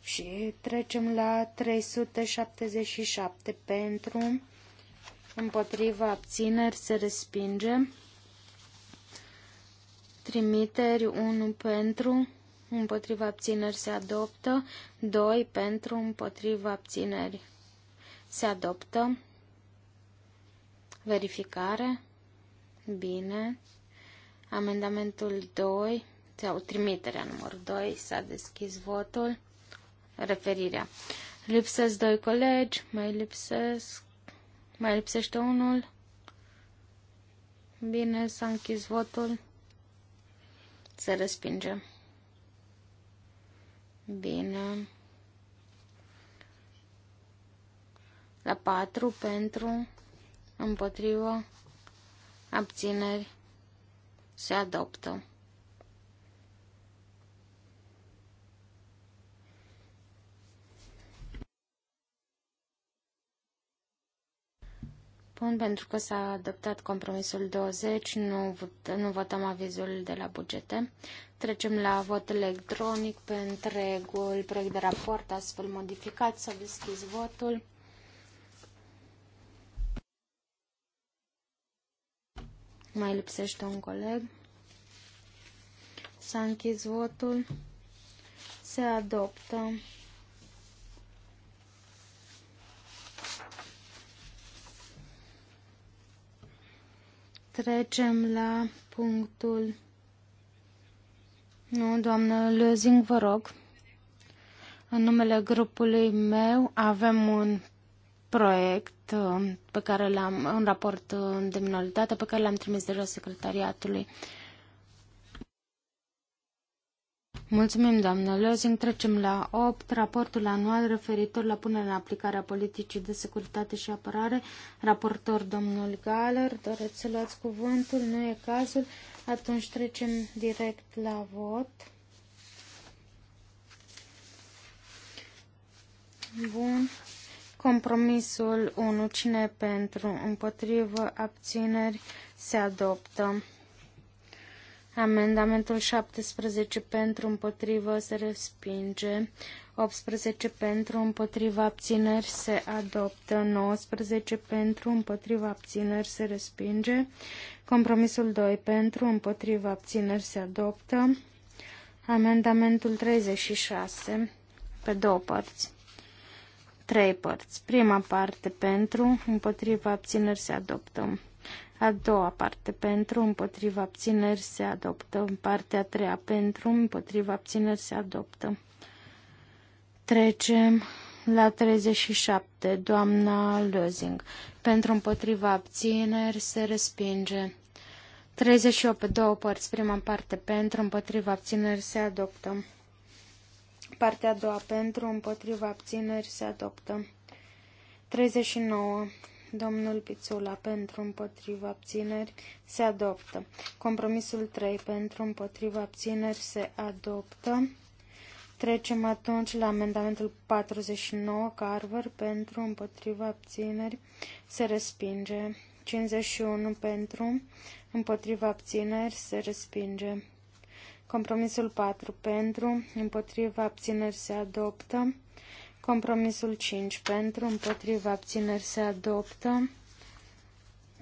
Și trecem la 377 pentru împotriva abțineri se respinge. Trimiteri 1 pentru, împotriva abțineri se adoptă, 2 pentru, împotriva abțineri se adoptă. Verificare. Bine. Amendamentul 2, sau trimiterea numărul 2, s-a deschis votul. Referirea. Lipsesc doi colegi, mai lipsesc mai lipsește unul. Bine, s-a închis votul. Se respinge. Bine. La 4 pentru, împotrivă, abțineri, se adoptă. spun pentru că s-a adoptat compromisul 20, nu, nu votăm avizul de la bugete. Trecem la vot electronic pe întregul proiect de raport astfel modificat. să deschis votul. Mai lipsește un coleg. S-a închis votul. Se adoptă. Trecem la punctul... Nu, doamnă Lözing, vă rog. În numele grupului meu avem un proiect uh, pe care l-am, un raport uh, de minoritate pe care l-am trimis deja secretariatului. Uh, Mulțumim, doamnă Lozing. Trecem la 8. Raportul anual referitor la punerea în aplicare a politicii de securitate și apărare. Raportor domnul Galer, doreți să luați cuvântul? Nu e cazul. Atunci trecem direct la vot. Bun. Compromisul 1. Cine pentru? Împotrivă? Abțineri? Se adoptă. Amendamentul 17 pentru împotrivă se respinge. 18 pentru împotriva abțineri se adoptă. 19 pentru împotriva abțineri se respinge. Compromisul 2 pentru împotriva abțineri se adoptă. Amendamentul 36 pe două părți. Trei părți. Prima parte pentru, împotriva abțineri se adoptă. A doua parte pentru, împotriva abțineri se adoptă. Partea a treia pentru, împotriva abțineri se adoptă. Trecem la 37, doamna Lozing. Pentru împotriva abțineri se respinge. 38 pe două părți, prima parte pentru, împotriva abțineri se adoptă. Partea a doua pentru, împotriva abțineri se adoptă. 39 Domnul Pițula pentru împotriva abțineri se adoptă. Compromisul 3 pentru împotriva abțineri se adoptă. Trecem atunci la amendamentul 49, Carver, pentru împotriva abțineri se respinge. 51 pentru împotriva abțineri se respinge. Compromisul 4 pentru împotriva abțineri se adoptă. Compromisul 5 pentru, împotriva abțineri se adoptă.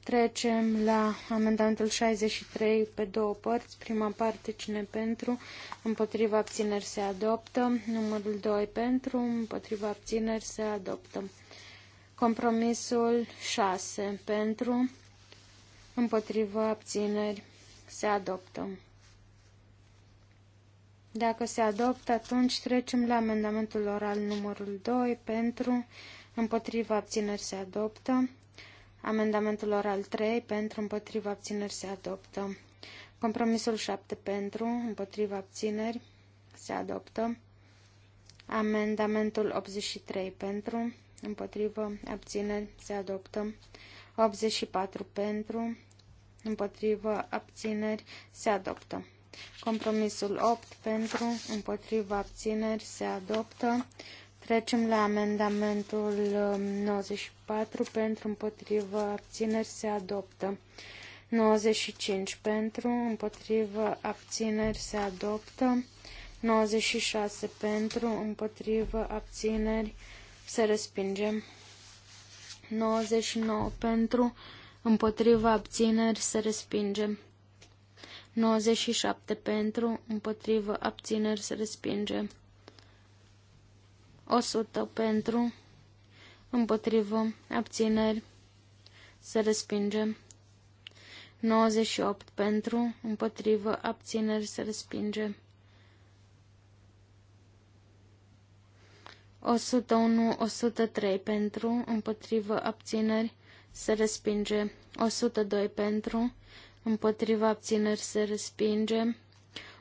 Trecem la amendamentul 63 pe două părți. Prima parte, cine pentru, împotriva abțineri se adoptă. Numărul 2 pentru, împotriva abțineri se adoptă. Compromisul 6 pentru, împotriva abțineri se adoptă. Dacă se adoptă, atunci trecem la amendamentul oral numărul 2 pentru, împotriva abțineri se adoptă. Amendamentul oral 3 pentru, împotriva abțineri se adoptă. Compromisul 7 pentru, împotriva abțineri se adoptă. Amendamentul 83 pentru, împotriva abțineri se adoptă. 84 pentru, împotriva abțineri se adoptă. Compromisul 8 pentru, împotriva abțineri se adoptă. Trecem la amendamentul 94 um, pentru, împotriva abțineri se adoptă. 95 pentru, împotriva abțineri se adoptă. 96 pentru, împotriva abțineri se respinge. 99 pentru, împotriva abțineri se respinge. 97 pentru, împotrivă, abțineri, se respinge. 100 pentru, împotrivă, abțineri, se respinge. 98 pentru, împotrivă, abțineri, se respinge. 101-103 pentru, împotrivă, abțineri, se respinge. 102 pentru, împotriva abțineri se respinge,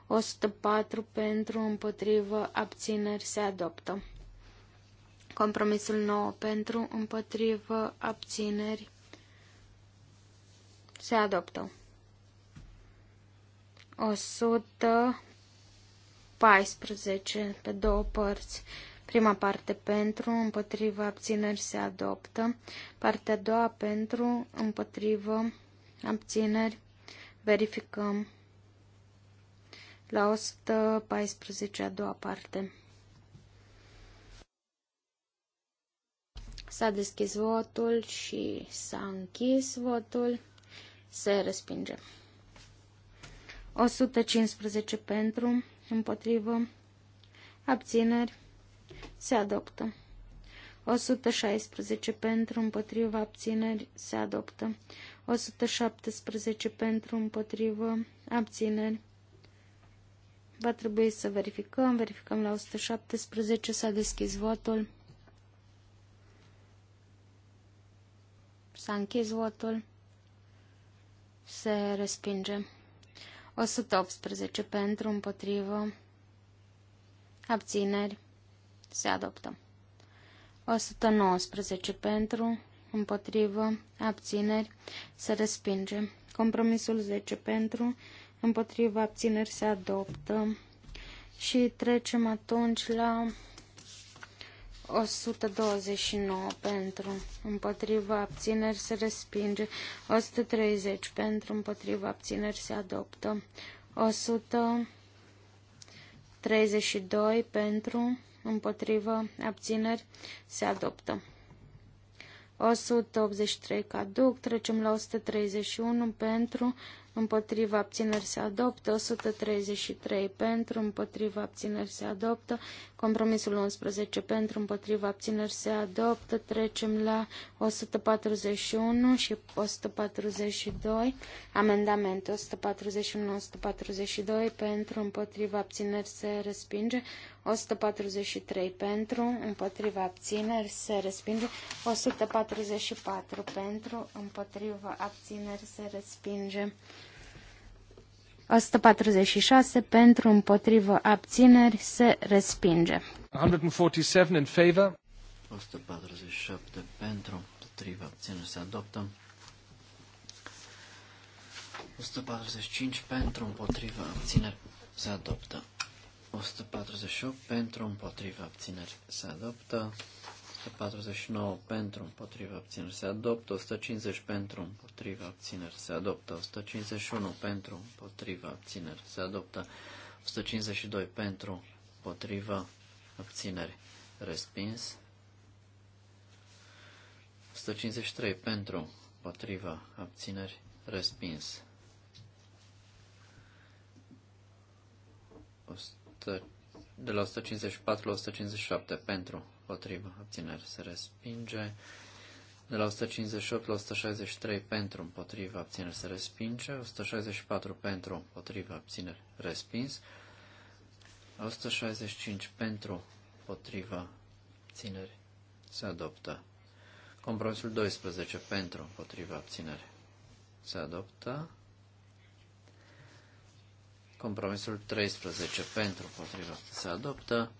104 pentru, împotriva abțineri se adoptă. Compromisul 9 pentru, împotriva abțineri se adoptă. 114 pe două părți. Prima parte pentru, împotriva abțineri se adoptă. Partea a doua pentru, împotrivă abțineri Verificăm la 114 a doua parte. S-a deschis votul și s-a închis votul. Se respinge. 115 pentru, împotrivă, abțineri, se adoptă. 116 pentru, împotrivă, abțineri, se adoptă. 117 pentru, împotrivă, abțineri. Va trebui să verificăm. Verificăm la 117. S-a deschis votul. S-a închis votul. Se respinge. 118 pentru, împotrivă, abțineri. Se adoptă. 119 pentru, împotrivă, abțineri, se respinge. Compromisul 10 pentru, împotrivă, abțineri, se adoptă. Și trecem atunci la 129 pentru, împotrivă, abțineri se respinge, 130 pentru, împotrivă, abțineri se adoptă, 132 pentru, împotrivă, abțineri se adoptă. 183 caduc, trecem la 131 pentru, împotriva abțineri se adoptă, 133 pentru, împotriva abțineri se adoptă, compromisul 11 pentru, împotriva abțineri se adoptă, trecem la 141 și 142, amendamente 141-142 pentru, împotriva abțineri se respinge, 143 pentru, împotriva abțineri se respinge, 144 pentru, împotriva abțineri se respinge. 146 pentru împotrivă abțineri se respinge. 147 in favor. 147 pentru împotrivă abțineri se adoptă. 145 pentru împotrivă abțineri se adoptă. 148 pentru împotrivă abțineri se adoptă. 149 pentru, împotriva abțineri se adoptă, 150 pentru, împotriva abțineri se adoptă, 151 pentru, împotriva abțineri se adoptă, 152 pentru, împotriva abțineri respins, 153 pentru, împotriva abțineri respins, 100 de la 154 la 157 pentru, potrivă, abținere se respinge. De la 158 la 163 pentru, împotrivă, abținere se respinge. 164 pentru, împotrivă, abținere respins. 165 pentru, potriva abținere se adoptă. Compromisul 12 pentru, potriva abținere se adoptă. Compromisul 13 pentru împotriva se adoptă.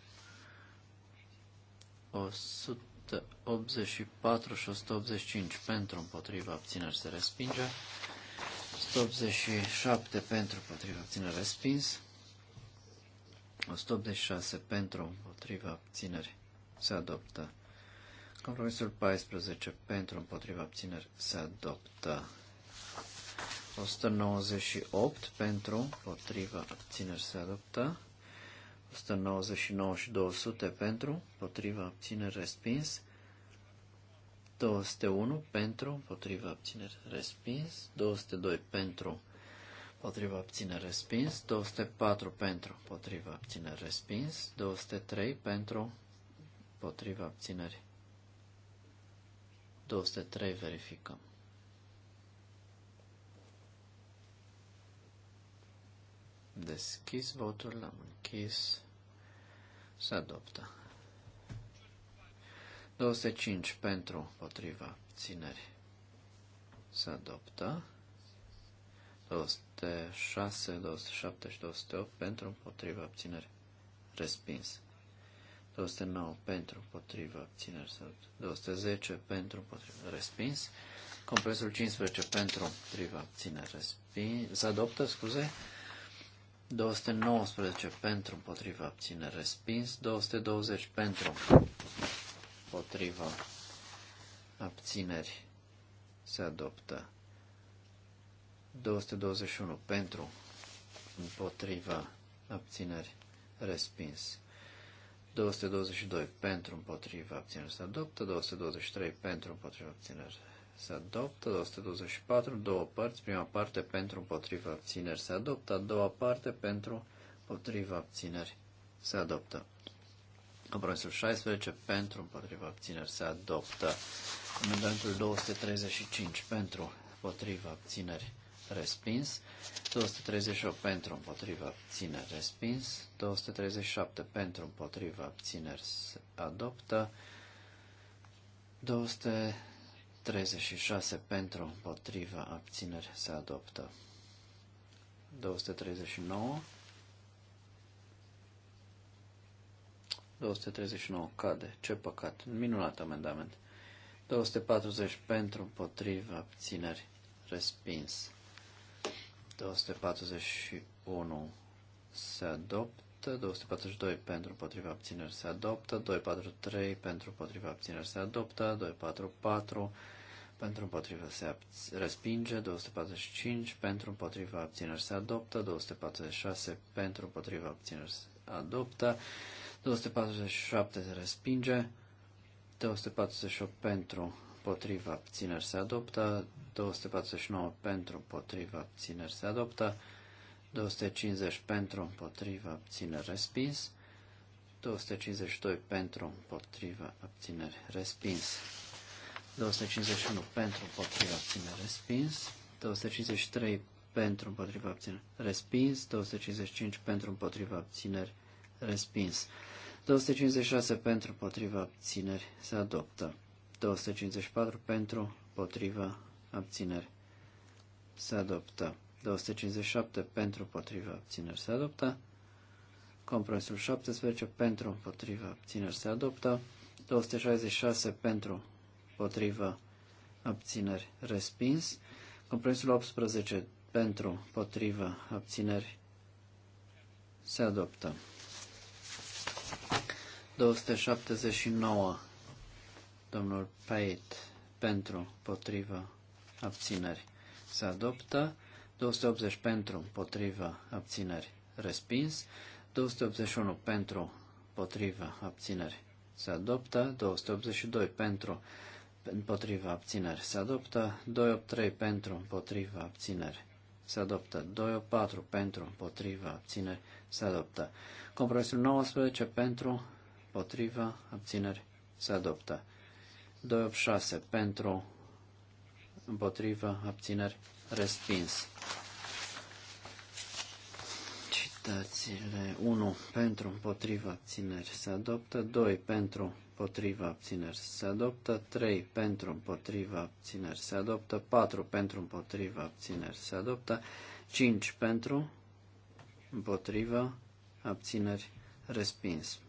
184 și 185 pentru împotriva abțineri se respinge. 187 pentru împotriva abțineri respins. 186 pentru împotriva abțineri se adoptă. Compromisul 14 pentru împotriva abțineri se adoptă. 198 pentru, potrivă, abțineri se adoptă. 199 și 200 pentru, potrivă, abțineri respins. 201 pentru, potrivă, abțineri respins. 202 pentru, potrivă, abțineri respins. 204 pentru, potrivă, abțineri respins. 203 pentru, potrivă, abțineri. 203 verificăm. deschis votul, l-am închis, se adoptă. 205 pentru, potriva, țineri, se adoptă. 206, 207 și 208 pentru, potriva, abțineri, respins. 209 pentru, potriva, abțineri, 210 pentru, potriva, respins. Compresul 15 pentru, potriva, abțineri, respins. Se adoptă, scuze. 219 pentru, împotriva abțineri respins, 220 pentru, împotriva abțineri se adoptă, 221 pentru, împotriva abțineri respins, 222 pentru, împotriva abțineri se adoptă, 223 pentru, împotriva abțineri se adoptă, 224, două părți, prima parte pentru împotriva abțineri se adoptă, a doua parte pentru împotriva abțineri se adoptă. Compromisul 16 pentru împotriva abțineri se adoptă. Amendamentul 235 pentru împotriva abțineri respins. 238 pentru împotriva abțineri respins. 237 pentru împotriva abțineri se adoptă. 200 36 pentru, împotriva, abțineri se adoptă. 239. 239 cade. Ce păcat. Minunat amendament. 240 pentru, împotriva, abțineri, respins. 241 se adoptă adoptă, 242 pentru împotriva abțineri se adoptă, 243 pentru împotriva abțineri se adoptă, 244 pentru împotriva se respinge, 245 pentru împotriva abțineri se adoptă, 246 pentru împotriva abțineri se adoptă, 247 se respinge, 248 pentru împotriva abțineri se adoptă, 249 pentru împotriva abțineri se adoptă, 250 pentru, împotriva, abținere, respins. 252 pentru, împotriva, abținere, respins. 251 pentru, împotriva, abținere, respins. 253 pentru, împotriva, abținere, respins. 255 pentru, împotriva, abțineri, respins. 256 pentru, împotriva, abțineri, se adoptă. 254 pentru, împotriva, abțineri, se adoptă. 257 pentru potriva abțineri se adoptă. Compromisul 17 pentru împotriva abțineri se adoptă. 266 pentru potriva abțineri respins. Compromisul 18 pentru potriva abțineri se adoptă. 279 domnul Pait pentru potriva abțineri se adoptă. 280 pentru, împotriva, abțineri, respins. 281 pentru, împotriva, abțineri, se adoptă. 282 pentru, împotriva, abțineri, se adoptă. 283 pentru, împotriva, abțineri, se adoptă. 284 pentru, împotriva, abțineri, se adoptă. Compromisul 19 pentru, împotriva, abțineri, se adoptă. 286 pentru, împotrivă, abțineri, respins. Citațiile 1 pentru, împotrivă, abțineri, se adoptă, 2 pentru, împotrivă abțineri se adoptă, 3 pentru împotrivă abțineri se adoptă, 4 pentru împotrivă abțineri se adoptă, 5 pentru împotrivă abțineri respins,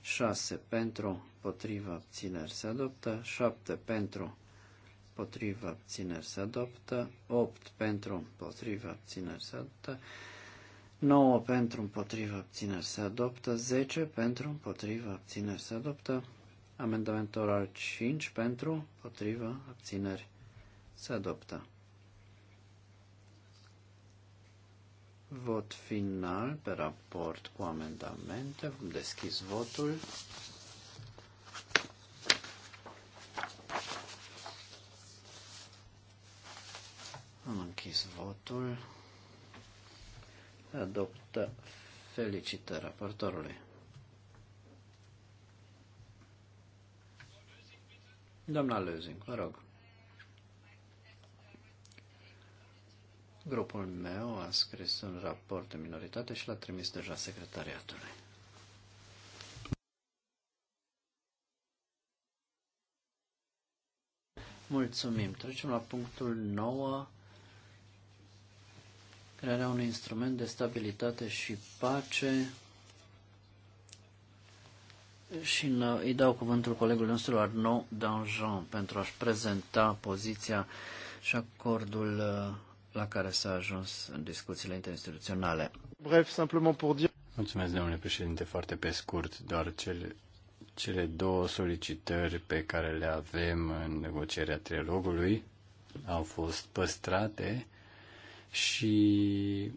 6 pentru împotrivă abțineri se adoptă, 7 pentru potriva abțineri se adoptă, 8 pentru, împotriva abțineri se adoptă, 9 pentru, împotriva abțineri se adoptă, 10 pentru, împotriva abțineri se adoptă, amendamentul oral 5 pentru, împotriva abțineri se adoptă. Vot final pe raport cu amendamente. Vom deschis votul. Am închis votul. Adoptă. Felicitări raportorului. Doamna Lözing, vă rog. Grupul meu a scris un raport de minoritate și l-a trimis deja secretariatului. Mulțumim. Trecem la punctul 9 crearea unui instrument de stabilitate și pace. Și îi dau cuvântul colegului nostru Arnaud Danjean pentru a-și prezenta poziția și acordul uh, la care s-a ajuns în discuțiile interinstituționale. Bref, simplement pour dire... Mulțumesc, domnule președinte, foarte pe scurt, doar cele, cele două solicitări pe care le avem în negocierea trilogului au fost păstrate și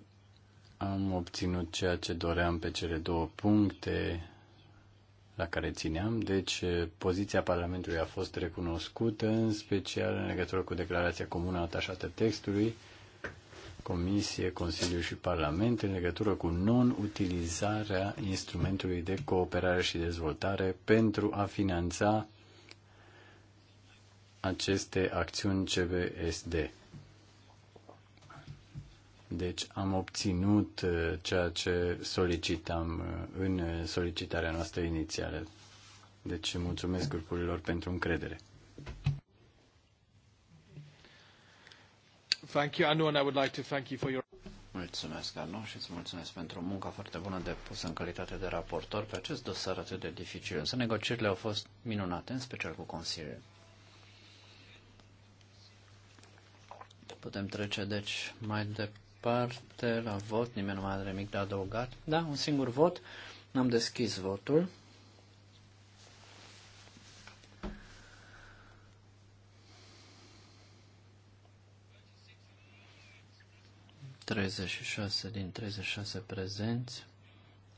am obținut ceea ce doream pe cele două puncte la care țineam, deci poziția Parlamentului a fost recunoscută, în special în legătură cu declarația comună atașată textului, Comisie, Consiliu și Parlament în legătură cu non-utilizarea instrumentului de cooperare și dezvoltare pentru a finanța aceste acțiuni CBSD. Deci am obținut uh, ceea ce solicitam uh, în uh, solicitarea noastră inițială. Deci mulțumesc grupurilor pentru încredere. Thank you, Anu, and I would like to thank you for your... Mulțumesc, Anu, și îți mulțumesc pentru munca foarte bună depusă în calitate de raportor pe acest dosar atât de dificil. Însă negocierile au fost minunate, în special cu Consiliul. Putem trece, deci, mai departe Parte la vot, nimeni nu mai are nimic de adăugat. Da, un singur vot. N-am deschis votul. Treizeci și șase din șase prezenți.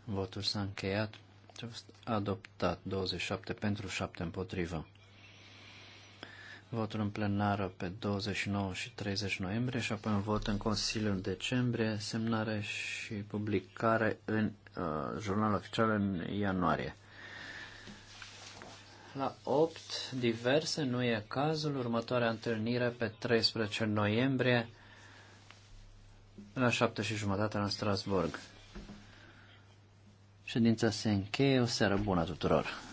Votul s-a încheiat. A fost adoptat 27 pentru 7 împotrivă votul în plenară pe 29 și 30 noiembrie și apoi un vot în Consiliu în decembrie, semnare și publicare în uh, jurnal oficial în ianuarie. La 8, diverse, nu e cazul, următoarea întâlnire pe 13 noiembrie la 7 și jumătate la Strasburg. Ședința se încheie, o seară bună tuturor!